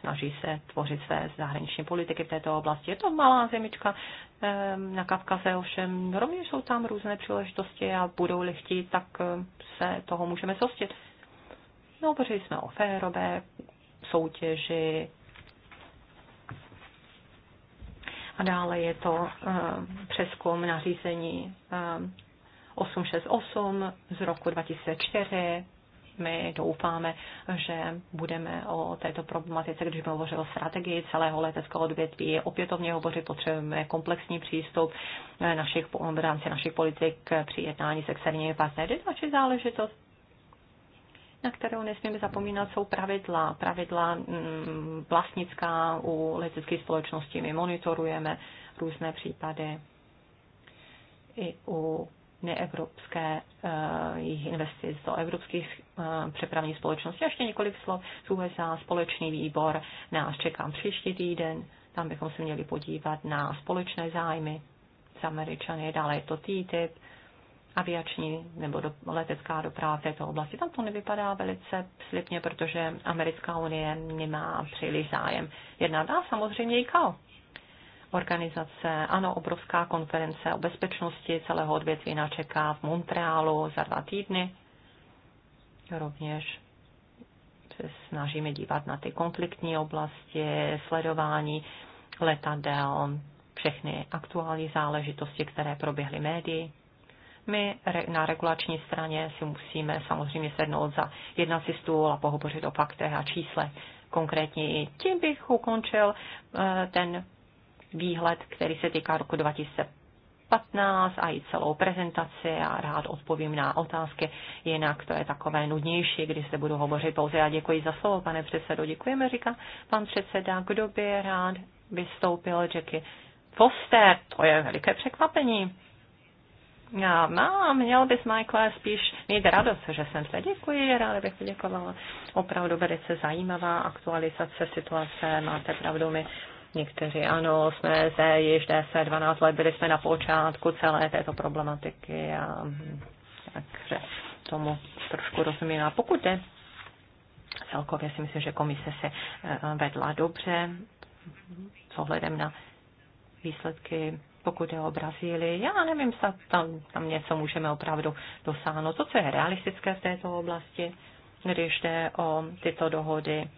snaží se tvořit své zahraniční politiky v této oblasti. Je to malá zemička ehm, na Kavkaze, ovšem rovněž jsou tam různé příležitosti a budou-li chtít, tak ehm, se toho můžeme zhostit. No, protože jsme o férové soutěži a dále je to ehm, přeskum nařízení 868 z roku 2004 my doufáme, že budeme o této problematice, když bylo hovořili o strategii celého leteckého odvětví, opětovně hovořit, potřebujeme komplexní přístup eh, našich, v rámci našich politik eh, při jednání s externími partnery. Další záležitost, na kterou nesmíme zapomínat, jsou pravidla. Pravidla mm, vlastnická u leteckých společností. My monitorujeme různé případy i u Eh, jejich investic do evropských eh, přepravních společností. ještě několik slov z USA. Společný výbor nás čeká příští týden. Tam bychom se měli podívat na společné zájmy s Američany. Dále je to TTIP, aviační nebo do, letecká doprava v této oblasti. Tam to nevypadá velice slibně, protože Americká unie nemá příliš zájem jednat. A samozřejmě i KAO organizace. Ano, obrovská konference o bezpečnosti celého odvětví nás čeká v Montrealu za dva týdny. Rovněž se snažíme dívat na ty konfliktní oblasti, sledování letadel, všechny aktuální záležitosti, které proběhly médii. My na regulační straně si musíme samozřejmě sednout za si stůl a pohovořit o faktech a čísle. konkrétně. Tím bych ukončil eh, ten výhled, který se týká roku 2015 a i celou prezentaci a rád odpovím na otázky. Jinak to je takové nudnější, když se budu hovořit pouze. Já děkuji za slovo, pane předsedo. Děkujeme, říká pan předseda. Kdo by rád vystoupil, Jackie? Foster, to je veliké překvapení. Já mám, měl bys, Michael, spíš mít radost, že jsem se děkuji, ráda bych poděkovala. Opravdu velice zajímavá aktualizace situace, máte pravdu, my Někteří ano, jsme zde již 10-12 let, byli jsme na počátku celé této problematiky a hm, takže tomu trošku rozumím. A pokud jde, celkově si myslím, že komise se eh, vedla dobře s ohledem na výsledky pokud je o Brazílii. Já nevím, tam, tam něco můžeme opravdu dosáhnout. To, co je realistické v této oblasti, když jde o tyto dohody,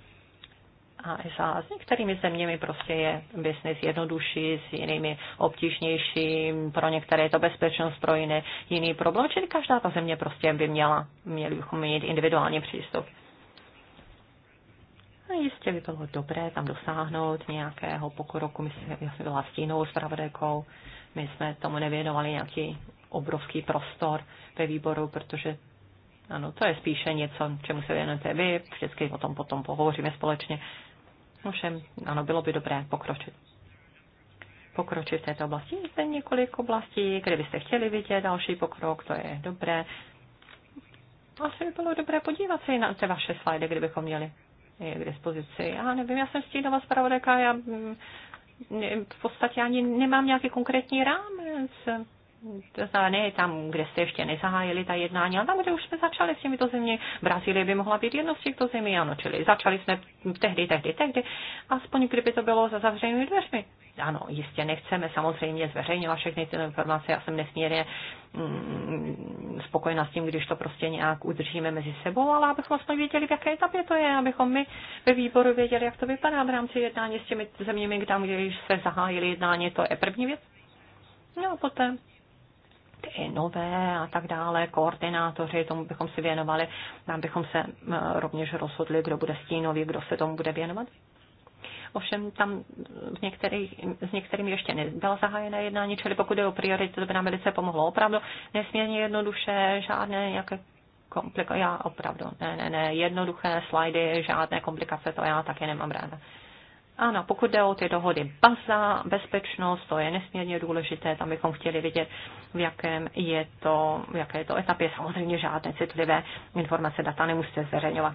a S některými zeměmi prostě je biznis jednodušší, s jinými obtížnější, pro některé je to bezpečnost, pro jiné jiný problém, čili každá ta země prostě by měla, měli bychom mít individuální přístup. A jistě by bylo dobré tam dosáhnout nějakého pokroku. My jsme, já jsem byla stínou zpravodajkou, my jsme tomu nevěnovali nějaký obrovský prostor ve výboru, protože ano, to je spíše něco, čemu se věnujete vy, vždycky o tom potom pohovoříme společně. Ovšem, ano, bylo by dobré pokročit. Pokročit v této oblasti. Je zde několik oblastí, kde byste chtěli vidět další pokrok, to je dobré. Asi by bylo dobré podívat se i na ty vaše slajdy, kdybychom měli je k dispozici. Já nevím, já jsem stínová zpravodajka, já mm, v podstatě ani nemám nějaký konkrétní rámec to znamená ne tam, kde jste ještě nezahájili ta jednání, ale tam, kde už jsme začali s těmito zeměmi. Brazílie by mohla být jedno z těchto zemí, ano, čili začali jsme tehdy, tehdy, tehdy, aspoň kdyby to bylo za zavřenými dveřmi. Ano, jistě nechceme samozřejmě zveřejňovat všechny ty informace, já jsem nesmírně mm, spokojená s tím, když to prostě nějak udržíme mezi sebou, ale abychom aspoň věděli, v jaké etapě to je, abychom my ve výboru věděli, jak to vypadá v rámci jednání s těmi zeměmi, tam, kde se zahájili jednání, to je první věc. No a poté i nové a tak dále, koordinátoři, tomu bychom si věnovali, tam bychom se eh, rovněž rozhodli, kdo bude stínový, kdo se tomu bude věnovat. Ovšem tam v některých, s některými ještě nebyla zahájena jednání, čili pokud je o priority, to by nám velice pomohlo. Opravdu nesmírně jednoduše, žádné nějaké komplikace, já opravdu, ne, ne, ne, jednoduché slajdy, žádné komplikace, to já také nemám ráda. Ano, pokud jde o ty dohody baza, bezpečnost, to je nesmírně důležité, tam bychom chtěli vidět, v, jakém je to, v jaké je to etapě. Samozřejmě žádné citlivé informace data nemusíte zveřejňovat.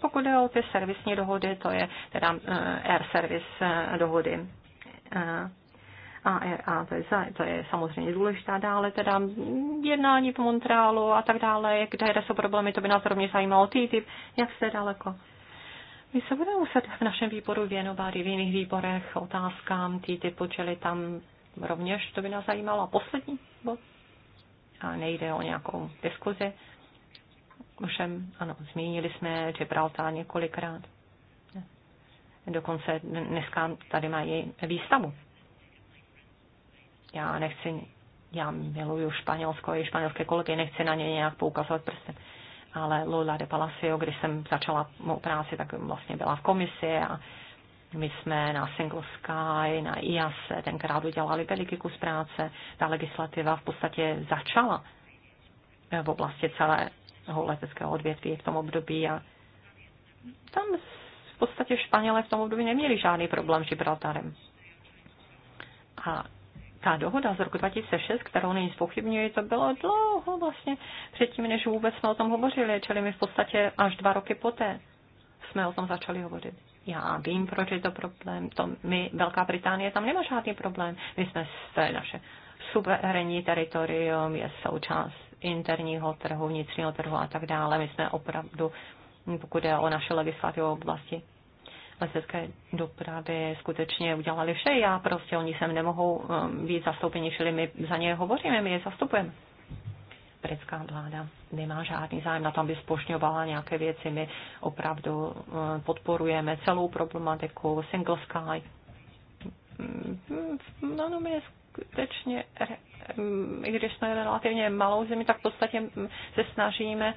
Pokud jde o ty servisní dohody, to je teda eh, air service eh, dohody eh, ARA, to je, to je samozřejmě důležitá dále, teda jednání v Montrealu a tak dále, kde jsou problémy, to by nás rovně zajímalo, typ, jak jste daleko. My se budeme muset v našem výboru věnovat i v jiných výborech otázkám TTIPu, čili tam rovněž to by nás zajímalo. A poslední bod, a nejde o nějakou diskuzi, Ovšem, ano, zmínili jsme Gibraltar několikrát. Dokonce dneska tady mají výstavu já nechci, já miluju Španělsko i španělské kolegy, nechci na ně nějak poukazovat prstem. Ale Lola de Palacio, když jsem začala mou práci, tak vlastně byla v komisi a my jsme na Single Sky, na IAS e tenkrát udělali veliký kus práce. Ta legislativa v podstatě začala v oblasti celého leteckého odvětví v tom období a tam v podstatě Španělé v tom období neměli žádný problém s Gibraltarem. A ta dohoda z roku 2006, kterou nyní spochybňuji, to bylo dlouho vlastně předtím, než vůbec jsme o tom hovořili, čili my v podstatě až dva roky poté jsme o tom začali hovořit. Já vím, proč je to problém. To my, Velká Británie tam nemá žádný problém. My jsme, to je naše suverénní teritorium, je součást interního trhu, vnitřního trhu a tak dále. My jsme opravdu, pokud je o naše legislativu oblasti letecké dopravy skutečně udělali vše. Já prostě oni sem nemohou um, být zastoupeni, čili my za ně hovoříme, my je zastupujeme. Britská vláda nemá žádný zájem na tom, aby spošňovala nějaké věci. My opravdu um, podporujeme celou problematiku single sky. Mm, no, no, my je skutečně, mm, i když jsme relativně malou zemi, tak v podstatě mm, se snažíme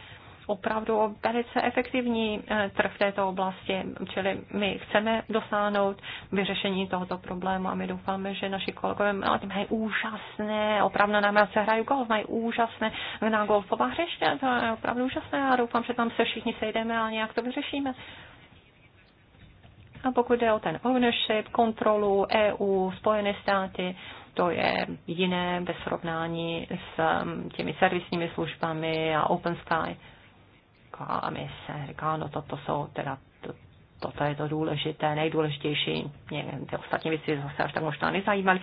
opravdu velice efektivní eh, trh v této oblasti, čili my chceme dosáhnout vyřešení tohoto problému a my doufáme, že naši kolegové mají úžasné, opravdu na se hrají golf, mají úžasné na golfová hřiště, to je opravdu úžasné a doufám, že tam se všichni sejdeme a nějak to vyřešíme. A pokud jde o ten ownership, kontrolu EU, Spojené státy, to je jiné ve srovnání s mm, těmi servisními službami a Open Sky. Evropská se říká, no toto jsou teda to, toto je to důležité, nejdůležitější, nevím, ty ostatní věci zase až tak možná nezajímaly.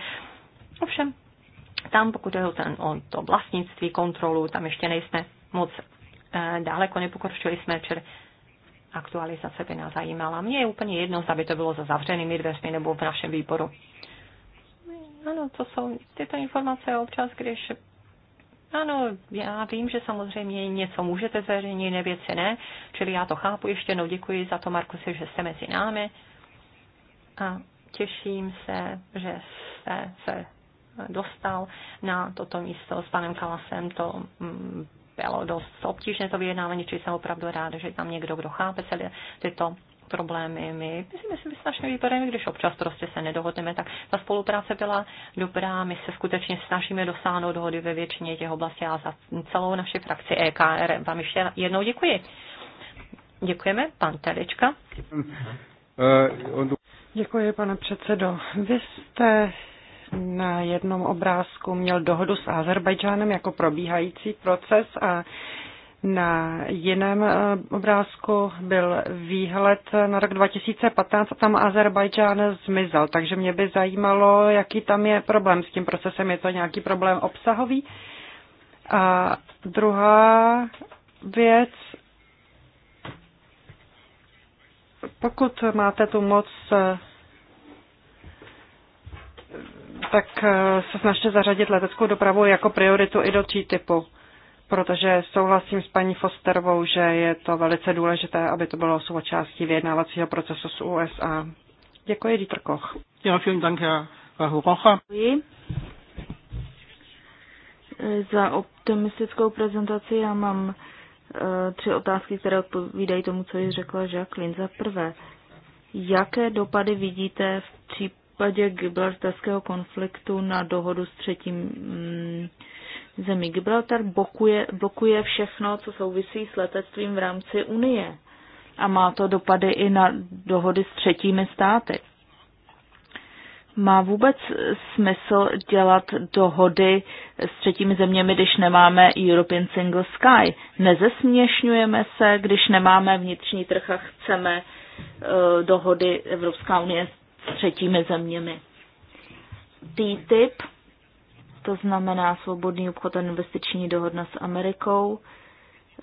Ovšem, tam, pokud je o, ten, o to vlastnictví, kontrolu, tam ještě nejsme moc e, daleko, nepokročili jsme, čili aktualizace by nás zajímala. Mně je úplně jedno, zda by to bylo za zavřenými dveřmi nebo v našem výboru. Ano, to jsou tyto informace občas, když ano, já vím, že samozřejmě něco můžete zveřejnit, jiné věci ne, čili já to chápu. Ještě jednou děkuji za to, Markusi, že jste mezi námi a těším se, že jste se dostal na toto místo s panem Kalasem. To mm, bylo dost obtížné to vyjednávání, čili jsem opravdu ráda, že tam někdo, kdo chápe celé tyto problémy. My, myslím, že s našimi když občas prostě se nedohodneme, tak ta spolupráce byla dobrá. My se skutečně snažíme dosáhnout dohody ve většině těch oblastí a za celou naši frakci EKR vám ještě jednou děkuji. Děkujeme, pan Telička. Děkuji, pane předsedo. Vy jste na jednom obrázku měl dohodu s Azerbajdžánem jako probíhající proces a na jiném eh, obrázku byl výhled na rok 2015 a tam Azerbajdžán zmizel, takže mě by zajímalo, jaký tam je problém s tím procesem. Je to nějaký problém obsahový? A druhá věc, pokud máte tu moc, eh, tak eh, se snažte zařadit leteckou dopravu jako prioritu i do tří typu protože souhlasím s paní Fosterovou, že je to velice důležité, aby to bylo součástí vyjednávacího procesu s USA. Děkuji, Dieter Koch. Děkuji za optimistickou prezentaci. Já mám eh, tři otázky, které odpovídají tomu, co ji řekla Jacqueline. Za prvé, jaké dopady vidíte v případě gibraltarského konfliktu na dohodu s třetím mm, zemí. Gibraltar blokuje, blokuje všechno, co souvisí s letectvím v rámci Unie. A má to dopady i na dohody s třetími státy. Má vůbec smysl dělat dohody s třetími zeměmi, když nemáme European Single Sky? Nezesměšňujeme se, když nemáme vnitřní trh a chceme uh, dohody Evropská unie s třetími zeměmi. TTIP to znamená svobodný obchod a investiční dohodna s Amerikou.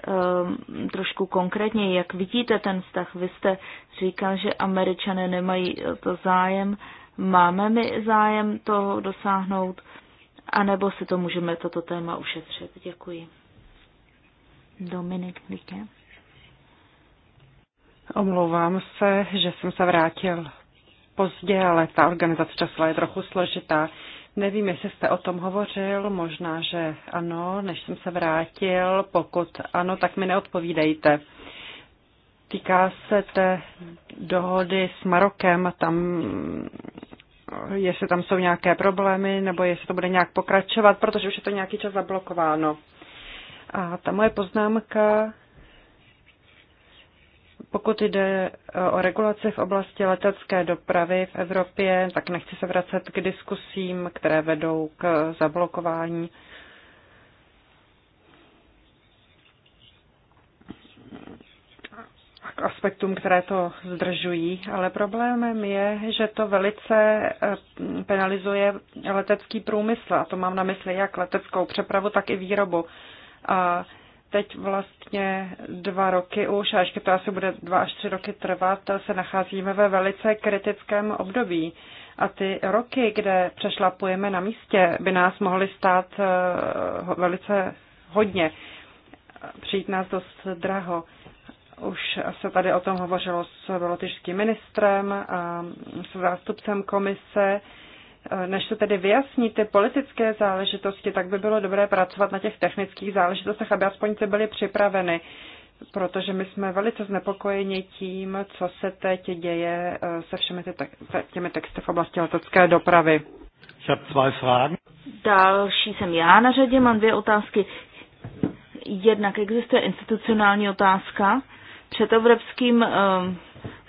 Um, trošku konkrétně, jak vidíte ten vztah? Vy jste říkal, že američané nemají eh, to zájem. Máme my zájem toho dosáhnout? A nebo si to můžeme toto téma ušetřit? Děkuji. Dominik díky. Omlouvám se, že jsem se vrátil pozdě, ale ta organizace časla je trochu složitá. Nevím, jestli jste o tom hovořil, možná, že ano, než jsem se vrátil. Pokud ano, tak mi neodpovídejte. Týká se té dohody s Marokem, tam, jestli tam jsou nějaké problémy, nebo jestli to bude nějak pokračovat, protože už je to nějaký čas zablokováno. A ta moje poznámka pokud jde e, o regulaci v oblasti letecké dopravy v Evropě, tak nechci se vracet k diskusím, které vedou k zablokování k aspektům, které to zdržují, ale problémem je, že to velice e, penalizuje letecký průmysl, a to mám na mysli jak leteckou přepravu, tak i výrobu. A teď vlastně dva roky už, a ještě to asi bude dva až tři roky trvat, se nacházíme ve velice kritickém období. A ty roky, kde přešlapujeme na místě, by nás mohly stát eh, velice hodně. Přijít nás dost draho. Už se tady o tom hovořilo s velotyřským ministrem a s zástupcem komise. Eh, než se tedy vyjasní ty politické záležitosti, tak by bylo dobré pracovat na těch technických záležitostech, aby aspoň ty byly připraveny, protože my jsme velice znepokojeni tím, co se teď děje eh, se všemi ty te- těmi texty v oblasti letecké dopravy. Další jsem já na řadě, mám dvě otázky. Jednak existuje institucionální otázka. Před Evropským um,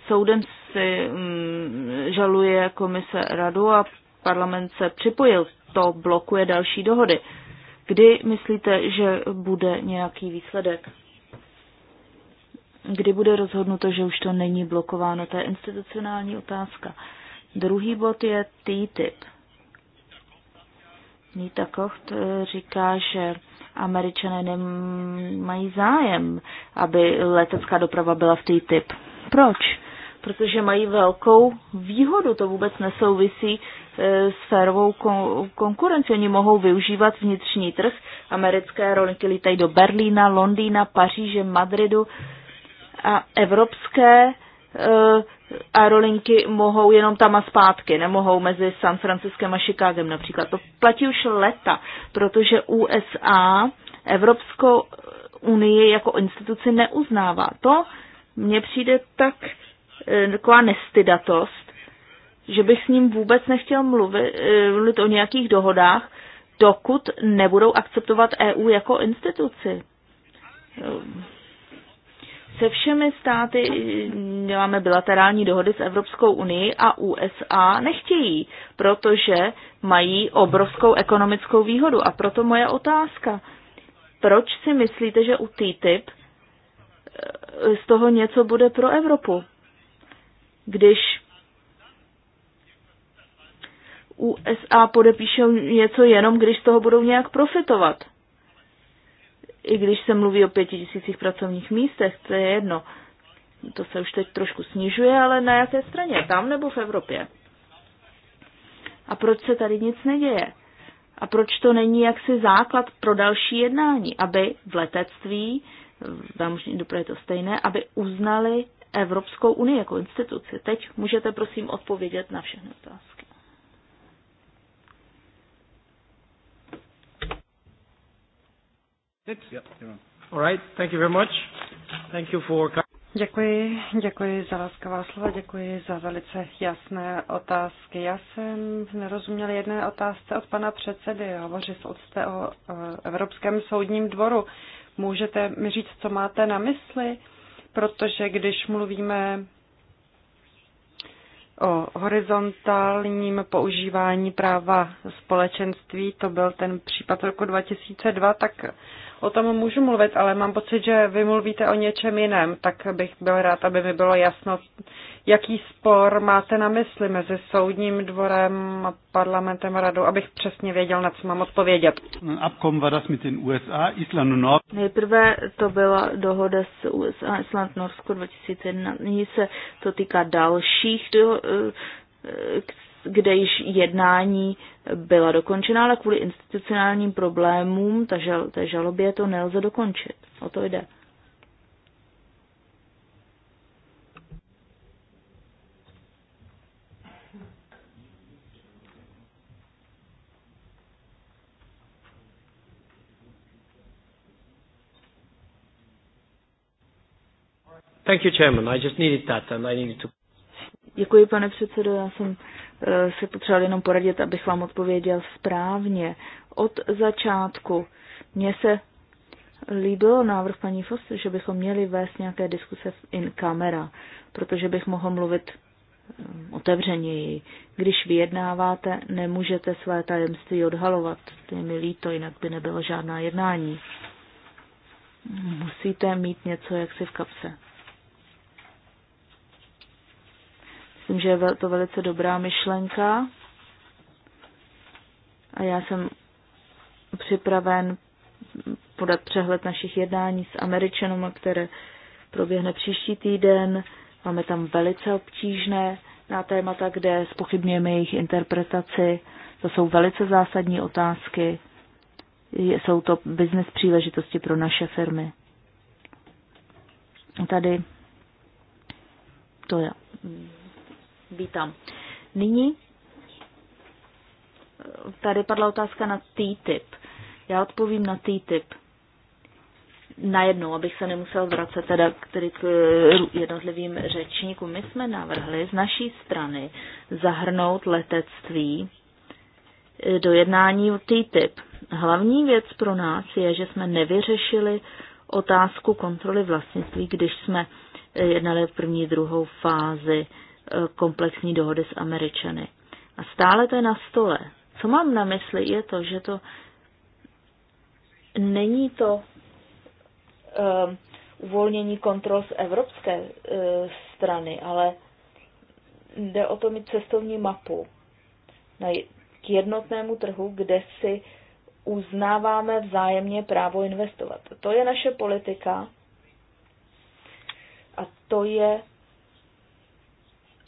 soudem si um, žaluje komise radu a parlament se připojil. To blokuje další dohody. Kdy myslíte, že bude nějaký výsledek? Kdy bude rozhodnuto, že už to není blokováno? To je institucionální otázka. Druhý bod je TTIP. Nita Kocht eh, říká, že američané nemají zájem, aby letecká doprava byla v TTIP. Proč? Protože mají velkou výhodu, to vůbec nesouvisí E, sférovou konkurenci. Oni mohou využívat vnitřní trh. Americké aerolinky lítají do Berlína, Londýna, Paříže, Madridu a evropské e, aerolinky mohou jenom tam a zpátky, nemohou mezi San Franciskem a Chicagem například. To platí už leta, protože USA Evropskou unii jako instituci neuznává. To mně přijde tak e, taková nestydatost, že bych s ním vůbec nechtěl mluvit, eh, mluvit o nějakých dohodách, dokud nebudou akceptovat EU jako instituci. Eh, se všemi státy děláme eh, bilaterální dohody s Evropskou unii a USA nechtějí, protože mají obrovskou ekonomickou výhodu. A proto moje otázka. Proč si myslíte, že u TTIP z toho něco bude pro Evropu? Když USA podepíšou něco jenom, když z toho budou nějak profitovat. I když se mluví o pěti tisících pracovních místech, to je jedno. To se už teď trošku snižuje, ale na jaké straně? Tam nebo v Evropě? A proč se tady nic neděje? A proč to není jaksi základ pro další jednání? Aby v letectví, v námořní dopravě to stejné, aby uznali Evropskou unii jako instituci. Teď můžete prosím odpovědět na všechny otázky. Děkuji, děkuji za láskavá slova, děkuji za velice jasné otázky. Já jsem nerozuměl jedné otázce od pana předsedy. Hovořil jste o Evropském soudním dvoru. Můžete mi říct, co máte na mysli? Protože když mluvíme o horizontálním používání práva společenství, to byl ten případ roku 2002, tak o tom můžu mluvit, ale mám pocit, že vy mluvíte o něčem jiném, tak bych byl rád, aby mi bylo jasno, jaký spor máte na mysli mezi soudním dvorem a parlamentem a radou, abych přesně věděl, na co mám odpovědět. Nejprve to byla dohoda s USA, Island, Norsko 2001. Nyní se to týká dalších do, eh, kde již jednání byla dokončena, ale kvůli institucionálním problémům ta žal, té žalobě to nelze dokončit. O to jde. Thank you, Chairman. I just needed that and I needed to... Děkuji, pane předsedo. Já jsem Eh, si potřeboval jenom poradit, abych vám odpověděl správně. Od začátku mně se líbil návrh paní Foster, že bychom měli vést nějaké diskuse in camera, protože bych mohl mluvit eh, otevřeněji. Když vyjednáváte, nemůžete své tajemství odhalovat. To je mi líto, jinak by nebylo žádná jednání. Musíte mít něco jaksi v kapse. Myslím, že je to velice dobrá myšlenka a já jsem připraven podat přehled našich jednání s Američanům, které proběhne příští týden. Máme tam velice obtížné na témata, kde spochybněme jejich interpretaci. To jsou velice zásadní otázky. Jsou to business příležitosti pro naše firmy. Tady to je vítám. Nyní tady padla otázka na T-tip. Já odpovím na T-tip. Najednou, abych se nemusel vracet teda k, tedy k eh, jednotlivým řečníkům. My jsme navrhli z naší strany zahrnout letectví eh, do jednání o TTIP. Hlavní věc pro nás je, že jsme nevyřešili otázku kontroly vlastnictví, když jsme eh, jednali v první, druhou fázi komplexní dohody s Američany. A stále to je na stole. Co mám na mysli je to, že to není to um, uvolnění kontrol z evropské uh, strany, ale jde o to mít cestovní mapu na, k jednotnému trhu, kde si uznáváme vzájemně právo investovat. To je naše politika a to je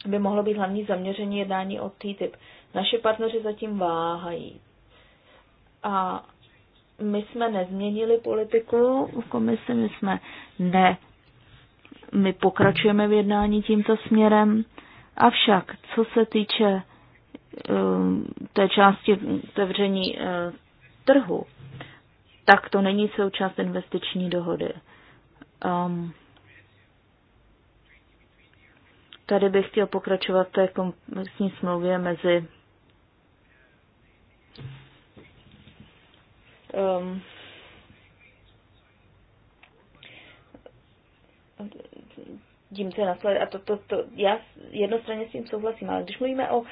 by mohlo být hlavní zaměření jednání o TTIP. Naše partneři zatím váhají. A my jsme nezměnili politiku v komisi, my jsme ne. My pokračujeme v jednání tímto směrem. Avšak, co se týče um, té části otevření uh, trhu, tak to není součást investiční dohody. Um, Tady bych chtěl pokračovat v té komplexní smlouvě mezi um, tím, co je následuje. A to, to, to, já jednostranně s tím souhlasím, ale když mluvíme o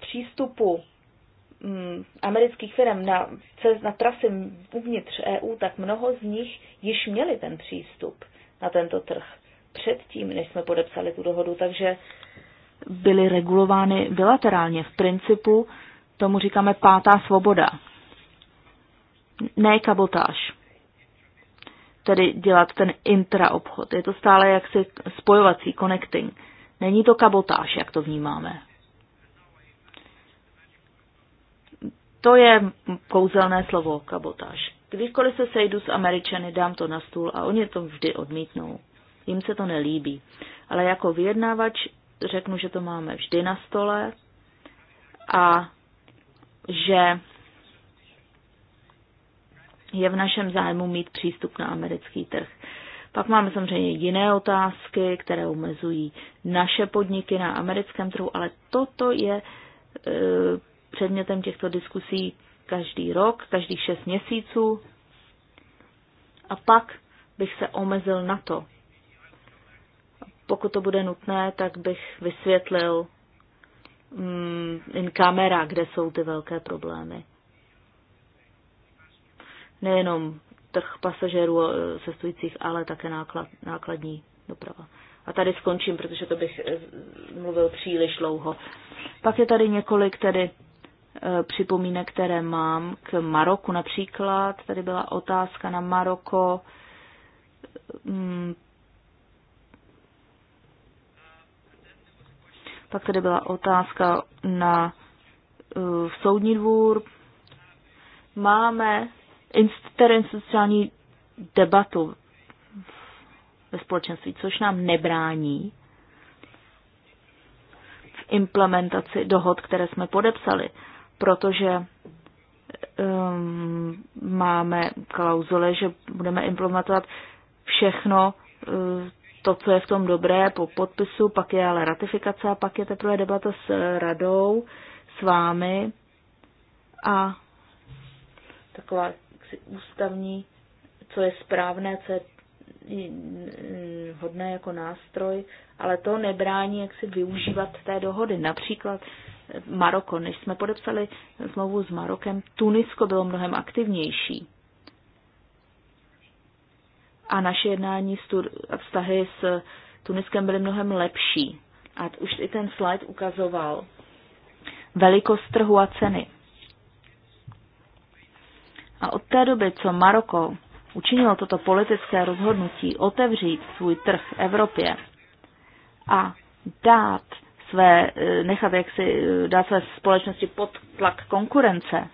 přístupu mm, amerických firm na, na trasy uvnitř EU, tak mnoho z nich již měli ten přístup na tento trh předtím, než jsme podepsali tu dohodu, takže byly regulovány bilaterálně. V principu tomu říkáme pátá svoboda. Ne kabotáž. Tedy dělat ten intraobchod. Je to stále jaksi spojovací, connecting. Není to kabotáž, jak to vnímáme. To je kouzelné slovo kabotáž. Kdykoliv se sejdu s Američany, dám to na stůl a oni to vždy odmítnou. Jim se to nelíbí. Ale jako vyjednávač řeknu, že to máme vždy na stole a že je v našem zájmu mít přístup na americký trh. Pak máme samozřejmě jiné otázky, které omezují naše podniky na americkém trhu, ale toto je e, předmětem těchto diskusí každý rok, každých šest měsíců. A pak bych se omezil na to, pokud to bude nutné, tak bych vysvětlil mm, in kamera, kde jsou ty velké problémy. Nejenom trh pasažerů eh, cestujících, ale také náklad, nákladní doprava. A tady skončím, protože to bych eh, mluvil příliš dlouho. Pak je tady několik tedy eh, připomínek, které mám k Maroku například. Tady byla otázka na Maroko. Mm, Pak tady byla otázka na uh, soudní dvůr. Máme interinstitucionální debatu ve společenství, což nám nebrání v implementaci dohod, které jsme podepsali, protože um, máme klauzule, že budeme implementovat všechno, eh, to, co je v tom dobré po podpisu, pak je ale ratifikace a pak je teprve debata s radou, s vámi a taková ústavní, co je správné, co je mm, hodné jako nástroj, ale to nebrání, jak si využívat té dohody. Například Maroko, než jsme podepsali smlouvu s Marokem, Tunisko bylo mnohem aktivnější a naše jednání a vztahy s Tuniskem byly mnohem lepší. A už i ten slide ukazoval velikost trhu a ceny. A od té doby, co Maroko učinilo toto politické rozhodnutí otevřít svůj trh Evropě a dát své, eh, nechat jak si eh, dát své společnosti pod tlak konkurence,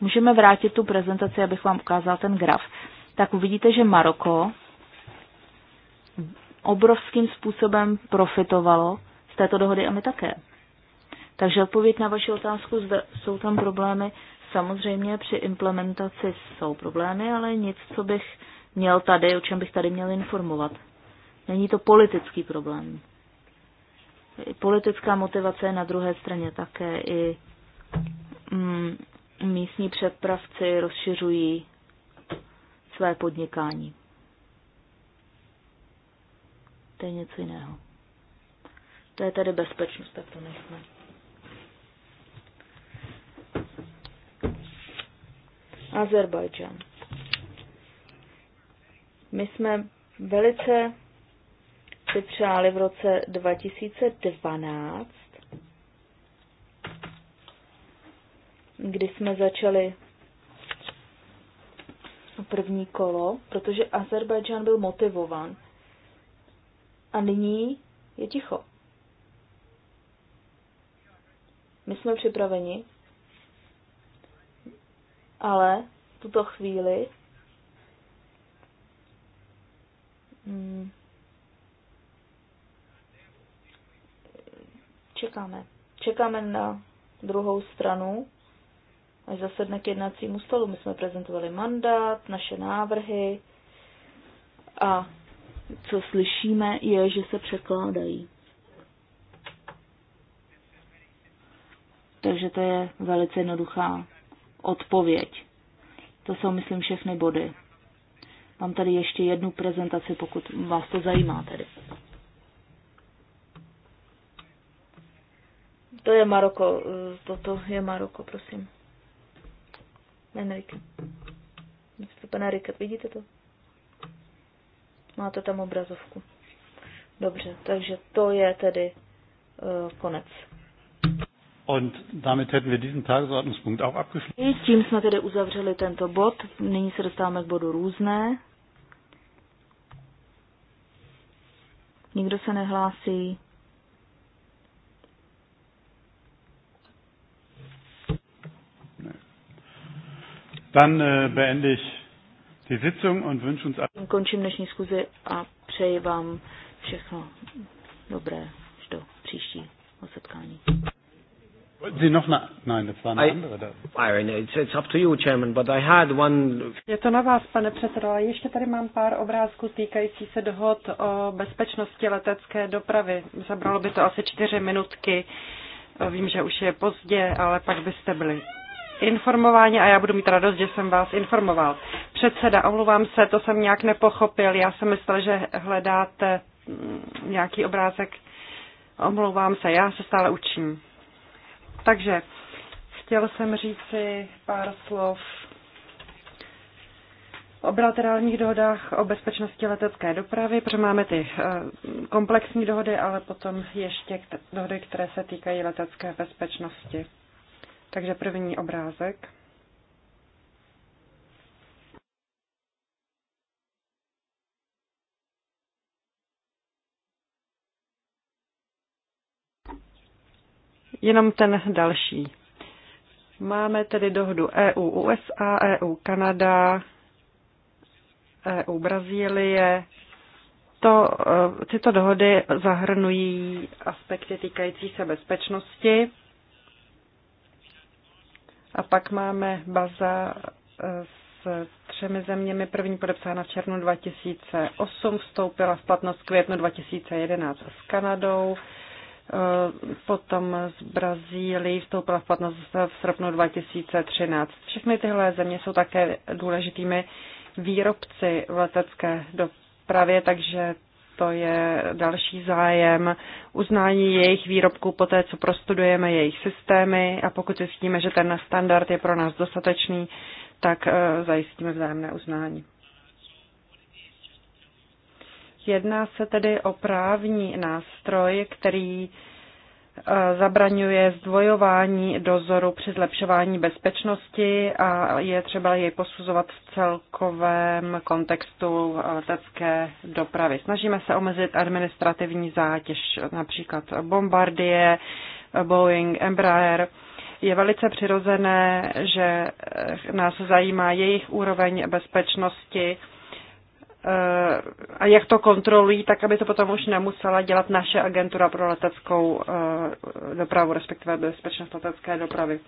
můžeme vrátit tu prezentaci, abych vám ukázal ten graf tak uvidíte, že Maroko obrovským způsobem profitovalo z této dohody a my také. Takže odpověď na vaši otázku, zda jsou tam problémy, samozřejmě při implementaci jsou problémy, ale nic, co bych měl tady, o čem bych tady měl informovat. Není to politický problém. Politická motivace je na druhé straně také i mm, místní přepravci rozšiřují své podnikání. To je něco jiného. To je tedy bezpečnost, tak to nechme. Azerbajdžan. My jsme velice si přáli v roce 2012, kdy jsme začali první kolo, protože Azerbajdžán byl motivovan. A nyní je ticho. My jsme připraveni, ale v tuto chvíli hmm, čekáme. Čekáme na druhou stranu až zasedne k jednacímu stolu. My jsme prezentovali mandát, naše návrhy a co slyšíme, je, že se překládají. Takže to je velice jednoduchá odpověď. To jsou, myslím, všechny body. Mám tady ještě jednu prezentaci, pokud vás to zajímá tedy. To je Maroko, toto je Maroko, prosím. Enrique. Pana Rikat, vidíte to? Má to tam obrazovku. Dobře, takže to je tedy uh, konec. Und damit hätten wir diesen Tagesordnungspunkt auch abgeschlossen. Tím jsme tedy uzavřeli tento bod. Nyní se dostáváme k bodu různé. Nikdo se nehlásí. Dann äh, beende ich die Sitzung und wünsche uns Končím dnešní schůzi a přeji vám všechno dobré do příštího setkání. Sie noch na, nein, das war eine I, andere. Das. Byron, it's, it's up to you, Chairman, but I had one... Je to na vás, pane předsedo, ale ještě tady mám pár obrázků týkající se dohod o bezpečnosti letecké dopravy. Zabralo by to asi čtyři minutky. Vím, že už je pozdě, ale pak byste byli informováni a já budu mít radost, že jsem vás informoval. Předseda, omluvám se, to jsem nějak nepochopil. Já jsem myslel, že hledáte mm, nějaký obrázek. Omlouvám se, já se stále učím. Takže chtěl jsem říci pár slov o bilaterálních dohodách o bezpečnosti letecké dopravy, protože máme ty eh, komplexní dohody, ale potom ještě dohody, které se týkají letecké bezpečnosti. Takže první obrázek. Jenom ten další. Máme tedy dohodu EU-USA, EU-Kanada, EU-Brazílie, to, e, tyto dohody zahrnují aspekty týkající se bezpečnosti a pak máme baza eh, s třemi zeměmi. První podepsána v červnu 2008, vstoupila v platnost v květnu 2011 s Kanadou, eh, potom z Brazílii vstoupila v platnost v srpnu 2013. Všechny tyhle země jsou také důležitými výrobci v letecké dopravě, takže to je další zájem, uznání jejich výrobků po té, co prostudujeme jejich systémy a pokud zjistíme, že ten standard je pro nás dostatečný, tak eh, zajistíme vzájemné uznání. Jedná se tedy o právní nástroj, který Eh, zabraňuje zdvojování dozoru při zlepšování bezpečnosti a je třeba jej posuzovat v celkovém kontextu letecké dopravy. Snažíme se omezit administrativní zátěž, například Bombardie, Boeing, Embraer. Je velice přirozené, že nás zajímá jejich úroveň bezpečnosti, Eh, a jak to kontrolují, tak aby to potom už nemusela dělat naše agentura pro leteckou eh, dopravu, respektive bezpečnost letecké dopravy.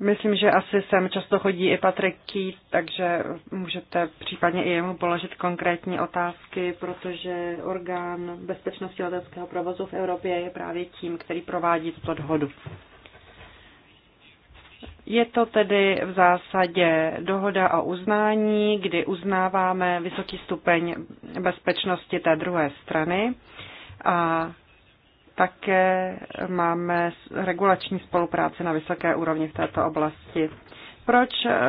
Myslím, že asi sem často chodí i Patrik Ký, takže můžete případně i jemu položit konkrétní otázky, protože orgán bezpečnosti leteckého provozu v Evropě je právě tím, který provádí tuto dohodu. Je to tedy v zásadě dohoda o uznání, kdy uznáváme vysoký stupeň bezpečnosti té druhé strany a také máme regulační spolupráci na vysoké úrovni v této oblasti. Proč eh,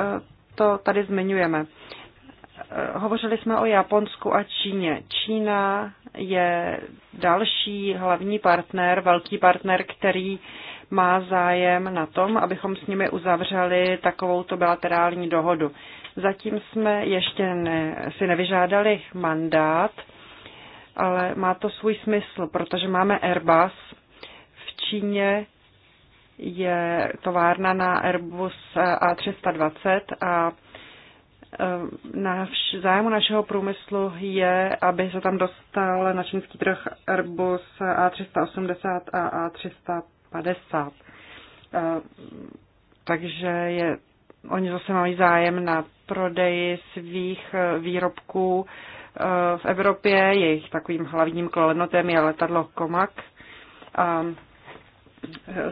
to tady zmiňujeme? Eh, hovořili jsme o Japonsku a Číně. Čína je další hlavní partner, velký partner, který má zájem na tom, abychom s nimi uzavřeli takovouto bilaterální dohodu. Zatím jsme ještě ne, si nevyžádali mandát, ale má to svůj smysl, protože máme Airbus. V Číně je továrna na Airbus A320 eh, a na vš- eh, zájmu našeho průmyslu je, aby se tam dostal na čínský trh Airbus A380 a A350 50. Eh, takže je, oni zase mají zájem na prodeji svých eh, výrobků eh, v Evropě. Jejich takovým hlavním klenotem je letadlo Komak. A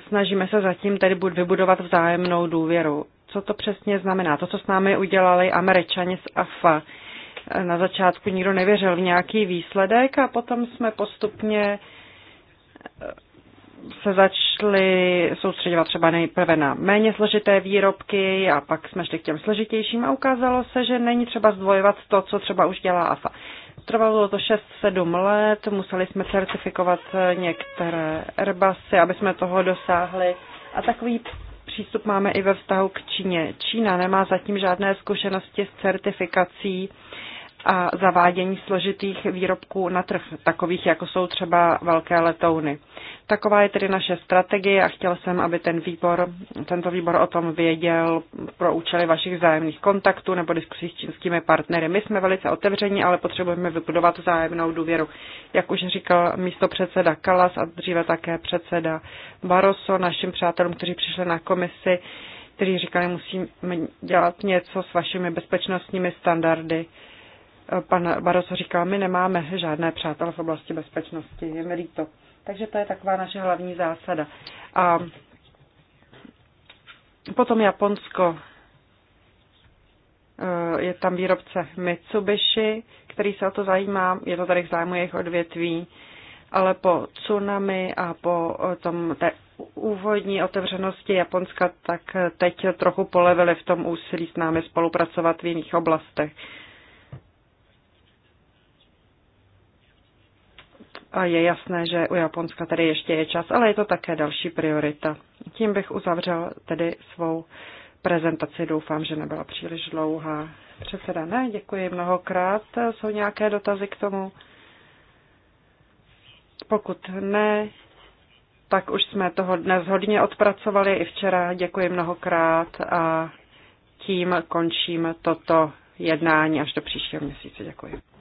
snažíme se zatím tedy vybudovat vzájemnou důvěru. Co to přesně znamená? To, co s námi udělali američani z AFA. Na začátku nikdo nevěřil v nějaký výsledek a potom jsme postupně se začali soustředovat třeba nejprve na méně složité výrobky a pak jsme šli k těm složitějším a ukázalo se, že není třeba zdvojovat to, co třeba už dělá AFA. Trvalo to 6-7 let, museli jsme certifikovat některé Airbusy, aby jsme toho dosáhli. A takový přístup máme i ve vztahu k Číně. Čína nemá zatím žádné zkušenosti s certifikací a zavádění složitých výrobků na trh, takových jako jsou třeba velké letouny. Taková je tedy naše strategie a chtěl jsem, aby ten výbor, tento výbor o tom věděl pro účely vašich zájemných kontaktů nebo diskusí s čínskými partnery. My jsme velice otevření, ale potřebujeme vybudovat zájemnou důvěru. Jak už říkal místo předseda Kalas a dříve také předseda Barroso, našim přátelům, kteří přišli na komisi, kteří říkali, musíme dělat něco s vašimi bezpečnostními standardy Pan Barroso říkal, my nemáme žádné přátelé v oblasti bezpečnosti, je mi líto. Takže to je taková naše hlavní zásada. A potom Japonsko. Eh, je tam výrobce Mitsubishi, který se o to zajímá, je to tady v zájmu jejich odvětví, ale po tsunami a po eh, tom té úvodní otevřenosti Japonska, tak eh, teď trochu polevili v tom úsilí s námi spolupracovat v jiných oblastech. A je jasné, že u Japonska tady ještě je čas, ale je to také další priorita. Tím bych uzavřel tedy svou prezentaci. Doufám, že nebyla příliš dlouhá. Předseda, ne, děkuji mnohokrát. Jsou nějaké dotazy k tomu? Pokud ne, tak už jsme toho dnes hodně odpracovali i včera. Děkuji mnohokrát a tím končím toto jednání až do příštího měsíce. Děkuji.